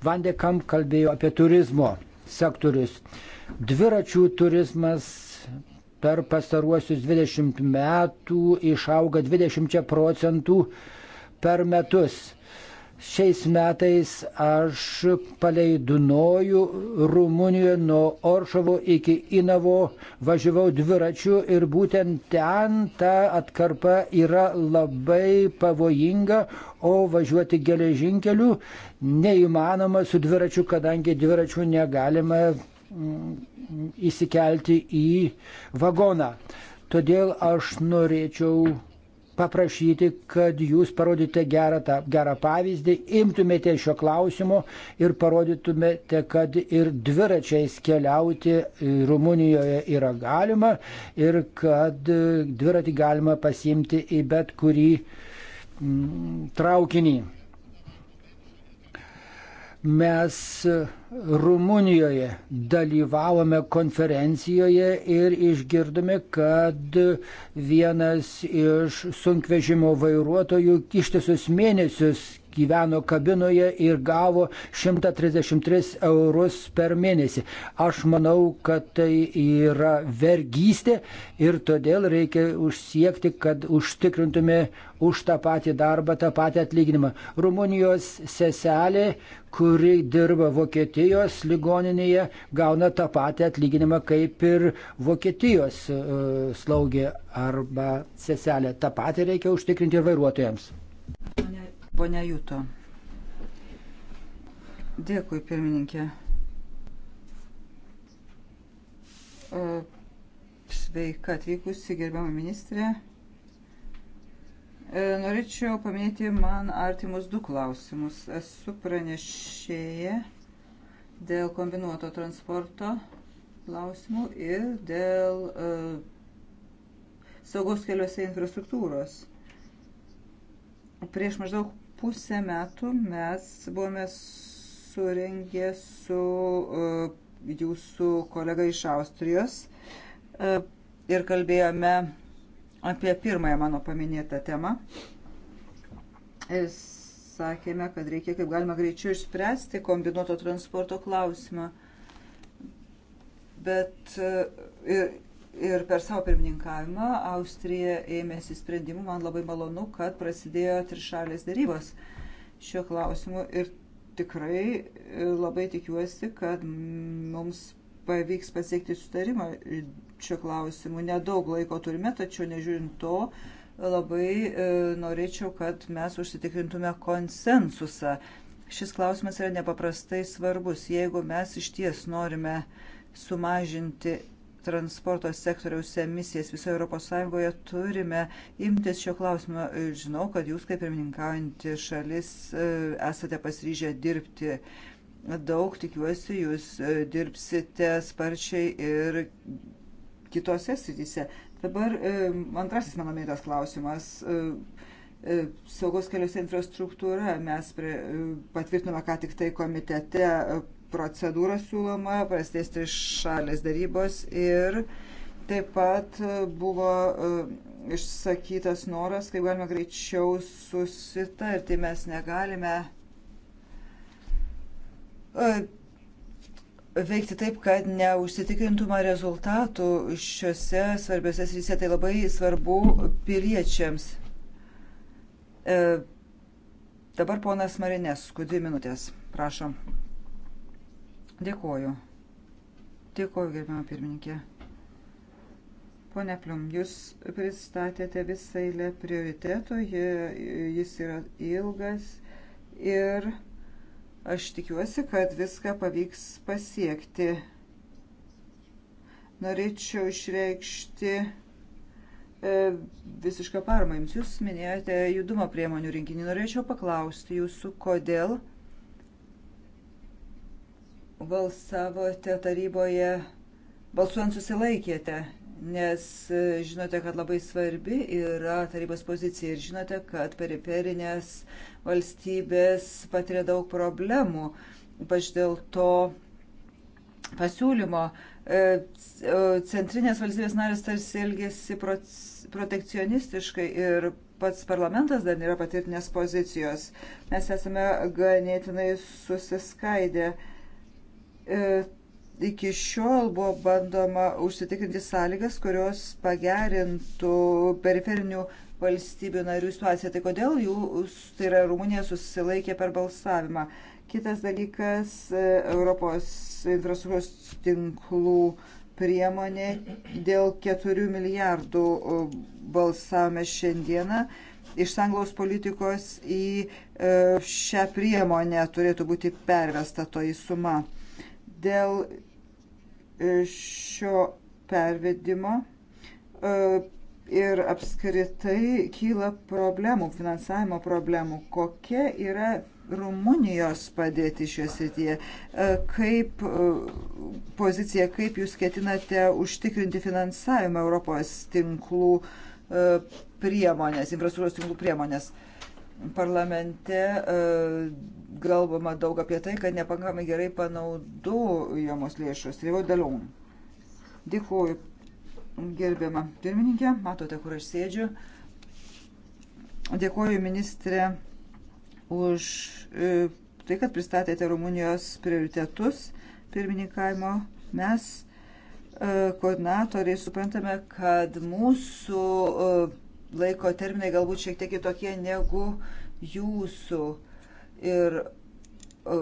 Vandekam kalbėjo apie turizmo sektorius. Dviračių turizmas per pastaruosius 20 metų išauga 20 procentų per metus. Šiais metais aš paleidinoju Rumunijoje nuo Oršovo iki Inavo, važiavau dviračiu ir būtent ten ta atkarpa yra labai pavojinga, o važiuoti geležinkeliu neįmanoma su dviračiu, kadangi dviračiu negalima mm, įsikelti į vagoną. Todėl aš norėčiau paprašyti, kad jūs parodyte gerą, tą, gerą pavyzdį, imtumėte šio klausimo ir parodytumėte, kad ir dviračiais keliauti Rumunijoje yra galima ir kad dviratį galima pasimti į bet kurį m, mm, traukinį. Mes Rumunijoje dalyvavome konferencijoje ir išgirdome, kad vienas iš sunkvežimo vairuotojų ištisus mėnesius gyveno kabinoje ir gavo 133 eurus per mėnesį. Aš manau, kad tai yra vergystė ir todėl reikia užsiekti, kad užtikrintume už tą patį darbą, tą patį atlyginimą. Rumunijos seselė, kuri dirba Vokietijos ligoninėje, gauna tą patį atlyginimą kaip ir Vokietijos uh, slaugė arba seselė. Ta pati reikia užtikrinti ir vairuotojams. Mane Pone Jūto. Dėkui, pirmininkė. Sveika atvykusi, gerbiama ministrė. E, norėčiau paminėti man artimus du klausimus. Esu pranešėję dėl kombinuoto transporto klausimų ir dėl uh, saugos keliuose infrastruktūros. Prieš maždaug pusę metų mes buvome surengę su e, jūsų kolega iš Austrijos e, ir kalbėjome apie pirmąją mano paminėtą temą. Ir e, sakėme, kad reikia kaip galima greičiau išspręsti kombinuoto transporto klausimą. Bet ir, Ir per savo pirmininkavimą Austrija ėmėsi sprendimų. Man labai malonu, kad prasidėjo trišalės darybos šiuo klausimu. Ir tikrai e, labai tikiuosi, kad mums pavyks pasiekti sutarimą šiuo klausimu. Nedaug laiko turime, tačiau nežiūrint to, labai e, norėčiau, kad mes užsitikrintume konsensusą. Šis klausimas yra nepaprastai svarbus. Jeigu mes iš ties norime sumažinti transporto sektoriaus emisijas visoje ES turime imtis šio klausimo. Žinau, kad jūs kaip pirmininkaujanti šalis e, esate pasiryžę dirbti daug, tikiuosi, jūs e, dirbsite sparčiai ir kitose srityse. Dabar e, antrasis mano mėtas klausimas saugos keliuose infrastruktūra. Mes patvirtinome ką tik tai komitete procedūra siūloma, prastės šalės darybos ir taip pat e, buvo e, išsakytas noras, kaip galima greičiau susitarti, mes negalime e, veikti taip, kad neužsitikrintumą rezultatų šiuose svarbiose srityse. Tai labai svarbu piliečiams. E, dabar ponas Marinesku, dvi minutės, prašom. Dėkoju. Dėkoju, gerbiamą pirmininkę. Pone Plium, jūs pristatėte visą eilę prioritetų, jis yra ilgas ir aš tikiuosi, kad viską pavyks pasiekti. Norėčiau išreikšti e, visišką paramą jums. Jūs minėjote judumo priemonių rinkinį. Norėčiau paklausti jūsų, kodėl balsavote taryboje, balsuojant susilaikėte, nes e, žinote, kad labai svarbi yra tarybos pozicija ir žinote, kad periferinės valstybės patiria daug problemų, ypač dėl to pasiūlymo. E, centrinės valstybės narės tarsi elgėsi protekcionistiškai ir pats parlamentas dar nėra patvirtinęs pozicijos. Mes esame ganėtinai susiskaidę. E, iki šiol buvo bandoma užsitikrinti sąlygas, kurios pagerintų periferinių valstybių narių situaciją. Tai kodėl jų, tai yra Rumunija, susilaikė per balsavimą. Kitas dalykas e, - Europos infrastruktūros tinklų priemonė dėl 4 milijardų e, balsavome šiandieną. Iš sanglaus politikos į šią priemonę turėtų būti pervesta toji suma Dėl e, šio pervedimo e, ir apskritai kyla problemų, finansavimo problemų. Kokia yra Rumunijos padėti šioje srityje? E, kaip pozicija, kaip jūs ketinate užtikrinti finansavimą Europos tinklų priemonės, infrastruktūros tinklų priemonės? Uh, parlamente e, galvoma daug apie tai, kad nepakankamai gerai panaudojamos lėšos. Ir tai jau dėliau. Dėkuoju, gerbiama pirmininkė, matote, kur aš sėdžiu. Dėkuoju ministrė už e, tai, kad pristatėte Rumunijos prioritetus pirmininkavimo. Mes e, koordinatoriai suprantame, kad mūsų laiko terminai galbūt šiek tiek kitokie negu jūsų. Ir, e,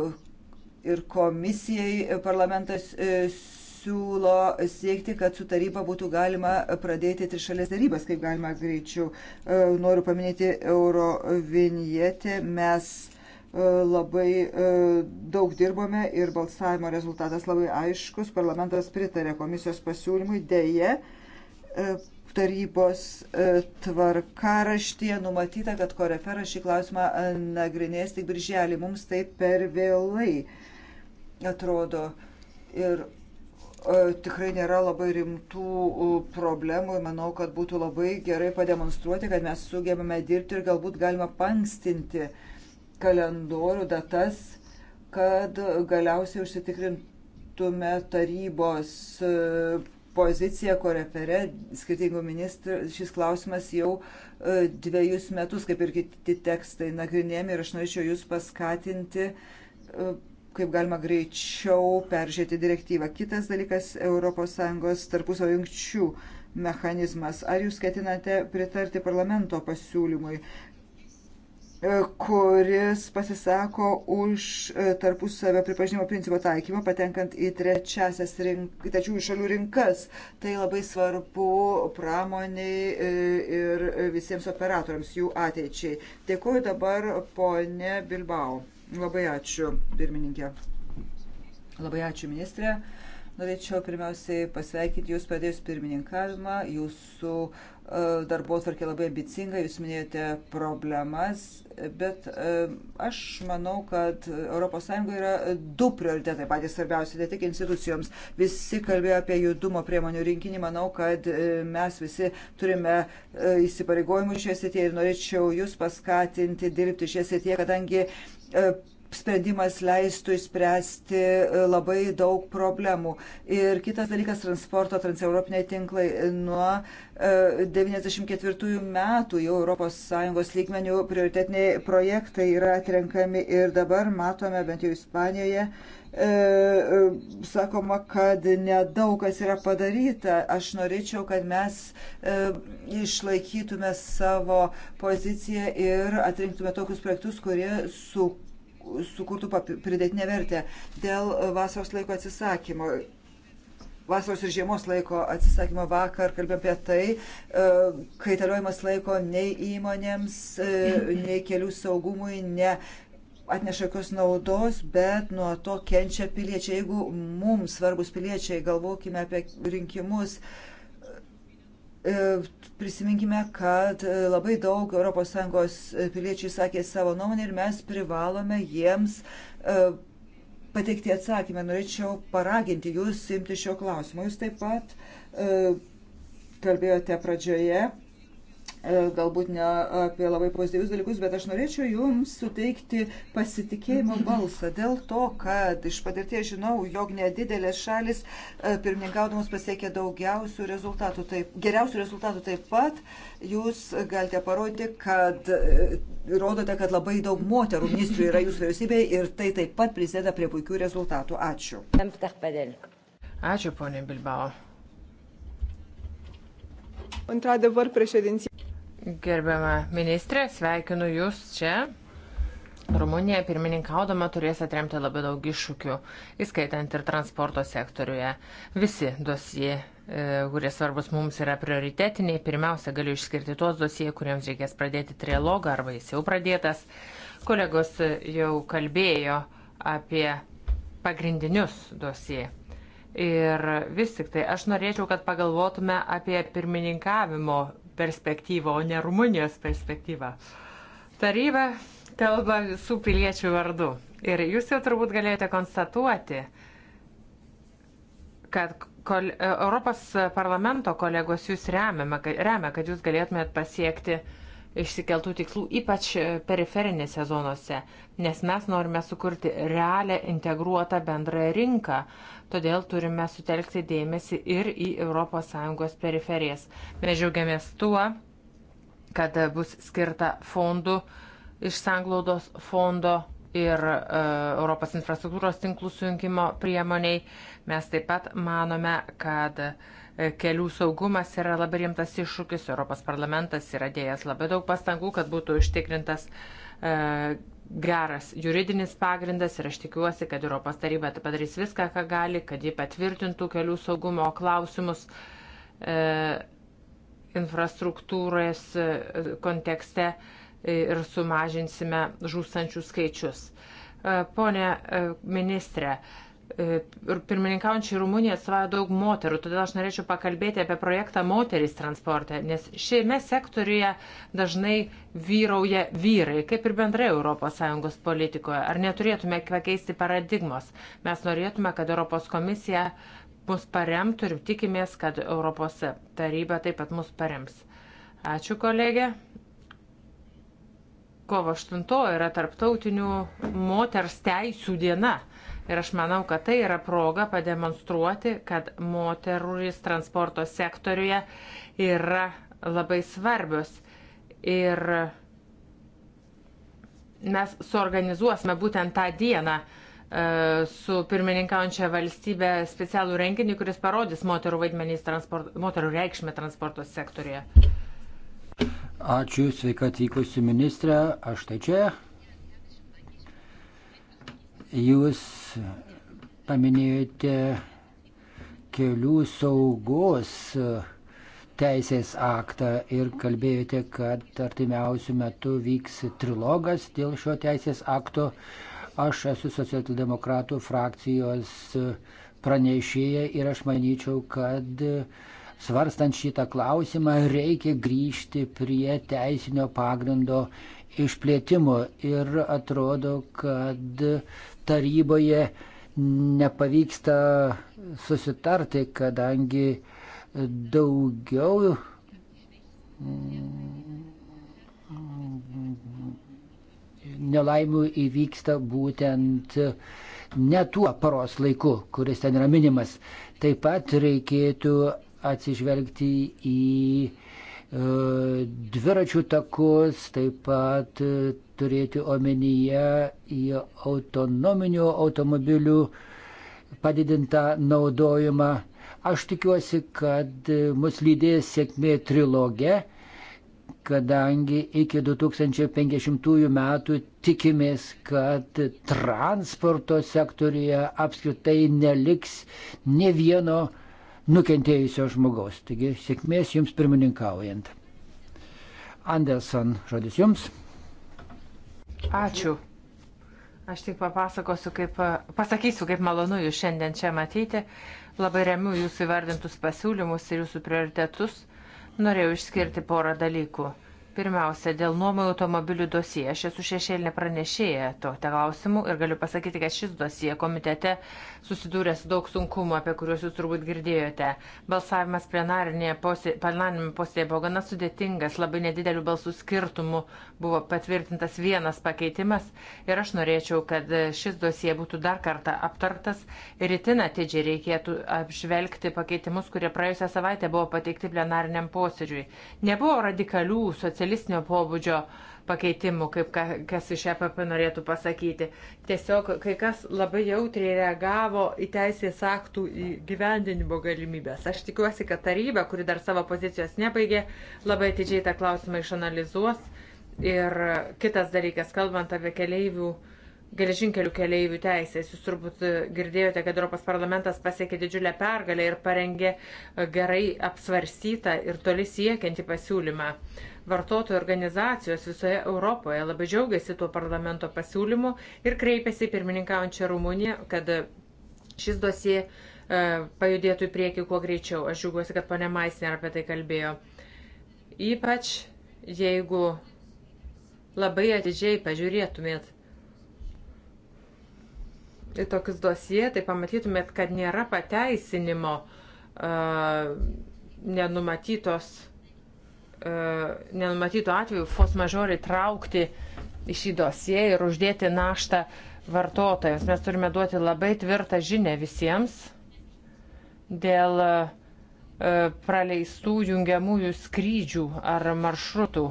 ir komisijai parlamentas e, siūlo siekti, kad su taryba būtų galima pradėti trišalės darybas, kaip galima greičiau. E, noriu paminėti euro vinietę. Mes labai daug dirbome ir balsavimo rezultatas labai aiškus. Parlamentas pritarė komisijos pasiūlymui. Deja, tarybos e, tvarkaraštyje numatyta, kad koreferas šį klausimą e, nagrinės tik birželį. Mums tai per vėlai atrodo. Ir e, tikrai nėra labai rimtų problemų. Manau, kad būtų labai gerai pademonstruoti, kad mes sugebame dirbti ir galbūt galima pankstinti kalendorių datas, kad galiausiai užsitikrintume tarybos pozicija, korepere, skirtingų ministrų, šis klausimas jau e, dviejus metus, kaip ir kiti tekstai, nagrinėjami ir aš norėčiau jūs paskatinti, e, kaip galima greičiau peržiūrėti direktyvą. Kitas dalykas - ES tarpusavio jungčių mechanizmas. Ar jūs ketinate pritarti parlamento pasiūlymui E, kuris pasisako už e, tarpusavio pripažinimo principo taikymą, patenkant į trečiasias rink, trečiųjų šalių rinkas. Tai labai svarbu pramoniai e, ir visiems operatoriams, jų ateičiai. Dėkuoju dabar ponė Bilbao. Labai ačiū, pirmininkė. Labai ačiū, ministrė. Norėčiau pirmiausiai pasveikinti Jūs pradėjus pirmininkavimą. Jūsų e, darbo atvarkė labai ambicinga, Jūs minėjote problemas, bet e, aš manau, kad ES yra du prioritetai patys svarbiausi, ne tik institucijoms. Visi kalbėjo apie judumo priemonių rinkinį. Manau, kad e, mes visi turime įsipareigojimų šioje srityje ir norėčiau Jūs paskatinti dirbti šioje srityje, kadangi sprendimas leistų išspręsti e, labai daug problemų. Ir kitas dalykas - transporto transeuropiniai tinklai. Nuo 1994 e, metų jau ES lygmenių prioritetiniai projektai yra atrenkami ir dabar matome, bent jau Ispanijoje, e, e, sakoma, kad nedaug kas yra padaryta. Aš norėčiau, kad mes e, išlaikytume savo poziciją ir atrinktume tokius projektus, kurie su sukurtų pridėtinę vertę dėl vasaros laiko atsisakymo. Vasaros ir žiemos laiko atsisakymą vakar kalbėjom apie tai, e, kai taliojimas laiko nei įmonėms, e, nei kelių saugumui, ne atneša jokios naudos, bet nuo to kenčia piliečiai. Jeigu mums svarbus piliečiai, galvokime apie rinkimus, e, Prisiminkime, kad e, labai daug ES piliečių sakė savo nuomonę ir mes privalome jiems e, pateikti atsakymą. Norėčiau paraginti jūs imti šio klausimo. Jūs taip pat e, kalbėjote pradžioje E, galbūt ne apie labai pozityvius dalykus, bet aš norėčiau jums suteikti pasitikėjimo balsą dėl to, kad iš patirties žinau, jog nedidelės šalis e, pirmininkaudamas pasiekė daugiausių rezultatų, taip, geriausių rezultatų taip pat. Jūs galite parodyti, kad e, rodote, kad labai daug moterų ministrų yra jūsų vyriausybėje ir tai taip pat prisėda prie puikių rezultatų. Ačiū. Ačiū, ponė Bilbao într adevăr președinția Gerbiama ministrė, sveikinu Jūs čia. Rumunija pirmininkaudama turės atremti labai daug iššūkių, įskaitant ir transporto sektoriuje. Visi dosie, e, kurie svarbus mums yra prioritetiniai, pirmiausia galiu išskirti tuos dosie, kuriems reikės pradėti trialogą arba jis jau pradėtas. Kolegos jau kalbėjo apie pagrindinius dosie. Ir vis tik tai aš norėčiau, kad pagalvotume apie pirmininkavimo perspektyvą, o ne Rumunijos perspektyvą. Taryba kalba visų piliečių vardu. Ir jūs jau turbūt galėjote konstatuoti, kad kol, Europos parlamento kolegos jūs remia, kad, remia, kad jūs galėtumėt pasiekti uh, išsikeltų tikslų, ypač periferinėse zonose, nes mes norime sukurti realią integruotą bendrąją rinką, todėl turime sutelkti dėmesį ir į ES periferijas. Mes džiaugiamės tuo, kad bus skirta fondų iš sanglaudos fondo ir uh, Europos infrastruktūros tinklų sujungimo priemoniai. Mes taip pat manome, kad uh, E, kelių saugumas yra labai rimtas iššūkis. Europos parlamentas yra dėjęs labai daug pastangų, kad būtų užtikrintas e, geras juridinis pagrindas ir aš tikiuosi, kad Europos taryba padarys viską, ką gali, kad ji patvirtintų kelių saugumo klausimus e, infrastruktūros kontekste ir sumažinsime žūstančių skaičius. Pone ministrė, E, ir pirmininkaujančiai Rumunija atstovauja daug moterų, todėl aš norėčiau pakalbėti apie projektą moterys transporte, nes šiame sektoriuje dažnai vyrauja vyrai, kaip ir bendrai ES politikoje. Ar neturėtume pakeisti paradigmos? Mes norėtume, kad ES komisija mus paremtų ir tikimės, kad Europos taryba taip pat mus parems. Ačiū, kolegė. Kovo 8 yra tarptautinių moters teisų diena. Ir aš manau, kad tai yra proga pademonstruoti, kad moterys transporto sektoriuje yra labai svarbios. Ir mes suorganizuosime būtent tą dieną e, su pirmininkaujančia valstybė specialų renginį, kuris parodys moterų, transport, moterų reikšmę transporto sektoriuje. Ačiū, sveika atvykusi ministrė, aš tai čia. Jūs paminėjote kelių saugos teisės aktą ir kalbėjote, kad artimiausių metų vyks trilogas dėl šio teisės akto. Aš esu socialdemokratų frakcijos pranešėja ir aš manyčiau, kad svarstant šitą klausimą reikia grįžti prie teisinio pagrindo išplėtimo ir atrodo, kad taryboje nepavyksta susitarti, kadangi daugiau mm, nelaimių įvyksta būtent ne tuo paros laiku, kuris ten yra minimas. Taip pat reikėtų atsižvelgti į dviračių takus, taip pat turėti omenyje į autonominių automobilių padidintą naudojimą. Aš tikiuosi, kad mus lydės sėkmė trilogė, kadangi iki 2050 metų tikimės, kad transporto sektorija apskritai neliks ne vieno uh, nukentėjusio žmogaus. Taigi sėkmės jums pirmininkaujant. Anderson, žodis jums. Ačiū. Aš tik papasakosiu, kaip, pasakysiu, kaip malonu jūs šiandien čia matyti. Labai remiu jūsų įvardintus pasiūlymus ir jūsų prioritetus. Norėjau išskirti porą dalykų. Pirmiausia, dėl nuomojų automobilių dosie. Aš esu šešėlinė pranešėja to klausimų ir galiu pasakyti, kad šis dosie komitete susidūrė su daug sunkumų, apie kuriuos jūs turbūt girdėjote. Balsavimas plenarinėme posėdėje buvo gana sudėtingas, labai nedidelių balsų skirtumų buvo patvirtintas vienas pakeitimas ir aš norėčiau, kad šis dosie būtų dar kartą aptartas ir itin atidžiai reikėtų apžvelgti pakeitimus, kurie praėjusią savaitę buvo pateikti plenariniam posėdžiui. Nebuvo radikalių socialinių socialistinio pobūdžio pakeitimų, kaip kas iš EPP norėtų pasakyti. Tiesiog kai kas labai jautriai reagavo į teisės aktų įgyvendinimo galimybės. Aš tikiuosi, kad taryba, kuri dar savo pozicijos nebaigė, labai atidžiai tą klausimą išanalizuos. Ir kitas dalykas, kalbant apie keleivių, geležinkelių keleivių teisės, jūs turbūt girdėjote, kad Europos parlamentas pasiekė didžiulę pergalę ir parengė gerai apsvarstytą ir toli siekiantį pasiūlymą. Uh, vartotojų organizacijos visoje Europoje labai džiaugiasi tuo parlamento pasiūlymu ir kreipėsi pirmininkaujančią Rumuniją, kad šis dosie e, pajudėtų į priekį kuo greičiau. Aš džiaugiuosi, kad ponė Maisner apie tai kalbėjo. Ypač jeigu labai atidžiai pažiūrėtumėt į tokius dosie, tai pamatytumėt, kad nėra pateisinimo uh, e, nenumatytos E, nenumatytų atvejų fos mažorį traukti į šį dosiją ir uždėti naštą vartotojams. Mes turime duoti labai tvirtą žinę visiems dėl e, praleistų jungiamųjų skrydžių ar maršrutų.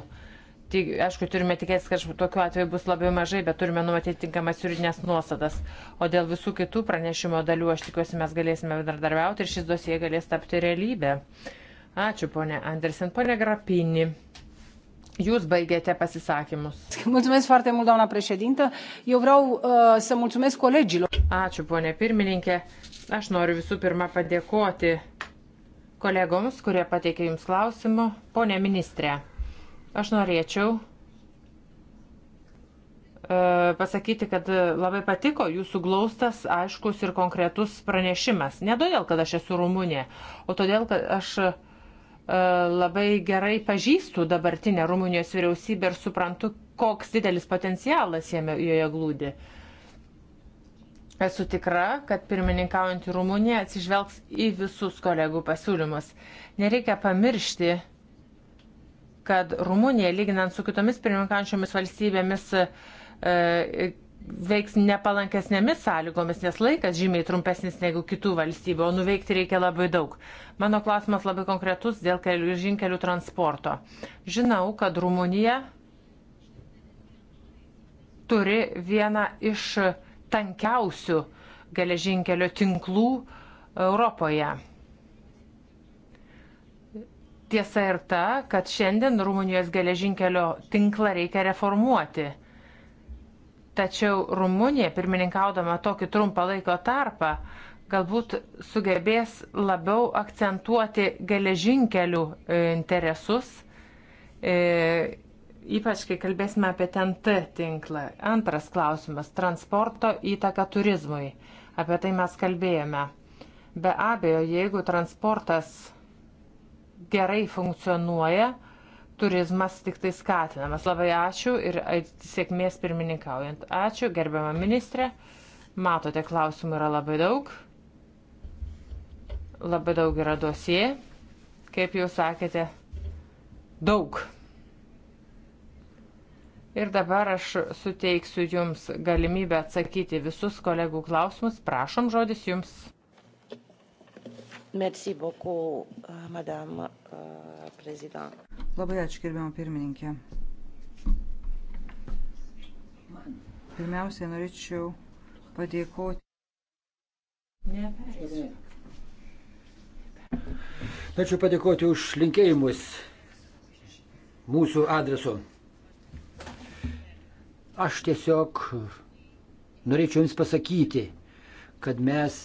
Tik, aišku, turime tikėtis, kad tokiu atveju bus labai mažai, bet turime numatyti tinkamas juridinės nuosadas. O dėl visų kitų pranešimo dalių aš tikiuosi mes galėsime bendradarbiauti ir šis dosie galės tapti realybę. Uh, Ačiū, ponė Andersen. Pone Grapini, jūs baigėte pasisakymus. Mulțumesc foarte mult, doamna președintă. Eu vreau uh, să mulțumesc colegilor. Ačiū, ponė pirmininkė. Aš noriu visų pirma padėkoti kolegoms, kurie pateikė jums klausimų. Pone ministrė, aš norėčiau e, pasakyti, kad labai patiko jūsų glaustas, aiškus ir konkretus pranešimas. Ne todėl, kad aš esu rumunė, o todėl, kad aš E, labai gerai pažįstu dabartinę Rumunijos vyriausybę ir suprantu, koks didelis potencialas jame, joje glūdi. Esu tikra, kad pirmininkaujantį Rumuniją atsižvelgs į visus kolegų pasiūlymus. Nereikia pamiršti, kad Rumunija, lyginant su kitomis pirmininkaujančiomis valstybėmis, e, veiks nepalankesnėmis sąlygomis, nes laikas žymiai trumpesnis negu kitų valstybių, o nuveikti reikia labai daug. Mano klausimas labai konkretus dėl kelių žinkelių transporto. Žinau, kad Rumunija turi vieną iš tankiausių geležinkelio tinklų Europoje. Tiesa ir ta, kad šiandien Rumunijos geležinkelio tinklą reikia reformuoti Tačiau Rumunija, pirmininkaudama tokį trumpą laiko tarpą, galbūt sugebės labiau akcentuoti geležinkelių e, interesus, e, ypač kai kalbėsime apie TNT tinklą. Antras klausimas - transporto įtaka turizmui. Apie tai mes kalbėjome. Be abejo, jeigu transportas gerai funkcionuoja, turizmas tik tai skatinamas. Labai ačiū ir sėkmės pirmininkaujant. Ačiū, gerbiama ministrė. Matote, klausimų yra labai daug. Labai daug yra dosie. Kaip jūs sakėte, daug. Ir dabar aš suteiksiu Jums galimybę atsakyti visus kolegų klausimus. Prašom žodis Jums. Merci beaucoup, euh, madame euh, prezident. Labai ačiū, gerbiamą pirmininkę. Pirmiausiai norėčiau padėkoti. Norėčiau padėkoti už linkėjimus mūsų adresu. Aš tiesiog norėčiau Jums pasakyti, kad mes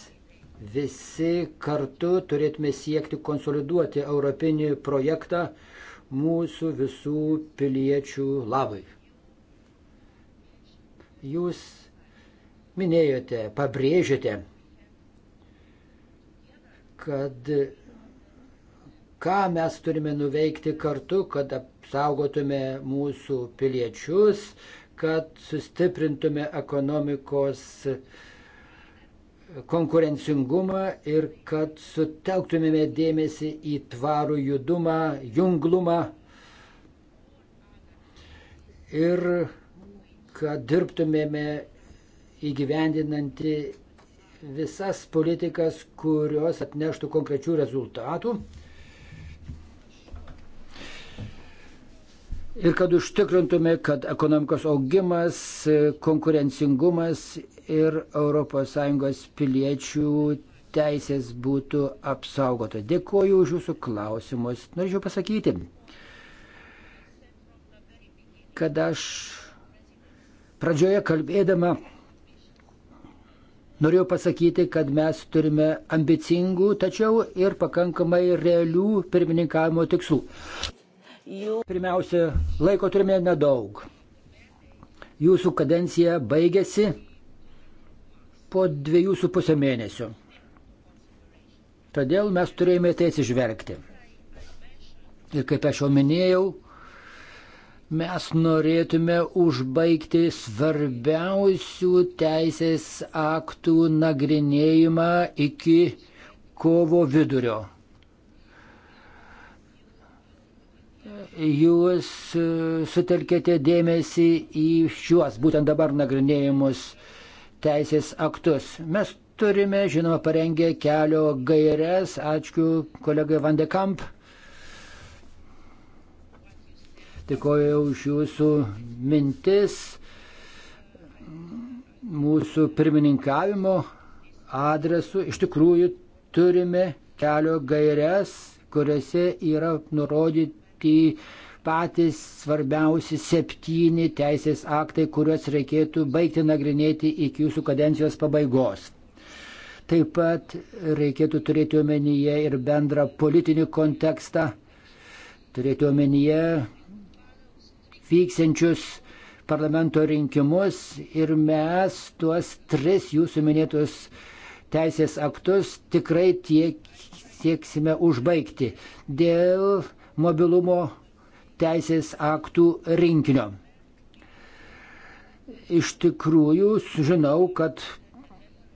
visi kartu turėtume siekti konsoliduoti europinį projektą mūsų visų piliečių labai. Jūs minėjote, pabrėžėte, kad ką mes turime nuveikti kartu, kad apsaugotume mūsų piliečius, kad sustiprintume ekonomikos uh, konkurencingumą ir kad sutelktumėme dėmesį į tvarų judumą, junglumą ir kad dirbtumėme įgyvendinanti visas politikas, kurios atneštų konkrečių rezultatų. Ir kad užtikrintume, kad ekonomikos augimas, konkurencingumas ir ES piliečių teisės būtų apsaugota. Dėkuoju už jūsų klausimus. Norėčiau pasakyti, kad aš pradžioje kalbėdama norėjau pasakyti, kad mes turime ambicingų, tačiau ir pakankamai realių pirmininkavimo tikslų. Pirmiausia, laiko turime nedaug. Jūsų kadencija baigėsi po dviejų su pusę mėnesių. Todėl mes turėjome tai atsižvelgti. Ir kaip aš jau minėjau, mes norėtume užbaigti svarbiausių teisės aktų nagrinėjimą iki kovo vidurio. Jūs sutelkėte dėmesį į šiuos būtent dabar nagrinėjimus uh, teisės aktus. Mes turime, žinoma, parengę kelio gairias. Ačiū kolegai Vandekamp. Dėkoju už jūsų mintis mūsų pirmininkavimo adresu. Iš tikrųjų turime kelio gairias, kuriuose yra nurodyti patys svarbiausi septyni teisės aktai, kuriuos reikėtų baigti nagrinėti iki jūsų kadencijos pabaigos. Taip pat reikėtų turėti omenyje ir bendrą politinį kontekstą, turėti omenyje vyksiančius parlamento rinkimus ir mes tuos tris jūsų minėtus teisės aktus tikrai tiek sieksime užbaigti dėl mobilumo teisės aktų rinkinio. Iš tikrųjų, žinau, kad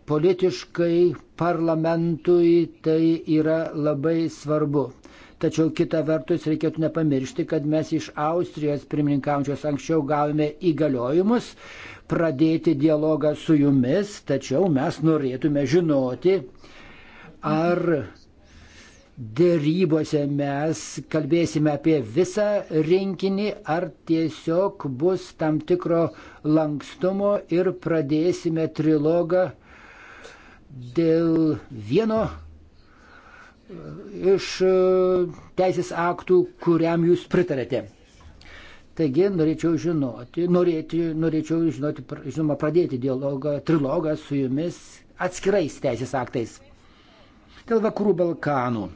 politiškai parlamentui tai yra labai svarbu. Tačiau kita vertus reikėtų nepamiršti, kad mes iš Austrijos pirmininkaujančios anksčiau gavome įgaliojimus pradėti dialogą su jumis, tačiau mes norėtume žinoti, ar dėrybose mes kalbėsime apie visą rinkinį, ar tiesiog bus tam tikro lankstumo ir pradėsime trilogą dėl vieno e, iš e, teisės aktų, kuriam jūs pritarėte. Taigi norėčiau žinoti, norėti, norėčiau žinoti, žinoma, pradėti dialogą, trilogą su jumis atskirais teisės aktais. Dėl vakarų Balkanų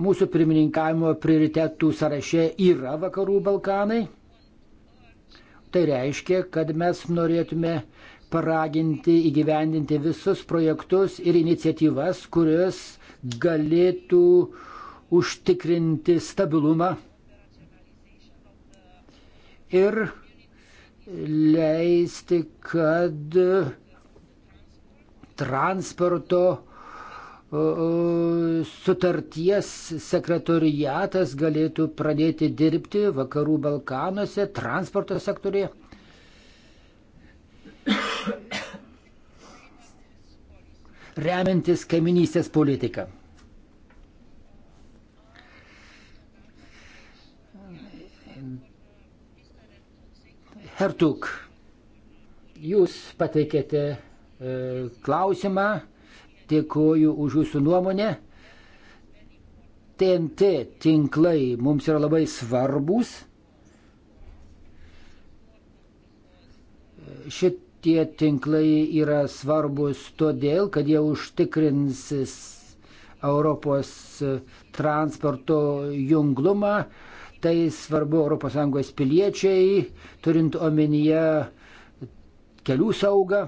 Mūsų pirmininkavimo prioritetų sąraše yra Vakarų Balkanai. Tai reiškia, kad mes norėtume paraginti įgyvendinti visus projektus ir iniciatyvas, kurios galėtų užtikrinti stabilumą ir leisti, kad transporto sutarties sekretoriatas galėtų pradėti dirbti vakarų Balkanuose, transporto sektorėje. remiantis kaiminystės politiką. Hertuk, jūs pateikėte e, klausimą Dėkuoju už jūsų nuomonę. TNT tinklai mums yra labai svarbus. Šitie tinklai yra svarbus todėl, kad jie užtikrins Europos transporto junglumą. Tai svarbu ES piliečiai, turint omenyje kelių saugą.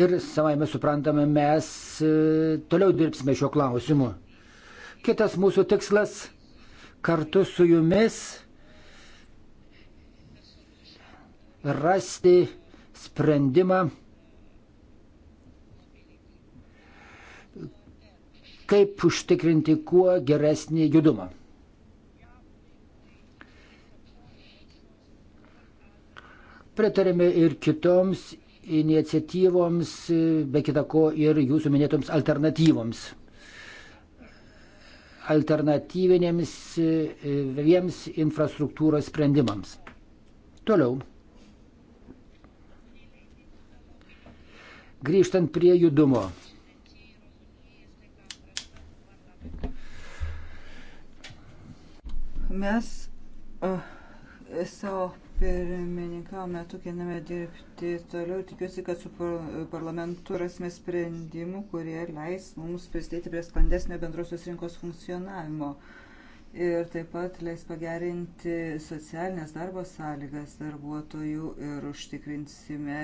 Ir savai mes suprantame, mes toliau dirbsime šiuo klausimu. Kitas mūsų tikslas - kartu su jumis rasti sprendimą, kaip užtikrinti kuo geresnį judumą. Pritarėme ir kitoms iniciatyvoms, be kitako ir jūsų minėtoms alternatyvoms. Alternatyvinėms e, viems infrastruktūros sprendimams. Toliau. Grįžtant prie judumo. Mes uh, savo Pirmininkavo metu kiename dirbti toliau ir tikiuosi, kad su parlamentu rasime sprendimų, kurie leis mums prisidėti prie sklandesnio bendrosios rinkos funkcionavimo. Ir taip pat leis pagerinti socialinės darbo sąlygas darbuotojų ir užtikrinsime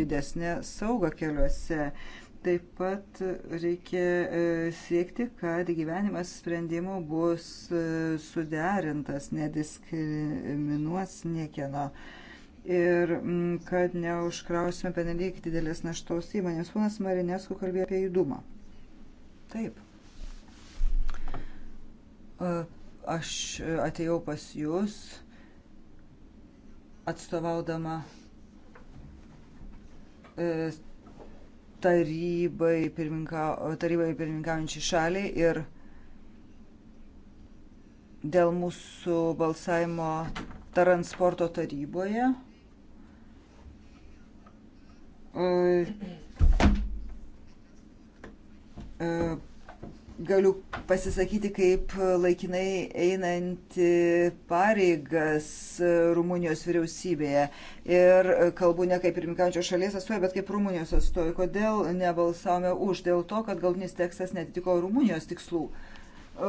didesnę saugą keliuose. Taip pat reikia e, siekti, kad gyvenimas sprendimų bus e, suderintas, nediskriminuos niekieno ir kad neužkrausime penelyg didelės naštos įmonės. Ponas Marinesku kalbėjo apie judumą. Taip. E, aš atėjau pas jūs atstovaudama tarybai, pirminka, tarybai pirmininkaujančiai šaliai ir dėl mūsų balsavimo transporto taryboje. E, e, galiu pasisakyti kaip laikinai einanti pareigas Rumunijos vyriausybėje. Ir kalbu ne kaip pirmininkančio šalies atstovė, bet kaip Rumunijos atstovė. Kodėl nebalsavome už? Dėl to, kad galtinis tekstas netitiko Rumunijos tikslų.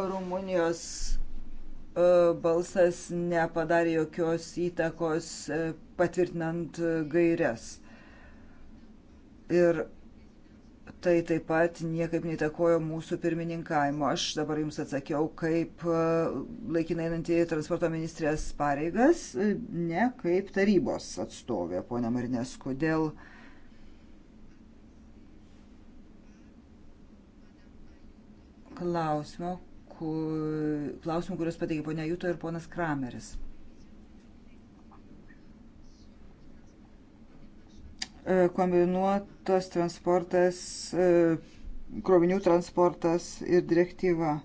Rumunijos e, balsas nepadarė jokios įtakos e, patvirtinant gairias. Ir tai taip pat niekaip neįtakojo mūsų pirmininkavimo. Aš dabar Jums atsakiau, kaip e, laikinai einantį transporto ministrės pareigas, e, ne kaip tarybos atstovė, ponia Marinesku, dėl klausimo, kur, klausimų, kuriuos pateikė ponia Juto ir ponas Krameris. E, kombinuotas transportas, e, krovinių transportas ir direktyva.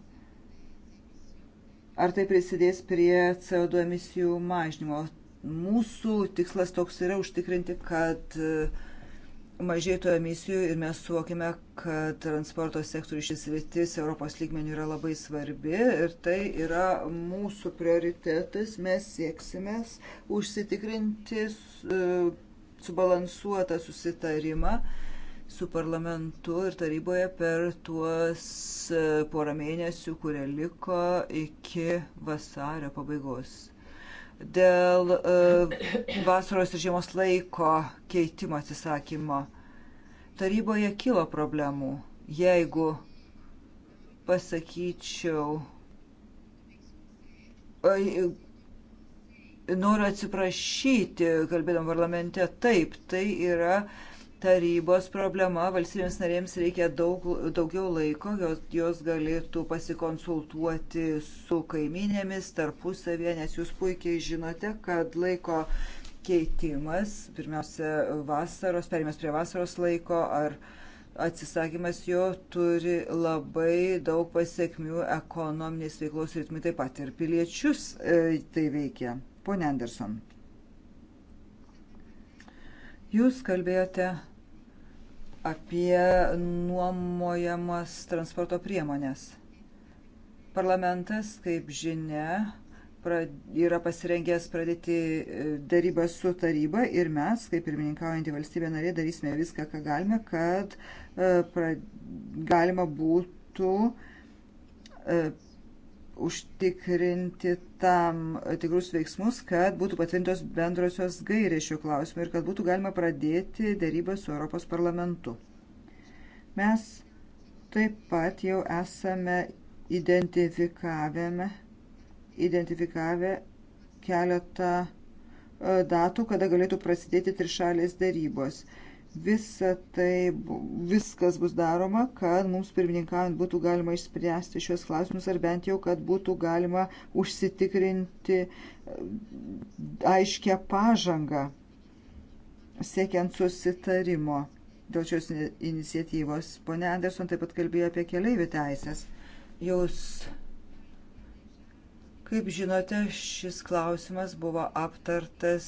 Ar tai prisidės prie CO2 emisijų mažnymo? Mūsų tikslas toks yra užtikrinti, kad e, mažėtų emisijų ir mes suokime, kad transporto sektorių šis rytis Europos lygmenių yra labai svarbi ir tai yra mūsų prioritetas. Mes sieksime užsitikrinti. Uh, subalansuotą susitarimą su parlamentu ir taryboje per tuos e, porą mėnesių, kurie liko iki vasario pabaigos. Dėl uh, vasaros ir žiemos laiko keitimo atsisakymo taryboje kilo problemų. Jeigu pasakyčiau, noriu atsiprašyti, kalbėdam parlamente, taip, tai yra tarybos problema, valstybėms narėms reikia daug, daugiau laiko, jos, jos galėtų pasikonsultuoti su kaiminėmis tarpusavėje, nes jūs puikiai žinote, kad laiko keitimas, pirmiausia, vasaros, perėmės prie vasaros laiko ar atsisakymas jo turi labai daug pasiekmių ekonominės veiklos ritmui taip pat ir piliečius e, tai veikia. Pone Anderson, jūs kalbėjote apie nuomojamas transporto priemonės. Parlamentas, kaip žinia, yra pasirengęs pradėti e, darybą su taryba ir mes, kaip pirmininkaujantį valstybę narė, darysime viską, ką galime, kad e, pra, galima būtų e, užtikrinti tam tikrus veiksmus, kad būtų patvirtintos bendrosios gairės šiuo klausimu ir kad būtų galima pradėti dėrybą su Europos parlamentu. Mes taip pat jau esame identifikavę, identifikavę keletą e, datų, kada galėtų prasidėti trišalės dėrybos. Visa tai, viskas bus daroma, kad mums pirmininkaujant būtų galima išspręsti šios klausimus ar bent jau, kad būtų galima užsitikrinti e, aiškę pažangą siekiant susitarimo dėl šios iniciatyvos. Pone Anderson taip pat kalbėjo apie keliaivių teisės. Jūs Kaip žinote, šis klausimas buvo aptartas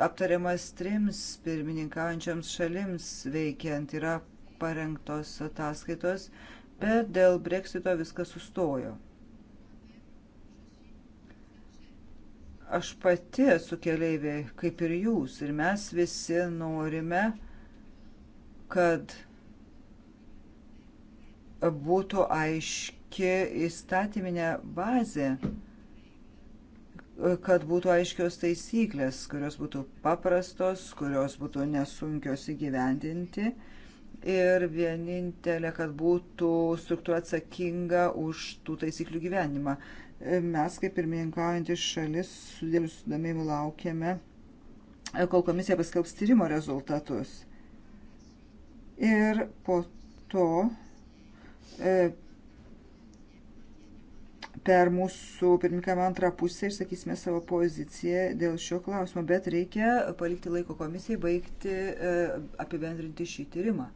aptariamas trims pirmininkaujančiams šalims veikiant. Yra parengtos ataskaitos, bet dėl breksito viskas sustojo. Aš pati esu keliaivė, kaip ir jūs, ir mes visi norime, kad būtų aiški įstatyminė bazė kad būtų aiškios taisyklės, kurios būtų paprastos, kurios būtų nesunkios įgyvendinti ir vienintelė, kad būtų struktūra atsakinga už tų taisyklių gyvenimą. Mes, kaip pirmininkaujantis šalis, su dėliu sudomėjimu laukiame, kol komisija paskelbs tyrimo rezultatus. Ir po to e, per mūsų pirmininkamą antrą pusę išsakysime savo poziciją dėl šio klausimo, bet reikia palikti laiko komisijai baigti e, apibendrinti šį tyrimą.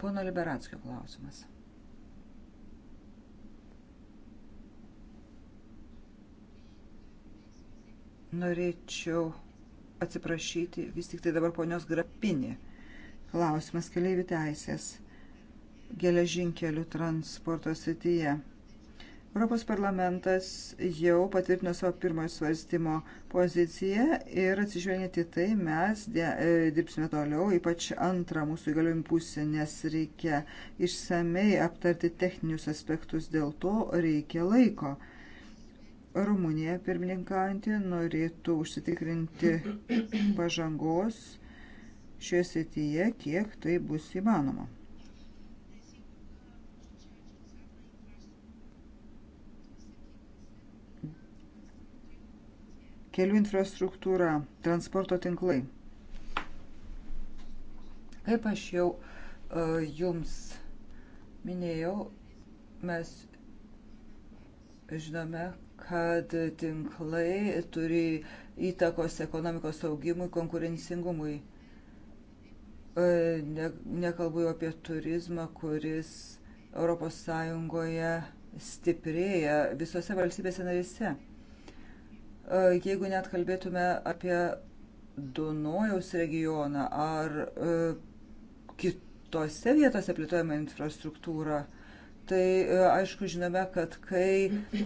Pono Liberatskio klausimas. Norėčiau atsiprašyti vis tik tai dabar ponios Grapinė klausimas keliaivių teisės geležinkelių transporto srityje. Europos parlamentas jau patvirtino savo pirmojo svarstymo poziciją ir atsižvelgiant į tai mes de, e, dirbsime toliau, ypač antrą mūsų įgaliojimų pusę, nes reikia išsamei aptarti techninius aspektus, dėl to reikia laiko. Rumunija pirmininkaujantį norėtų užsitikrinti pažangos šioje srityje, kiek tai bus įmanoma. Kelių infrastruktūra, transporto tinklai. Kaip aš jau uh, jums minėjau, mes žinome, kad tinklai turi įtakos ekonomikos augimui, konkurencingumui. Uh, E, ne, nekalbu jau apie turizmą, kuris ES stiprėja visose valstybėse narise. E, jeigu net kalbėtume apie Dunojaus regioną ar e, kitose vietose plėtojama infrastruktūra, tai e, aišku žinome, kad kai e,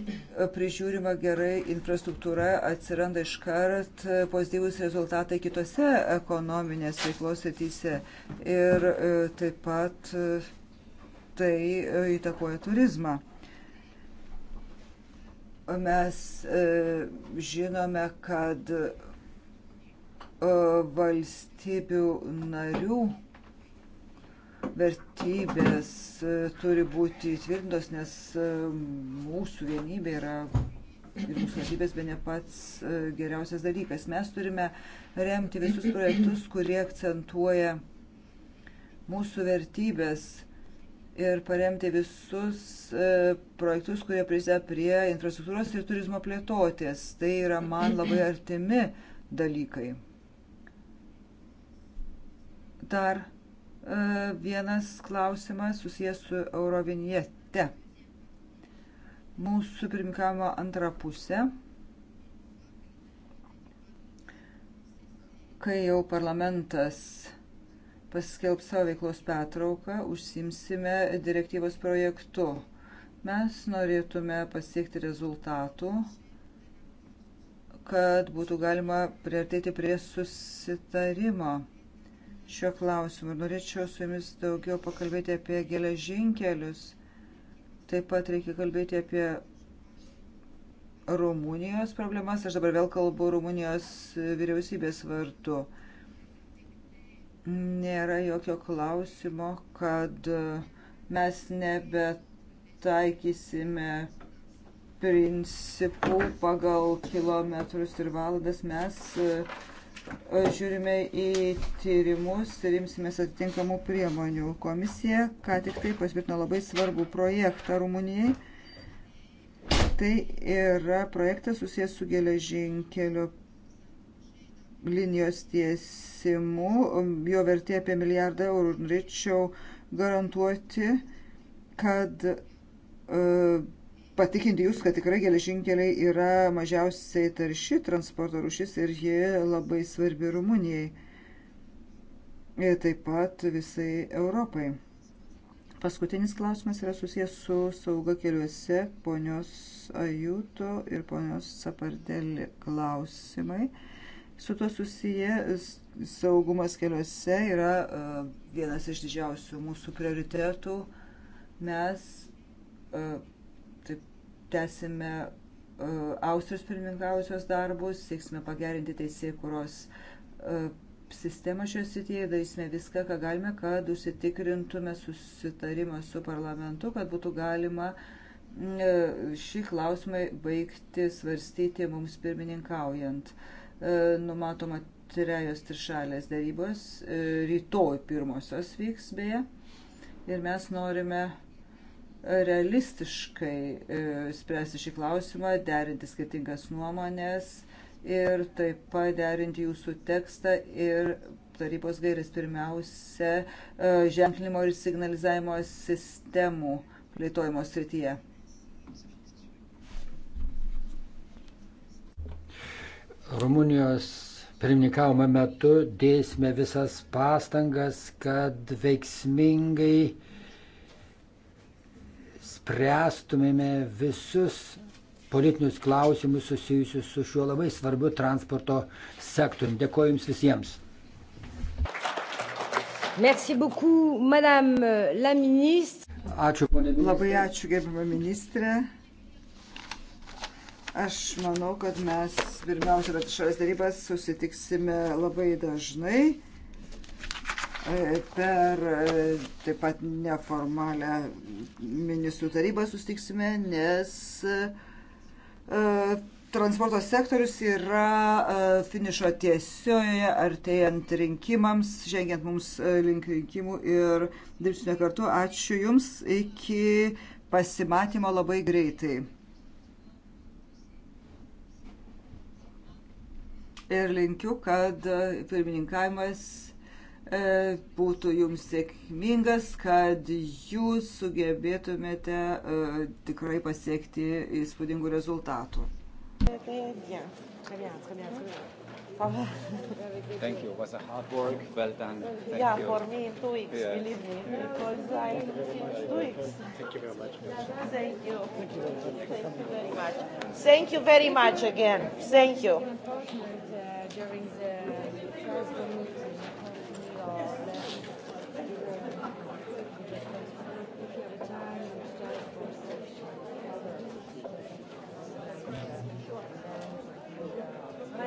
prižiūrima gerai infrastruktūra, atsiranda iškart e, pozityvus rezultatai kitose ekonominės veiklos srityse ir taip pat tai įtakoja turizmą. Mes žinome, kad valstybių narių vertybės e, turi būti įtvirtintos, nes e, mūsų vienybė yra ir mūsų vertybės be ne pats e, geriausias dalykas. Mes turime remti visus projektus, kurie akcentuoja mūsų vertybės ir paremti visus projektus, kurie prisideda prie infrastruktūros ir turizmo plėtotės. Tai yra man labai artimi dalykai. Dar E, vienas klausimas susijęs su Euroviniete. Mūsų pirmkamo antra pusė. Kai jau parlamentas paskelbs savo veiklos petrauką, užsimsime direktyvos projektu. Mes norėtume pasiekti rezultatų, kad būtų galima priartėti prie susitarimo šiuo klausimu. Norėčiau su jumis daugiau pakalbėti apie geležinkelius. Taip pat reikia kalbėti apie Rumunijos problemas. Aš dabar vėl kalbu Rumunijos vyriausybės vartu. Nėra jokio klausimo, kad mes nebetaikysime principų pagal kilometrus ir valandas. Mes uh, žiūrime į tyrimus ir imsimės atitinkamų priemonių. Komisija ką tik tai pasvirtino labai svarbų projektą Rumunijai. Tai yra projektas susijęs su geležinkelio linijos tiesimu, jo vertė apie milijardą eurų. Norėčiau garantuoti, kad uh, patikinti jūs, kad tikrai geležinkeliai yra mažiausiai tarši transporto rušis ir ji labai svarbi Rumunijai. Ir taip pat visai Europai. Paskutinis klausimas yra susijęs su sauga keliuose, ponios Ajuto ir ponios Sapardeli klausimai. Su to susiję saugumas keliuose yra uh, vienas iš didžiausių mūsų prioritetų. Mes uh, tęsime e, Austrijos pirmininkavusios darbus, sieksime pagerinti teisėkuros e, sistemą šioje srityje, darysime viską, ką galime, kad užsitikrintume susitarimą su parlamentu, kad būtų galima e, šį klausimą baigti svarstyti mums pirmininkaujant. Numatoma trejos trišalės darybos, rytoj pirmosios vyks beje. Ir mes norime realistiškai e, spręsti šį klausimą, derinti skirtingas nuomonės ir taip pat derinti jūsų tekstą ir tarybos gairės pirmiausia e, ženklimo ir signalizavimo sistemų plėtojimo srityje. Rumunijos pirmininkavimo metu dėsime visas pastangas, kad veiksmingai spręstumėme visus politinius klausimus susijusius su šiuo labai svarbiu transporto sektoriumi. Dėkuoju Jums visiems. Merci beaucoup, madame la ministre. Ačiū, ponė ministrė. Labai ačiū, gerbama ministrė. Aš manau, kad mes pirmiausia, bet šios darybas susitiksime labai dažnai. E, per e, taip pat neformalią ministrų tarybą sustiksime, nes e, transporto sektorius yra finišo tiesioje, artėjant rinkimams, žengiant mums link rinkimų ir dirbsime kartu. Ačiū Jums, iki pasimatymo labai greitai. ir linkiu, kad pirmininkavimas E, būtų jums sėkmingas, kad jūs sugebėtumėte e, tikrai pasiekti įspūdingų rezultatų. Thank you. It was a hard work. Well done. Thank yeah, you. for me in two weeks, yeah. believe me, yeah. because I finished two weeks. Thank you very much. Thank you. Thank you very much. Thank you very much again. Thank you. Uh, during the I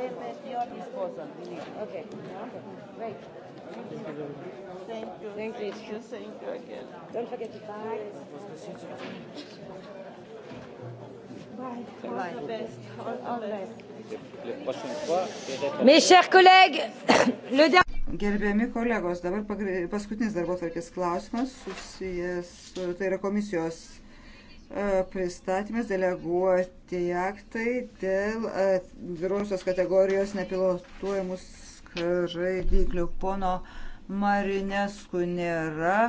am at your disposal, believe me. Okay. Okay. Great. Thank you. Thank you. Thank you. Thank you. Thank you again. Don't forget to buy. Bye. Bye. All the best. All the best. Mes chers collègues, le dernier. Gerbiami kolegos, dabar paskutinis darbo tvarkės klausimas susijęs, tai yra komisijos e, pristatymas deleguoti aktai dėl atvirosios e, kategorijos nepilotuojamų skraidyklių. Pono Marinesku nėra.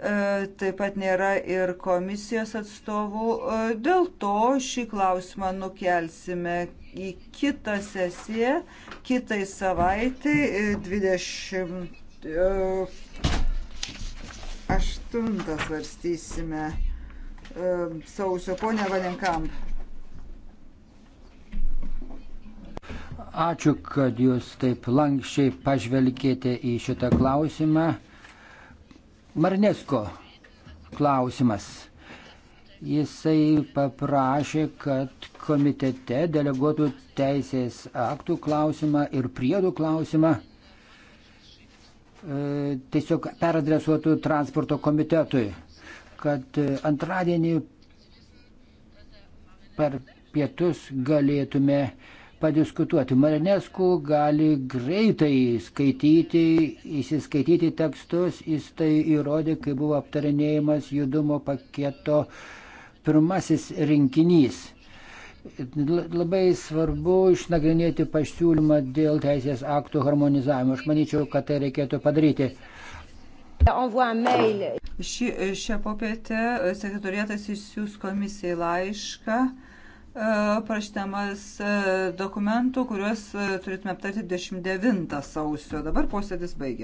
E, taip pat nėra ir komisijos atstovų. E, dėl to šį klausimą nukelsime į kitą sesiją, kitai savaitai 28 e, svarstysime sausio. Pone Valenkamp. Ačiū, kad jūs taip lankščiai pažvelgėte į šitą klausimą. Marnesko klausimas. Jisai paprašė, kad komitete deleguotų teisės aktų klausimą ir priedų klausimą e, tiesiog peradresuotų transporto komitetui, kad antradienį per pietus galėtume uh, padiskutuoti. Marinesku gali greitai skaityti, įsiskaityti tekstus, jis tai įrodė, kai buvo aptarinėjimas judumo paketo pirmasis rinkinys. Labai svarbu išnagrinėti pasiūlymą dėl teisės aktų harmonizavimo. Aš manyčiau, kad tai reikėtų padaryti. Ši, šią popietę sekretorietas išsiūs komisijai laišką E, parašytamas e, dokumentų, kuriuos e, turėtume aptarti 29 sausio. Dabar posėdis baigė.